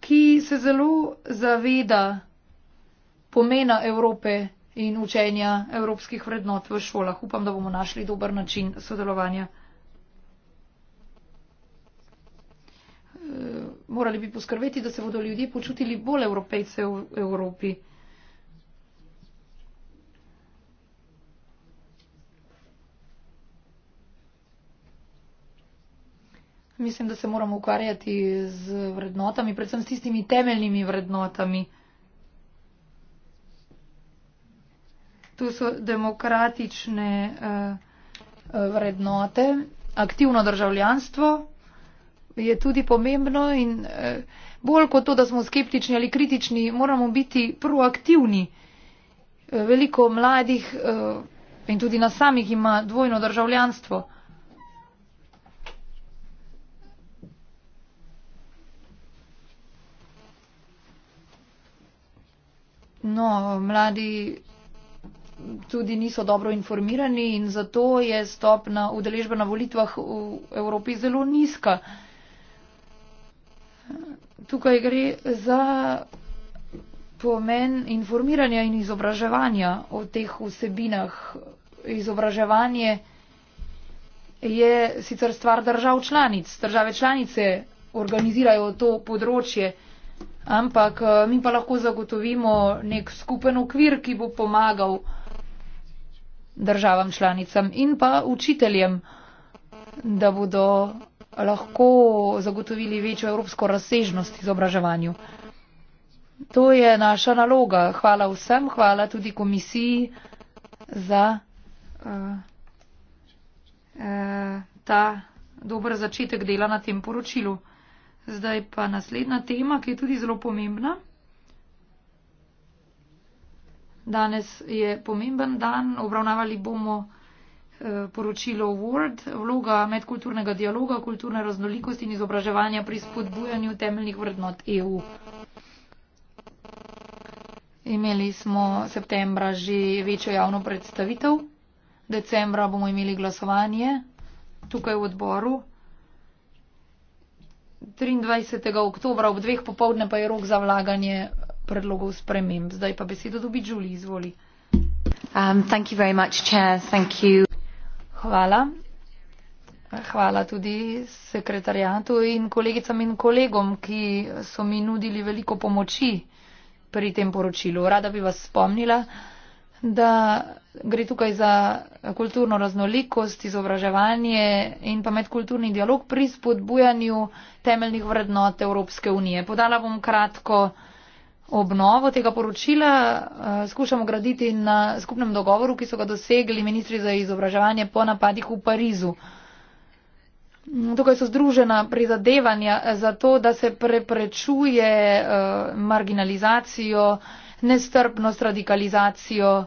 S3: ki se zelo zaveda pomena Evrope in učenja evropskih vrednot v šolah. Upam, da bomo našli dober način sodelovanja. E, morali bi poskrbeti, da se bodo ljudje počutili bolj evropejce v Evropi. Mislim, da se moramo ukvarjati z vrednotami, predvsem s tistimi temeljnimi vrednotami. tu so demokratične eh, eh, vrednote, aktivno državljanstvo je tudi pomembno in eh, bolj kot to, da smo skeptični ali kritični, moramo biti proaktivni. Veliko mladih in tudi nas samih ima dvojno državljanstvo. No, mladi tudi niso dobro informirani in zato je stopna udeležba na volitvah v Evropi zelo nizka. Tukaj gre za pomen informiranja in izobraževanja o teh vsebinah. Izobraževanje je sicer stvar držav članic. Države članice organizirajo to področje, ampak eh, mi pa lahko zagotovimo nek skupen okvir, ki bo pomagal državam članicam in pa učiteljem, da bodo lahko zagotovili večjo evropsko razsežnost izobraževanju. To je naša naloga. Hvala vsem, hvala tudi komisiji za uh, uh, ta dober začetek dela na tem poročilu. Zdaj pa naslednja tema, ki je tudi zelo pomembna. Danes je pomemben dan, obravnavali bomo eh, poročilo World, vloga medkulturnega dialoga, kulturne raznolikosti in izobraževanja pri spodbujanju temeljnih vrednot EU. Imeli smo septembra že večjo javno predstavitev, decembra bomo imeli glasovanje tukaj v odboru. 23. oktobra ob dveh popovdne pa je rok za vlaganje predlogov sprememb. Zdaj pa besedo dobi Đuli, izvoli. Um, thank you very much, chair. Thank you. Hvala. Hvala tudi sekretarjatu in kolegicam in kolegom, ki so mi nudili veliko pomoči pri tem poročilu. Rada bi vas spomnila, da gre tukaj za kulturno raznolikost, izobraževanje in pa medkulturni dialog pri spodbujanju temeljnih vrednot Evropske unije. Podala bom kratko obnovo tega poročila eh, skušamo graditi na skupnem dogovoru, ki so ga dosegli ministri za izobraževanje po napadih v Parizu. Tukaj so združena prizadevanja za to, da se preprečuje eh, marginalizacijo, nestrpnost, radikalizacijo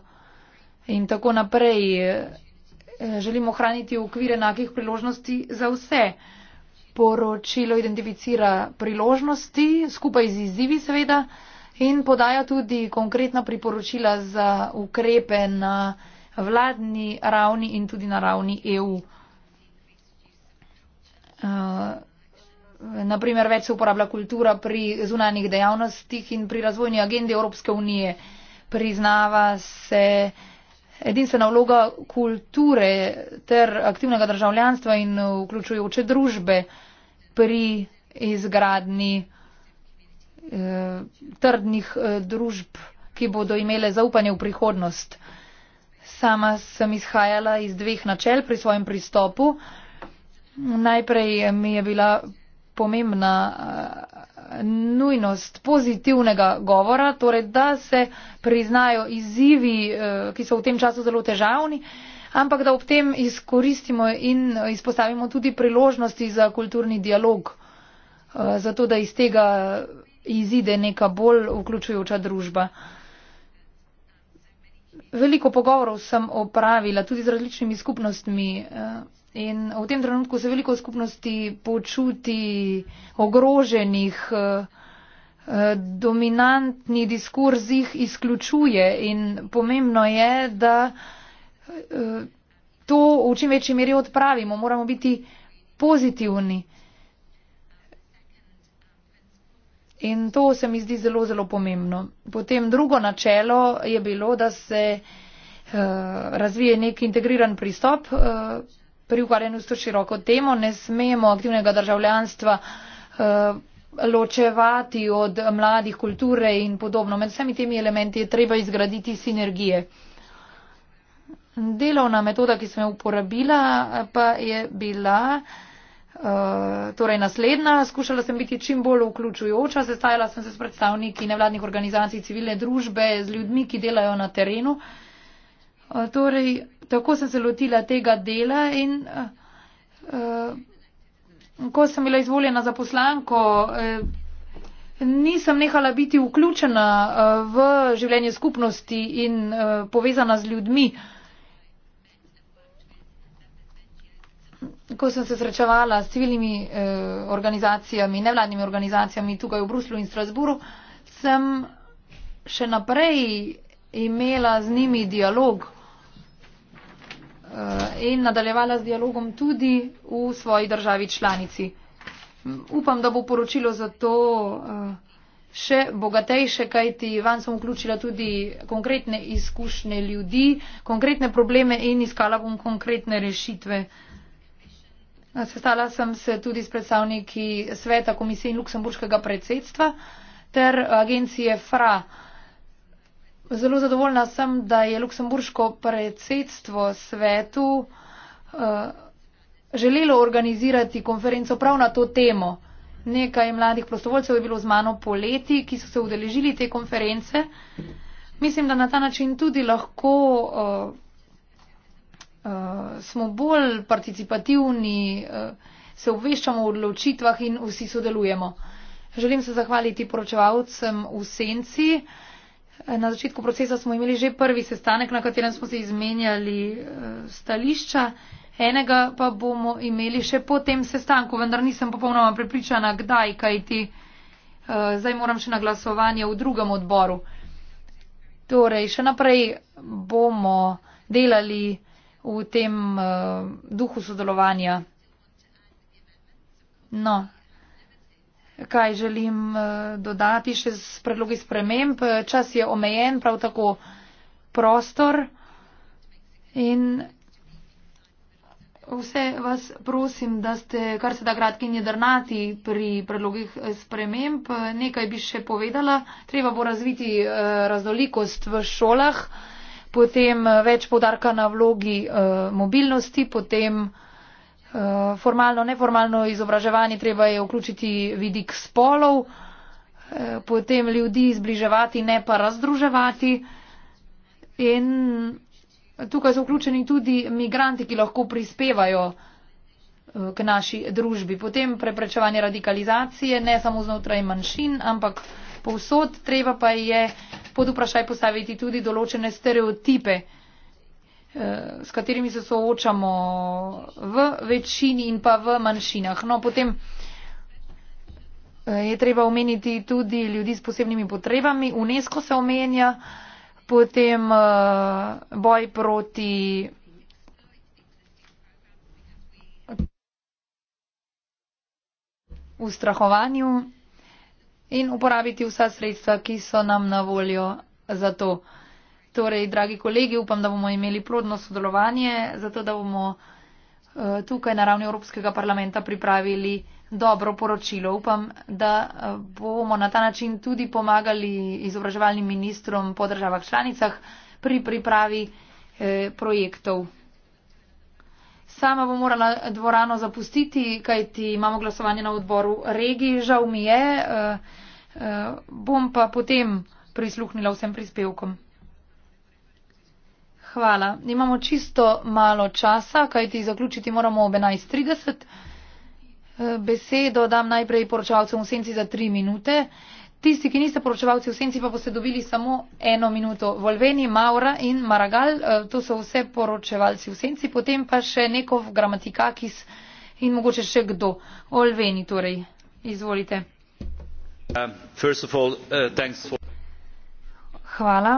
S3: in tako naprej. Eh, želimo ohraniti okvir enakih priložnosti za vse. Poročilo identificira priložnosti, skupaj z izzivi seveda in podaja tudi konkretna priporočila za ukrepe na vladni ravni in tudi na ravni EU. Eh, Naprimer, več se uporablja kultura pri zunanjih dejavnostih in pri razvojni agendi Evropske unije. Priznava se edinstvena vloga kulture ter aktivnega državljanstva in vključujoče družbe pri izgradni uh, Eh, trdnih eh, družb, ki bodo imele zaupanje v prihodnost. Sama sem izhajala iz dveh načel pri svojem pristopu. Najprej mi je bila pomembna eh, nujnost pozitivnega govora, torej da se priznajo izzivi, ki so v tem času zelo težavni, ampak da ob tem izkoristimo in izpostavimo tudi priložnosti za kulturni dialog, zato da iz tega izide neka bolj vključujoča družba. Veliko pogovorov sem opravila tudi z različnimi skupnostmi eh, in v tem trenutku se veliko skupnosti počuti ogroženih, eh, eh, dominantni diskurz jih izključuje in pomembno je, da to v čim večji meri odpravimo. Moramo biti pozitivni. In to se mi zdi zelo, zelo pomembno. Potem drugo načelo je bilo, da se uh, razvije nek integriran pristop uh, pri ukvarjanju s to široko temo. Ne smemo aktivnega državljanstva uh, ločevati od mladih kulture in podobno. Med vsemi temi elementi je treba izgraditi sinergije. Delovna metoda, ki sem jo uporabila, pa je bila. Uh, Eh, torej naslednja. Skušala sem biti čim bolj vključujoča, sestajala sem se s predstavniki nevladnih organizacij, civilne družbe, z ljudmi, ki delajo na terenu. Eh, torej, tako sem se lotila tega dela in eh, ko sem bila izvoljena za poslanko, nisem nehala biti vključena v življenje skupnosti in povezana z ljudmi. ko sem se srečevala s civilnimi eh, organizacijami, nevladnimi organizacijami tukaj v Bruslu in Strasburu, sem še naprej imela z njimi dialog eh, in nadaljevala z dialogom tudi v svoji državi članici. Upam, da bo poročilo za to eh, še bogatejše, kajti van sem vključila tudi konkretne izkušnje ljudi, konkretne probleme in iskala bom konkretne rešitve. Sestala sem se tudi s predstavniki Sveta komisije in Luksemburškega predsedstva ter agencije FRA. Zelo zadovoljna sem, da je Luksemburško predsedstvo svetu uh, želelo organizirati konferenco prav na to temo. Nekaj mladih prostovoljcev je bilo z mano poleti, ki so se udeležili te konference. Mislim, da na ta način tudi lahko. Uh, uh, smo bolj participativni, uh, se obveščamo o odločitvah in vsi sodelujemo. Želim se zahvaliti poročevalcem v senci. Eh, na začetku procesa smo imeli že prvi sestanek, na katerem smo se izmenjali uh, stališča. Enega pa bomo imeli še po tem sestanku, vendar nisem popolnoma prepričana, kdaj, kaj ti. Uh, zdaj moram še na glasovanje v drugem odboru. Torej, še naprej bomo delali v tem uh, duhu sodelovanja. No, kaj želim uh, dodati še s predlogi sprememb? Čas je omejen, prav tako prostor. In vse vas prosim, da ste kar se da kratki in jedrnati pri predlogih eh, sprememb. Nekaj bi še povedala. Treba bo razviti uh, razdolikost v šolah. Uh, potem eh, več podarka na vlogi eh, mobilnosti, potem eh, formalno, neformalno izobraževanje, treba je vključiti vidik spolov, potem ljudi izbliževati, ne pa razdruževati. In tukaj so vključeni tudi migranti, ki lahko prispevajo k naši družbi. Potem preprečevanje radikalizacije, ne samo znotraj manjšin, ampak povsod, treba pa je pod vprašaj postaviti tudi določene stereotipe, eh, s katerimi se soočamo v večini in pa v manjšinah. No, potem eh, je treba omeniti tudi ljudi s posebnimi potrebami. UNESCO se omenja, potem eh, boj proti. Ustrahovanju in uporabiti vsa sredstva, ki so nam na voljo za to. Torej, dragi kolegi, upam, da bomo imeli plodno sodelovanje, zato da bomo eh, tukaj na ravni Evropskega parlamenta pripravili dobro poročilo. Upam, da eh, bomo na ta način tudi pomagali izobraževalnim ministrom po državah članicah pri pripravi eh, projektov. Sama bom morala dvorano zapustiti, kajti imamo glasovanje na odboru regiji, žal mi je. Eh, eh, bom pa potem prisluhnila vsem prispevkom. Hvala. Imamo čisto malo časa, kajti zaključiti moramo ob 11.30. Eh, besedo dam najprej poročavcem v senci za tri minute. Tisti, ki niste poročevalci v senci, pa boste dobili samo eno minuto. Volveni, Maura in Maragal, eh, to so vse poročevalci v senci, potem pa še nekov gramatikakis in mogoče še kdo. Volveni, torej, izvolite.
S4: Um, all, uh, for...
S3: Hvala.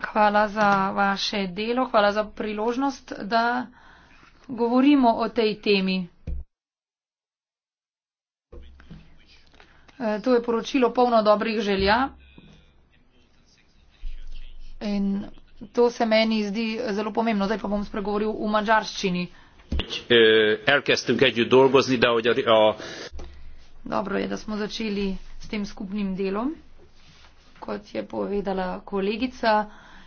S3: Hvala za vaše delo, hvala za priložnost, da govorimo o tej temi. Eh, to je poročilo polno dobrih želja in to se meni zdi zelo pomembno. Zdaj pa bom spregovoril v mađarščini.
S4: Eh,
S3: Dobro je, da smo začeli s tem skupnim delom. Kot je povedala kolegica,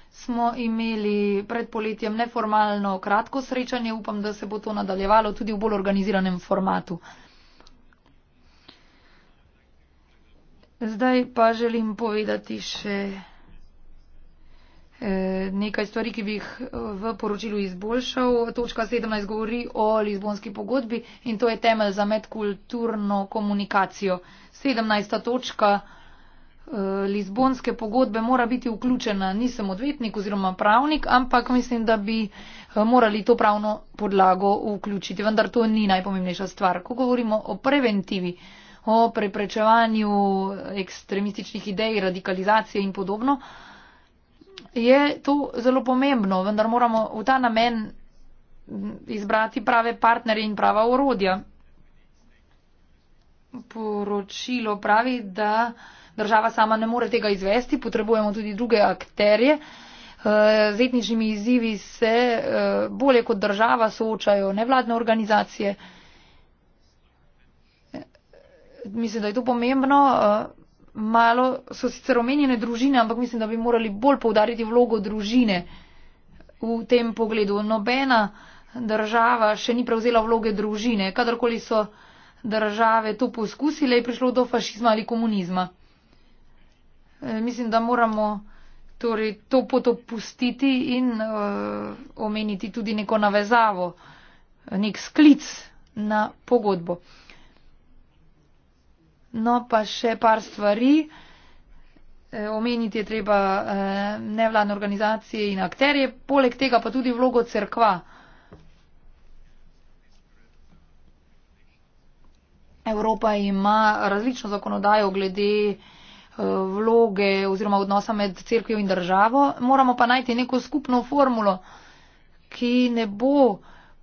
S3: smo imeli pred poletjem neformalno kratko srečanje. Upam, da se bo to nadaljevalo tudi v bolj organiziranem formatu. Zdaj pa želim povedati še eh, nekaj stvari, ki bi jih eh, v poročilu izboljšal. Točka 17 govori o Lizbonski pogodbi in to je temelj za medkulturno komunikacijo. 17. točka eh, Lizbonske pogodbe mora biti vključena. Nisem odvetnik oziroma pravnik, ampak mislim, da bi morali to pravno podlago vključiti. Vendar to ni najpomembnejša stvar. Ko govorimo o preventivi, o preprečevanju ekstremističnih idej, radikalizacije in podobno, je to zelo pomembno, vendar moramo v ta namen izbrati prave partnerje in prava urodja. Poročilo pravi, da država sama ne more tega izvesti, potrebujemo tudi druge akterje. Eh, z etničnimi izzivi se eh, bolje kot država soočajo nevladne organizacije mislim, da je to pomembno. Eh, malo so sicer omenjene družine, ampak mislim, da bi morali bolj povdariti vlogo družine v tem pogledu. Nobena država še ni prevzela vloge družine. Kadarkoli so države to poskusile, je prišlo do fašizma ali komunizma. Eh, mislim, da moramo torej, to pot opustiti in uh, omeniti tudi neko navezavo, nek sklic na pogodbo. No pa še par stvari. E, omeniti je treba e, nevladne organizacije in akterje, poleg tega pa tudi vlogo crkva. Evropa ima različno zakonodajo glede e, vloge oziroma odnosa med crkvijo in državo. Moramo pa najti neko skupno formulo, ki ne bo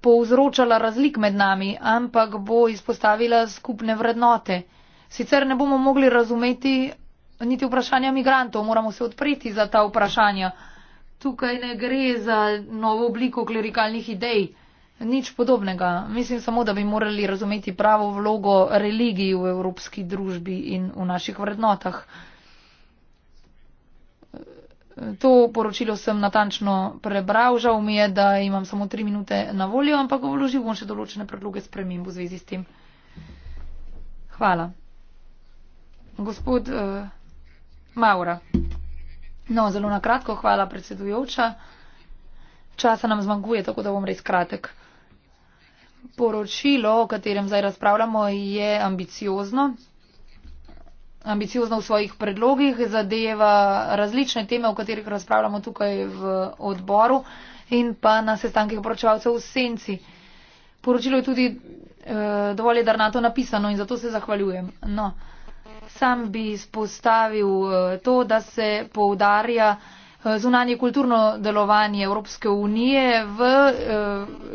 S3: povzročala razlik med nami, ampak bo izpostavila skupne vrednote. Sicer ne bomo mogli razumeti niti vprašanja migrantov, moramo se odpreti za ta vprašanja. Tukaj ne gre za novo obliko klerikalnih idej, nič podobnega. Mislim samo, da bi morali razumeti pravo vlogo religiji v evropski družbi in v naših vrednotah. To poročilo sem natančno prebral, žal mi je, da imam samo tri minute na voljo, ampak vložil bom še določene predloge spremembo v zvezi s tem. Hvala. Gospod uh, Maura. No, zelo na kratko, hvala predsedujoča. Časa nam zmanjkuje, tako da bom res kratek. Poročilo, o katerem zdaj razpravljamo, je ambiciozno. Ambiciozno v svojih predlogih zadeva različne teme, o katerih razpravljamo tukaj v odboru in pa na sestankih poročevalcev v senci. Poročilo je tudi uh, dovolj darnato napisano in zato se zahvaljujem. No. Uh, Sam bi spostavil eh, to, da se poudarja eh, zunanje kulturno delovanje Evropske unije v eh,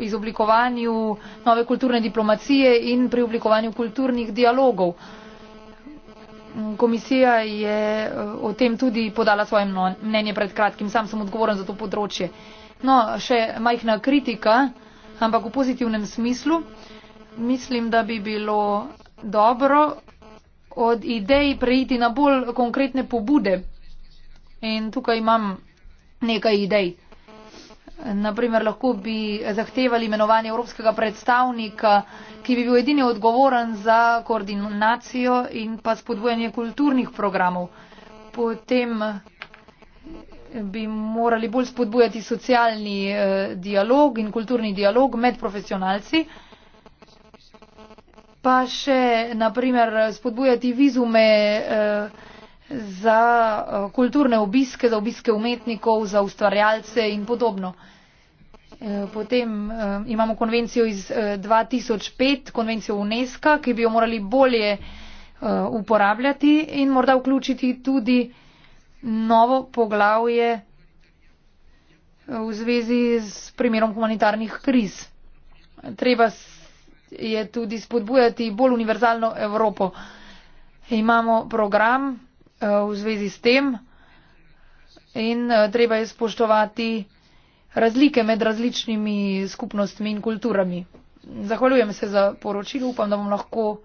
S3: izoblikovanju nove kulturne diplomacije in pri oblikovanju kulturnih dialogov. Komisija je o tem tudi podala svoje mnenje pred kratkim, sam sem odgovoren za to področje. No, še majhna kritika, ampak v pozitivnem smislu. Mislim, da bi bilo dobro od idej preiti na bolj konkretne pobude. In tukaj imam nekaj idej. Naprimer, lahko bi zahtevali imenovanje evropskega predstavnika, ki bi bil edini odgovoren za koordinacijo in pa spodbujanje kulturnih programov. Potem bi morali bolj spodbujati socialni eh, dialog in kulturni dialog med profesionalci pa še naprimer spodbujati vizume eh, za eh, kulturne obiske, za obiske umetnikov, za ustvarjalce in podobno. Eh, potem imamo konvencijo iz 2005, konvencijo UNESCO, ki bi jo morali bolje uporabljati in morda vključiti tudi novo poglavje v zvezi s primerom humanitarnih kriz. Treba je tudi spodbujati bolj univerzalno Evropo. Imamo program eh, v zvezi s tem in eh, treba je spoštovati razlike med različnimi skupnostmi in kulturami. Zahvaljujem se za poročilo, upam, da bom lahko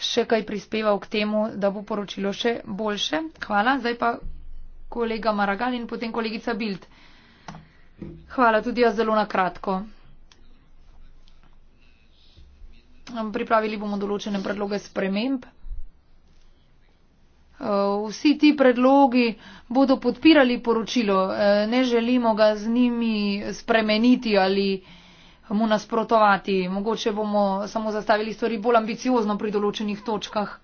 S3: še kaj prispeval k temu, da bo poročilo še boljše. Hvala. Zdaj pa kolega Maragan in potem kolegica Bild. Hvala tudi jaz zelo na kratko. Ehm, pripravili bomo določene predloge sprememb. Ehm, vsi ti predlogi bodo podpirali poročilo, ehm, ne želimo ga z njimi spremeniti ali mu nasprotovati. Mogoče bomo samo zastavili stvari bolj ambiciozno pri določenih točkah.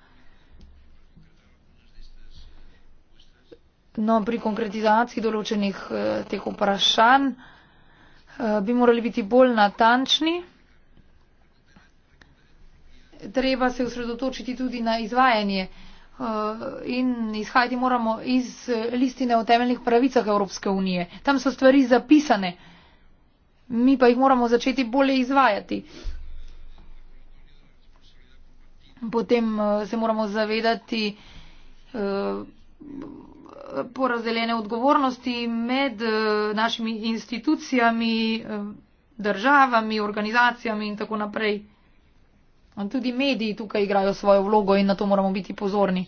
S3: No, pri konkretizaciji določenih eh, teh vprašanj eh, bi morali biti bolj natančni treba se usredotočiti tudi na izvajanje eh, in izhajati moramo iz listine o temeljnih pravicah Evropske unije. Tam so stvari zapisane, mi pa jih moramo začeti bolje izvajati. Potem eh, se moramo zavedati eh, porazdeljene odgovornosti med našimi institucijami, državami, organizacijami in tako naprej. In tudi mediji tukaj igrajo svojo vlogo in na to moramo biti pozorni.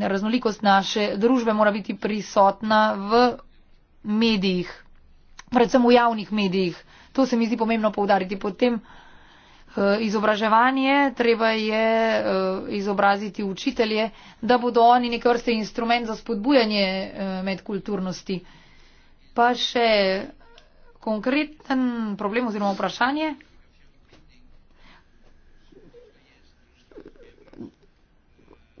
S3: Raznolikost naše družbe mora biti prisotna v medijih, predvsem v javnih medijih. To se mi zdi pomembno povdariti. Potem eh, izobraževanje, treba je eh, izobraziti učitelje, da bodo oni neke vrste instrument za spodbujanje eh, medkulturnosti. Pa še konkreten problem oziroma vprašanje.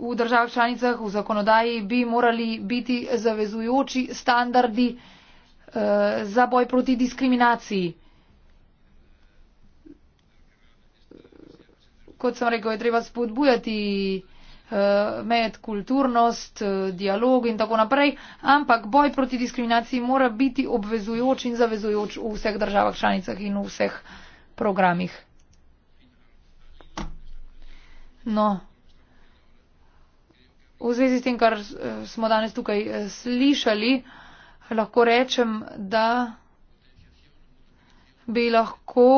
S3: V državah članicah, v zakonodaji bi morali biti zavezujoči standardi eh, za boj proti diskriminaciji. Kot sem rekel, je treba spodbujati Eh, medkulturnost, eh, dialog in tako naprej, ampak boj proti diskriminaciji mora biti obvezujoč in zavezujoč v vseh državah članicah in v vseh programih. No, v zvezi s tem, kar eh, smo danes tukaj slišali, lahko rečem, da bi lahko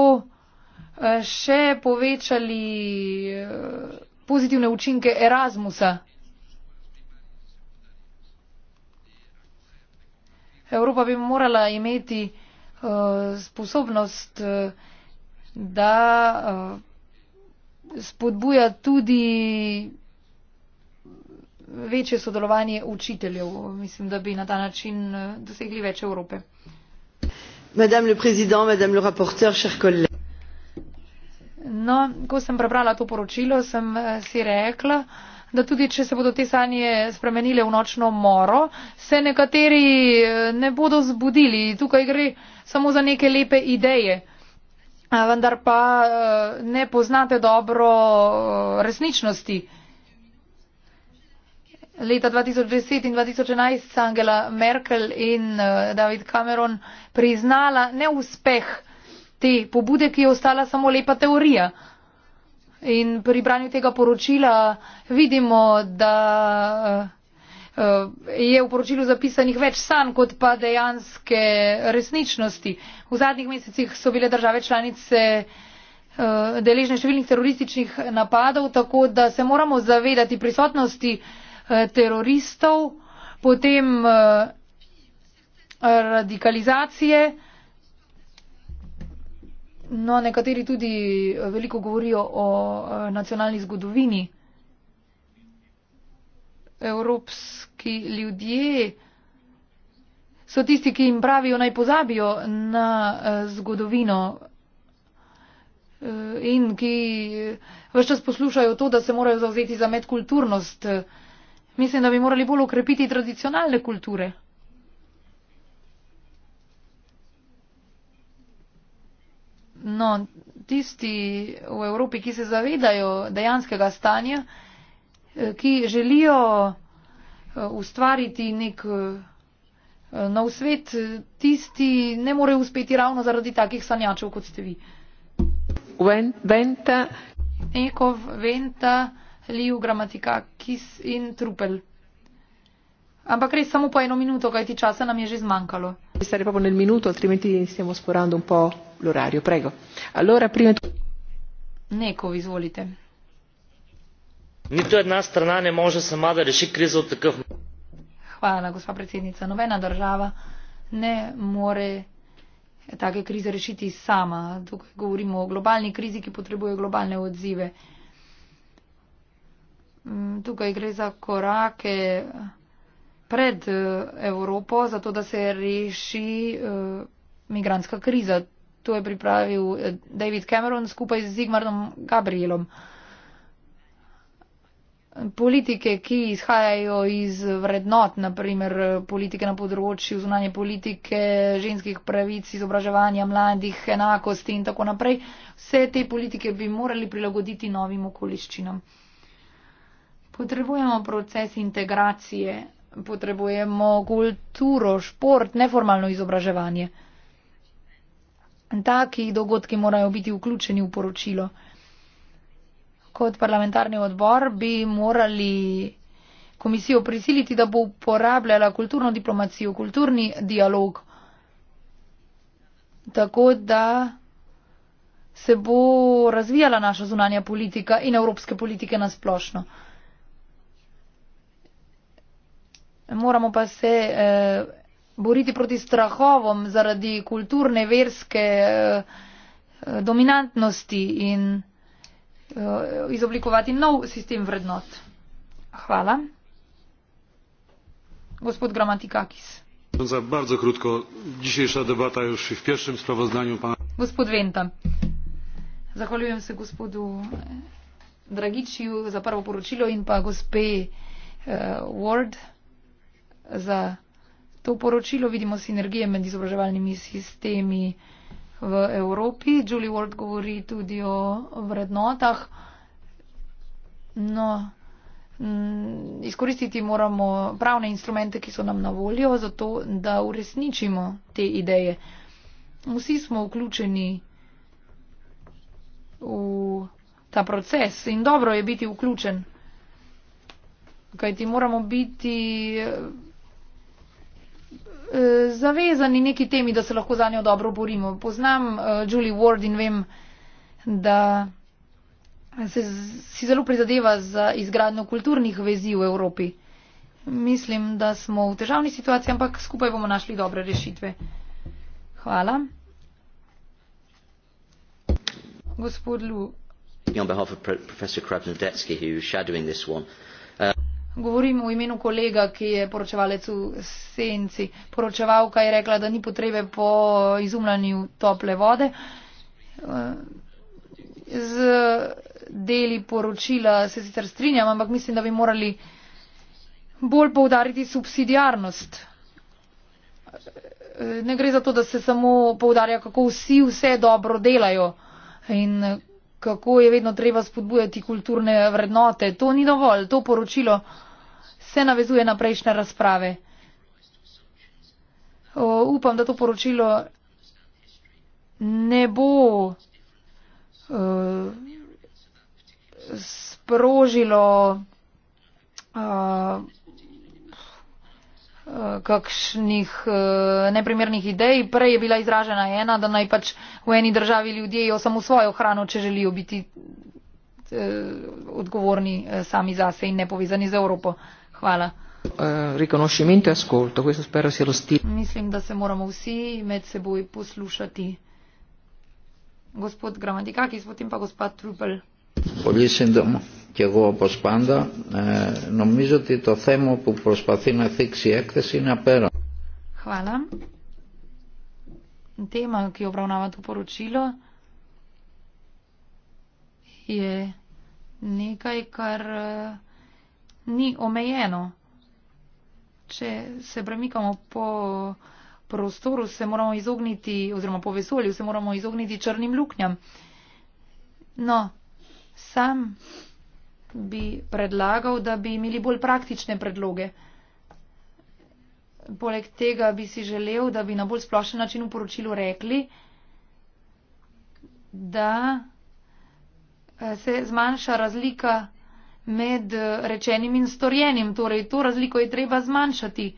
S3: še povečali pozitivne učinke Erasmusa. Evropa bi morala imeti eh, sposobnost, eh, da eh, spodbuja tudi večje sodelovanje učiteljev. Mislim, da bi na ta način dosegli več Evrope.
S1: Madame le président, madame le rapporteur, chers
S3: No, ko sem prebrala to poročilo, sem eh, si rekla, da tudi če se bodo te sanje spremenile v nočno moro, se nekateri eh, ne bodo zbudili. Tukaj gre samo za neke lepe ideje. Vendar pa eh, ne poznate dobro resničnosti. Leta 2010 in 2011 sta Angela Merkel in David Cameron priznala neuspeh te pobude, ki je ostala samo lepa teorija. In pri branju tega poročila vidimo, da eh, eh, je v poročilu zapisanih več sanj kot pa dejanske resničnosti. V zadnjih mesecih so bile države članice eh, deležne številnih terorističnih napadov, tako da se moramo zavedati prisotnosti teroristov, potem radikalizacije, No, nekateri tudi eh, veliko govorijo o eh, nacionalni zgodovini. Evropski ljudje so tisti, ki jim pravijo naj pozabijo na eh, zgodovino in ki vse čas poslušajo to, da se morajo zavzeti za medkulturnost. Mislim, da bi morali bolj ukrepiti tradicionalne kulture. No, tisti v Evropi, ki se zavedajo dejanskega stanja, eh, ki želijo eh, ustvariti nek eh, nov svet, tisti ne morejo uspeti ravno zaradi takih sanjačev, kot ste vi.
S2: When, venta.
S3: Ekov, venta, liu, gramatika, kis in trupel. Ampak res samo po eno minuto, kajti časa nam je že zmanjkalo
S2: di stare proprio nel minuto altrimenti stiamo sforando un po' l'orario prego allora prima di
S3: neko izvolite Nito ena strana ne može sama, da reši krizo v takav. Hvala, gospa predsednica. Nobena država ne more take krize rešiti sama. Tukaj govorimo o globalni krizi, ki potrebuje globalne odzive. Mm, tukaj gre za korake pred eh, Evropo, zato da se reši eh, migranska kriza. To je pripravil eh, David Cameron skupaj z Zigmarom Gabrielom. Politike, ki izhajajo iz vrednot, naprimer politike na področju zunanje politike, ženskih pravic, izobraževanja mladih, enakosti in tako naprej, vse te politike bi morali prilagoditi novim okoliščinam. Potrebujemo proces integracije potrebujemo kulturo, šport, neformalno izobraževanje. Taki dogodki morajo biti vključeni v poročilo. Kot parlamentarni odbor bi morali komisijo prisiliti, da bo uporabljala kulturno diplomacijo, kulturni dialog, tako da se bo razvijala naša zunanja politika in evropske politike nasplošno. Moramo pa se eh, boriti proti strahovom zaradi kulturne, verske eh, dominantnosti in eh, izoblikovati nov sistem vrednot. Hvala. Gospod Gramatikakis.
S1: Za bardzo krótko, dzisiejsza debata już w pierwszym sprawozdaniu pana.
S3: Gospod Wenta. Zahvaljujem se gospodu eh, Dragiciju za prvo poročilo in pa gospe uh, Ward za to poročilo. Vidimo sinergije med izobraževalnimi sistemi v Evropi. Julie Ward govori tudi o vrednotah. No, mm, izkoristiti moramo pravne instrumente, ki so nam na voljo, zato da uresničimo te ideje. Vsi smo vključeni v ta proces in dobro je biti vključen, kajti moramo biti Eh, zavezani neki temi, da se lahko za njo dobro borimo. Poznam uh, Julie Ward in vem, da se si zelo prizadeva za izgradno kulturnih vezi v Evropi. Mislim, da smo v težavni situaciji, ampak skupaj bomo našli dobre rešitve. Hvala. Gospod Lu.
S2: On behalf of Professor Krabnodetsky, who is shadowing this one, uh,
S3: Govorim v imenu kolega, ki je poročevalec v senci. Poročevalka je rekla, da ni potrebe po izumljanju tople vode. Z deli poročila se sicer strinjam, ampak mislim, da bi morali bolj poudariti subsidijarnost. Ne gre za to, da se samo poudarja, kako vsi vse dobro delajo in kako je vedno treba spodbujati kulturne vrednote. To ni dovolj, to poročilo se navezuje na prejšnje razprave. O, upam, da to poročilo ne bo o, e, sprožilo o, e, kakšnih e, neprimernih idej. Prej je bila izražena ena, da naj pač v eni državi ljudje jo samo svojo hrano, če želijo biti odgovorni sami zase in ne povezani z Evropo. Hvala.
S2: Eh, riconoscimento e ascolto, questo spero sia lo stile.
S3: Mislim, da se moramo vsi med seboj poslušati. Gospod Gramatikakis, potem pa gospod Trupel.
S2: Polisim,
S4: da ki je govor pospanda, e, no mizoti to temo, ki prospati na fiksi ekvesi na pera.
S3: Hvala. Tema, ki obravnava to poročilo, je nekaj, kar uh, ni omejeno. Če se premikamo po prostoru, se moramo izogniti, oziroma po vesolju, se moramo izogniti črnim luknjam. No, sam bi predlagal, da bi imeli bolj praktične predloge. Poleg tega bi si želel, da bi na bolj splošen način v poročilu rekli, da eh, se zmanjša razlika med eh, rečenim in storjenim. Torej, to razliko je treba zmanjšati.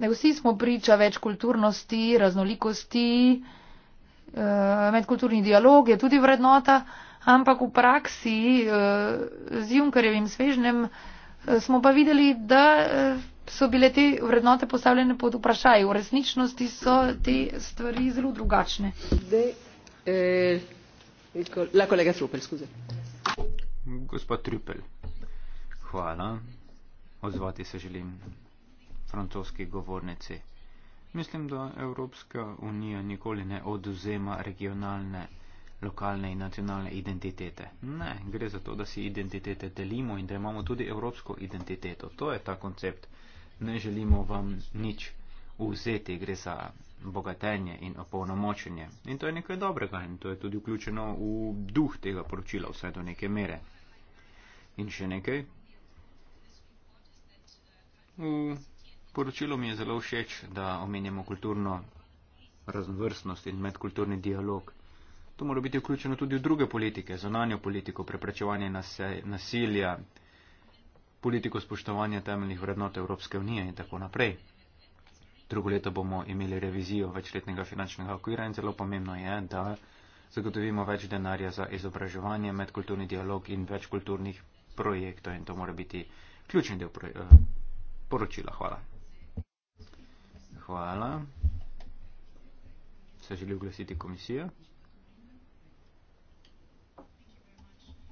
S3: Ne vsi smo priča večkulturnosti, raznolikosti, eh, medkulturni dialog je tudi vrednota, ampak v praksi eh, z Junkarjevim svežnem smo pa videli, da so bile te vrednote postavljene pod vprašaj. V resničnosti so te stvari
S2: zelo drugačne. De, eh, la kolega Trupel, skuze.
S4: Gospod Trupel. Hvala. Odzvati se želim francoski govornici. Mislim, da Evropska unija nikoli ne oduzema regionalne, lokalne in nacionalne identitete. Ne, gre za to, da si identitete delimo in da imamo tudi evropsko identiteto. To je ta koncept. Ne želimo vam nič vzeti, gre za bogatenje in opolnomočenje. In to je nekaj dobrega in to je tudi vključeno v duh tega poročila, vsaj do neke mere. In še nekaj. V poročilu mi je zelo všeč, da omenjamo kulturno raznovrstnost in medkulturni dialog. To mora biti vključeno tudi v druge politike, zonanjo politiko, preprečevanje nasilja, politiko spoštovanja temeljnih vrednot Evropske unije in tako naprej. Drugo leto bomo imeli revizijo večletnega finančnega okvira in zelo pomembno je, da zagotovimo več denarja za izobraževanje, medkulturni dialog in večkulturnih projekta in to mora biti ključni del eh, poročila. Hvala. Hvala. Se želi oglasiti komisija?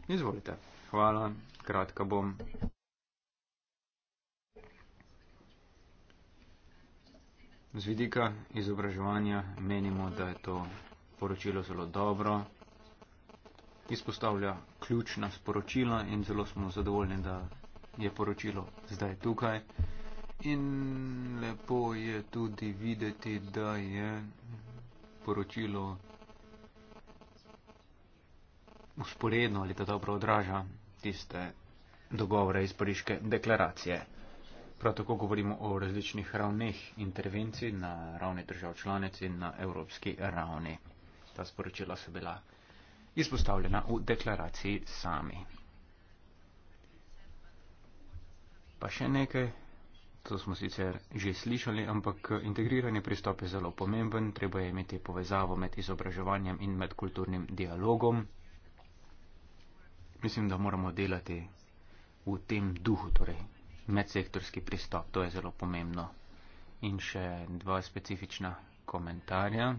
S4: Izvolite. Hvala. Kratka bom. Z vidika izobraževanja menimo, da je to poročilo zelo dobro izpostavlja ključna sporočila in zelo smo zadovoljni, da je poročilo zdaj tukaj. In lepo je tudi videti, da je poročilo usporedno ali da dobro odraža tiste dogovore iz Pariške deklaracije. Prav tako govorimo o različnih ravneh intervencij na ravni držav članic in na evropski ravni. Ta sporočila so bila izpostavljena v deklaraciji sami. Pa še nekaj, to smo sicer že slišali, ampak integrirani pristop je zelo pomemben, treba je imeti povezavo med izobraževanjem in med kulturnim dialogom. Mislim, da moramo delati v tem duhu, torej medsektorski pristop, to je zelo pomembno. In še dva specifična komentarja.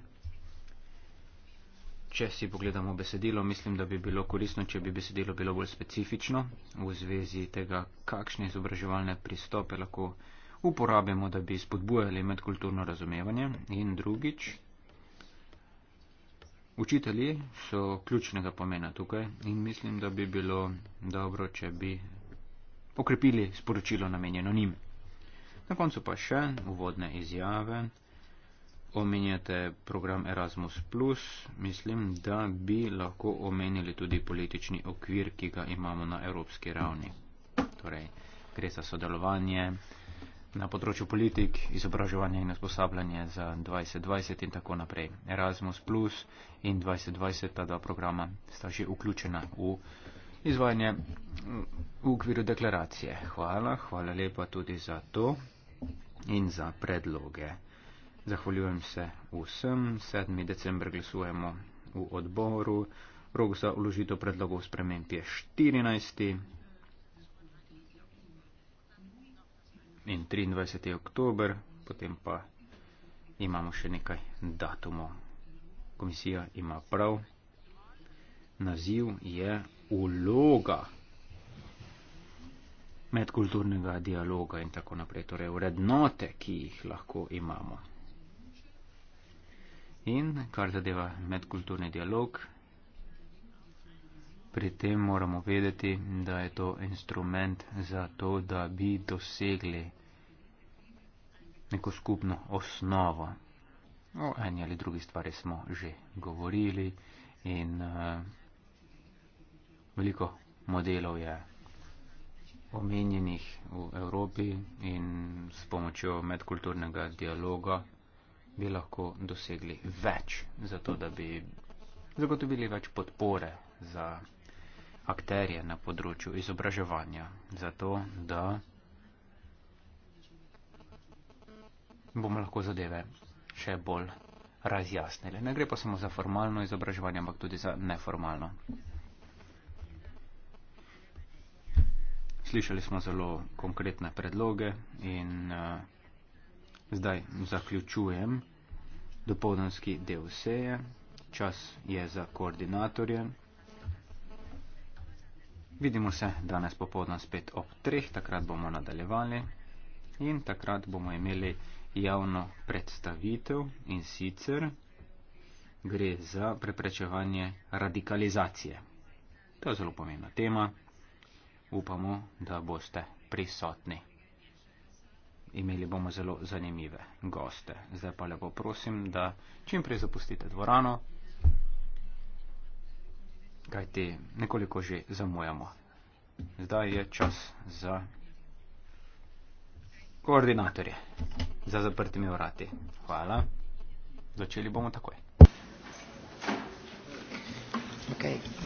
S4: Če si pogledamo besedilo, mislim, da bi bilo korisno, če bi besedilo bilo bolj specifično v zvezi tega, kakšne izobraževalne pristope lahko uporabimo, da bi spodbujali medkulturno razumevanje. In drugič, učitelji so ključnega pomena tukaj in mislim, da bi bilo dobro, če bi okrepili sporočilo namenjeno njim. Na koncu pa še uvodne izjave omenjate program Erasmus, mislim, da bi lahko omenili tudi politični okvir, ki ga imamo na evropski ravni. Torej, gre za sodelovanje na področju politik, izobraževanje in usposabljanje za 2020 in tako naprej. Erasmus plus in 2020, ta dva programa sta že vključena v izvajanje v okviru deklaracije. Hvala, hvala lepa tudi za to in za predloge. Zahvaljujem se vsem. 7. december glasujemo v odboru. Rok za uložitev predlogov sprememb je 14. in 23. oktober, potem pa imamo še nekaj datumov. Komisija ima prav. Naziv je uloga medkulturnega dialoga in tako naprej, torej vrednote, ki jih lahko imamo. In kar zadeva medkulturni dialog, pri tem moramo vedeti, da je to instrument za to, da bi dosegli neko skupno osnovo. O eni ali drugi stvari smo že govorili in uh, veliko modelov je omenjenih v Evropi in s pomočjo medkulturnega dialoga bi lahko dosegli več, zato da bi zagotovili več podpore za akterje na področju izobraževanja, zato da bomo lahko zadeve še bolj razjasnili. Ne gre pa samo za formalno izobraževanje, ampak tudi za neformalno. Slišali smo zelo konkretne predloge in uh, Zdaj zaključujem dopolnjenski del seje. Čas je za koordinatorje. Vidimo se danes popoldne spet ob treh, takrat bomo nadaljevali in takrat bomo imeli javno predstavitev in sicer gre za preprečevanje radikalizacije. To je zelo pomembna tema. Upamo, da boste prisotni imeli bomo zelo zanimive goste. Zdaj pa lepo prosim, da čim prej zapustite dvorano, kajti nekoliko že zamujamo. Zdaj je čas za koordinatorje, za zaprtimi vrati. Hvala. Začeli bomo takoj.
S2: Okay.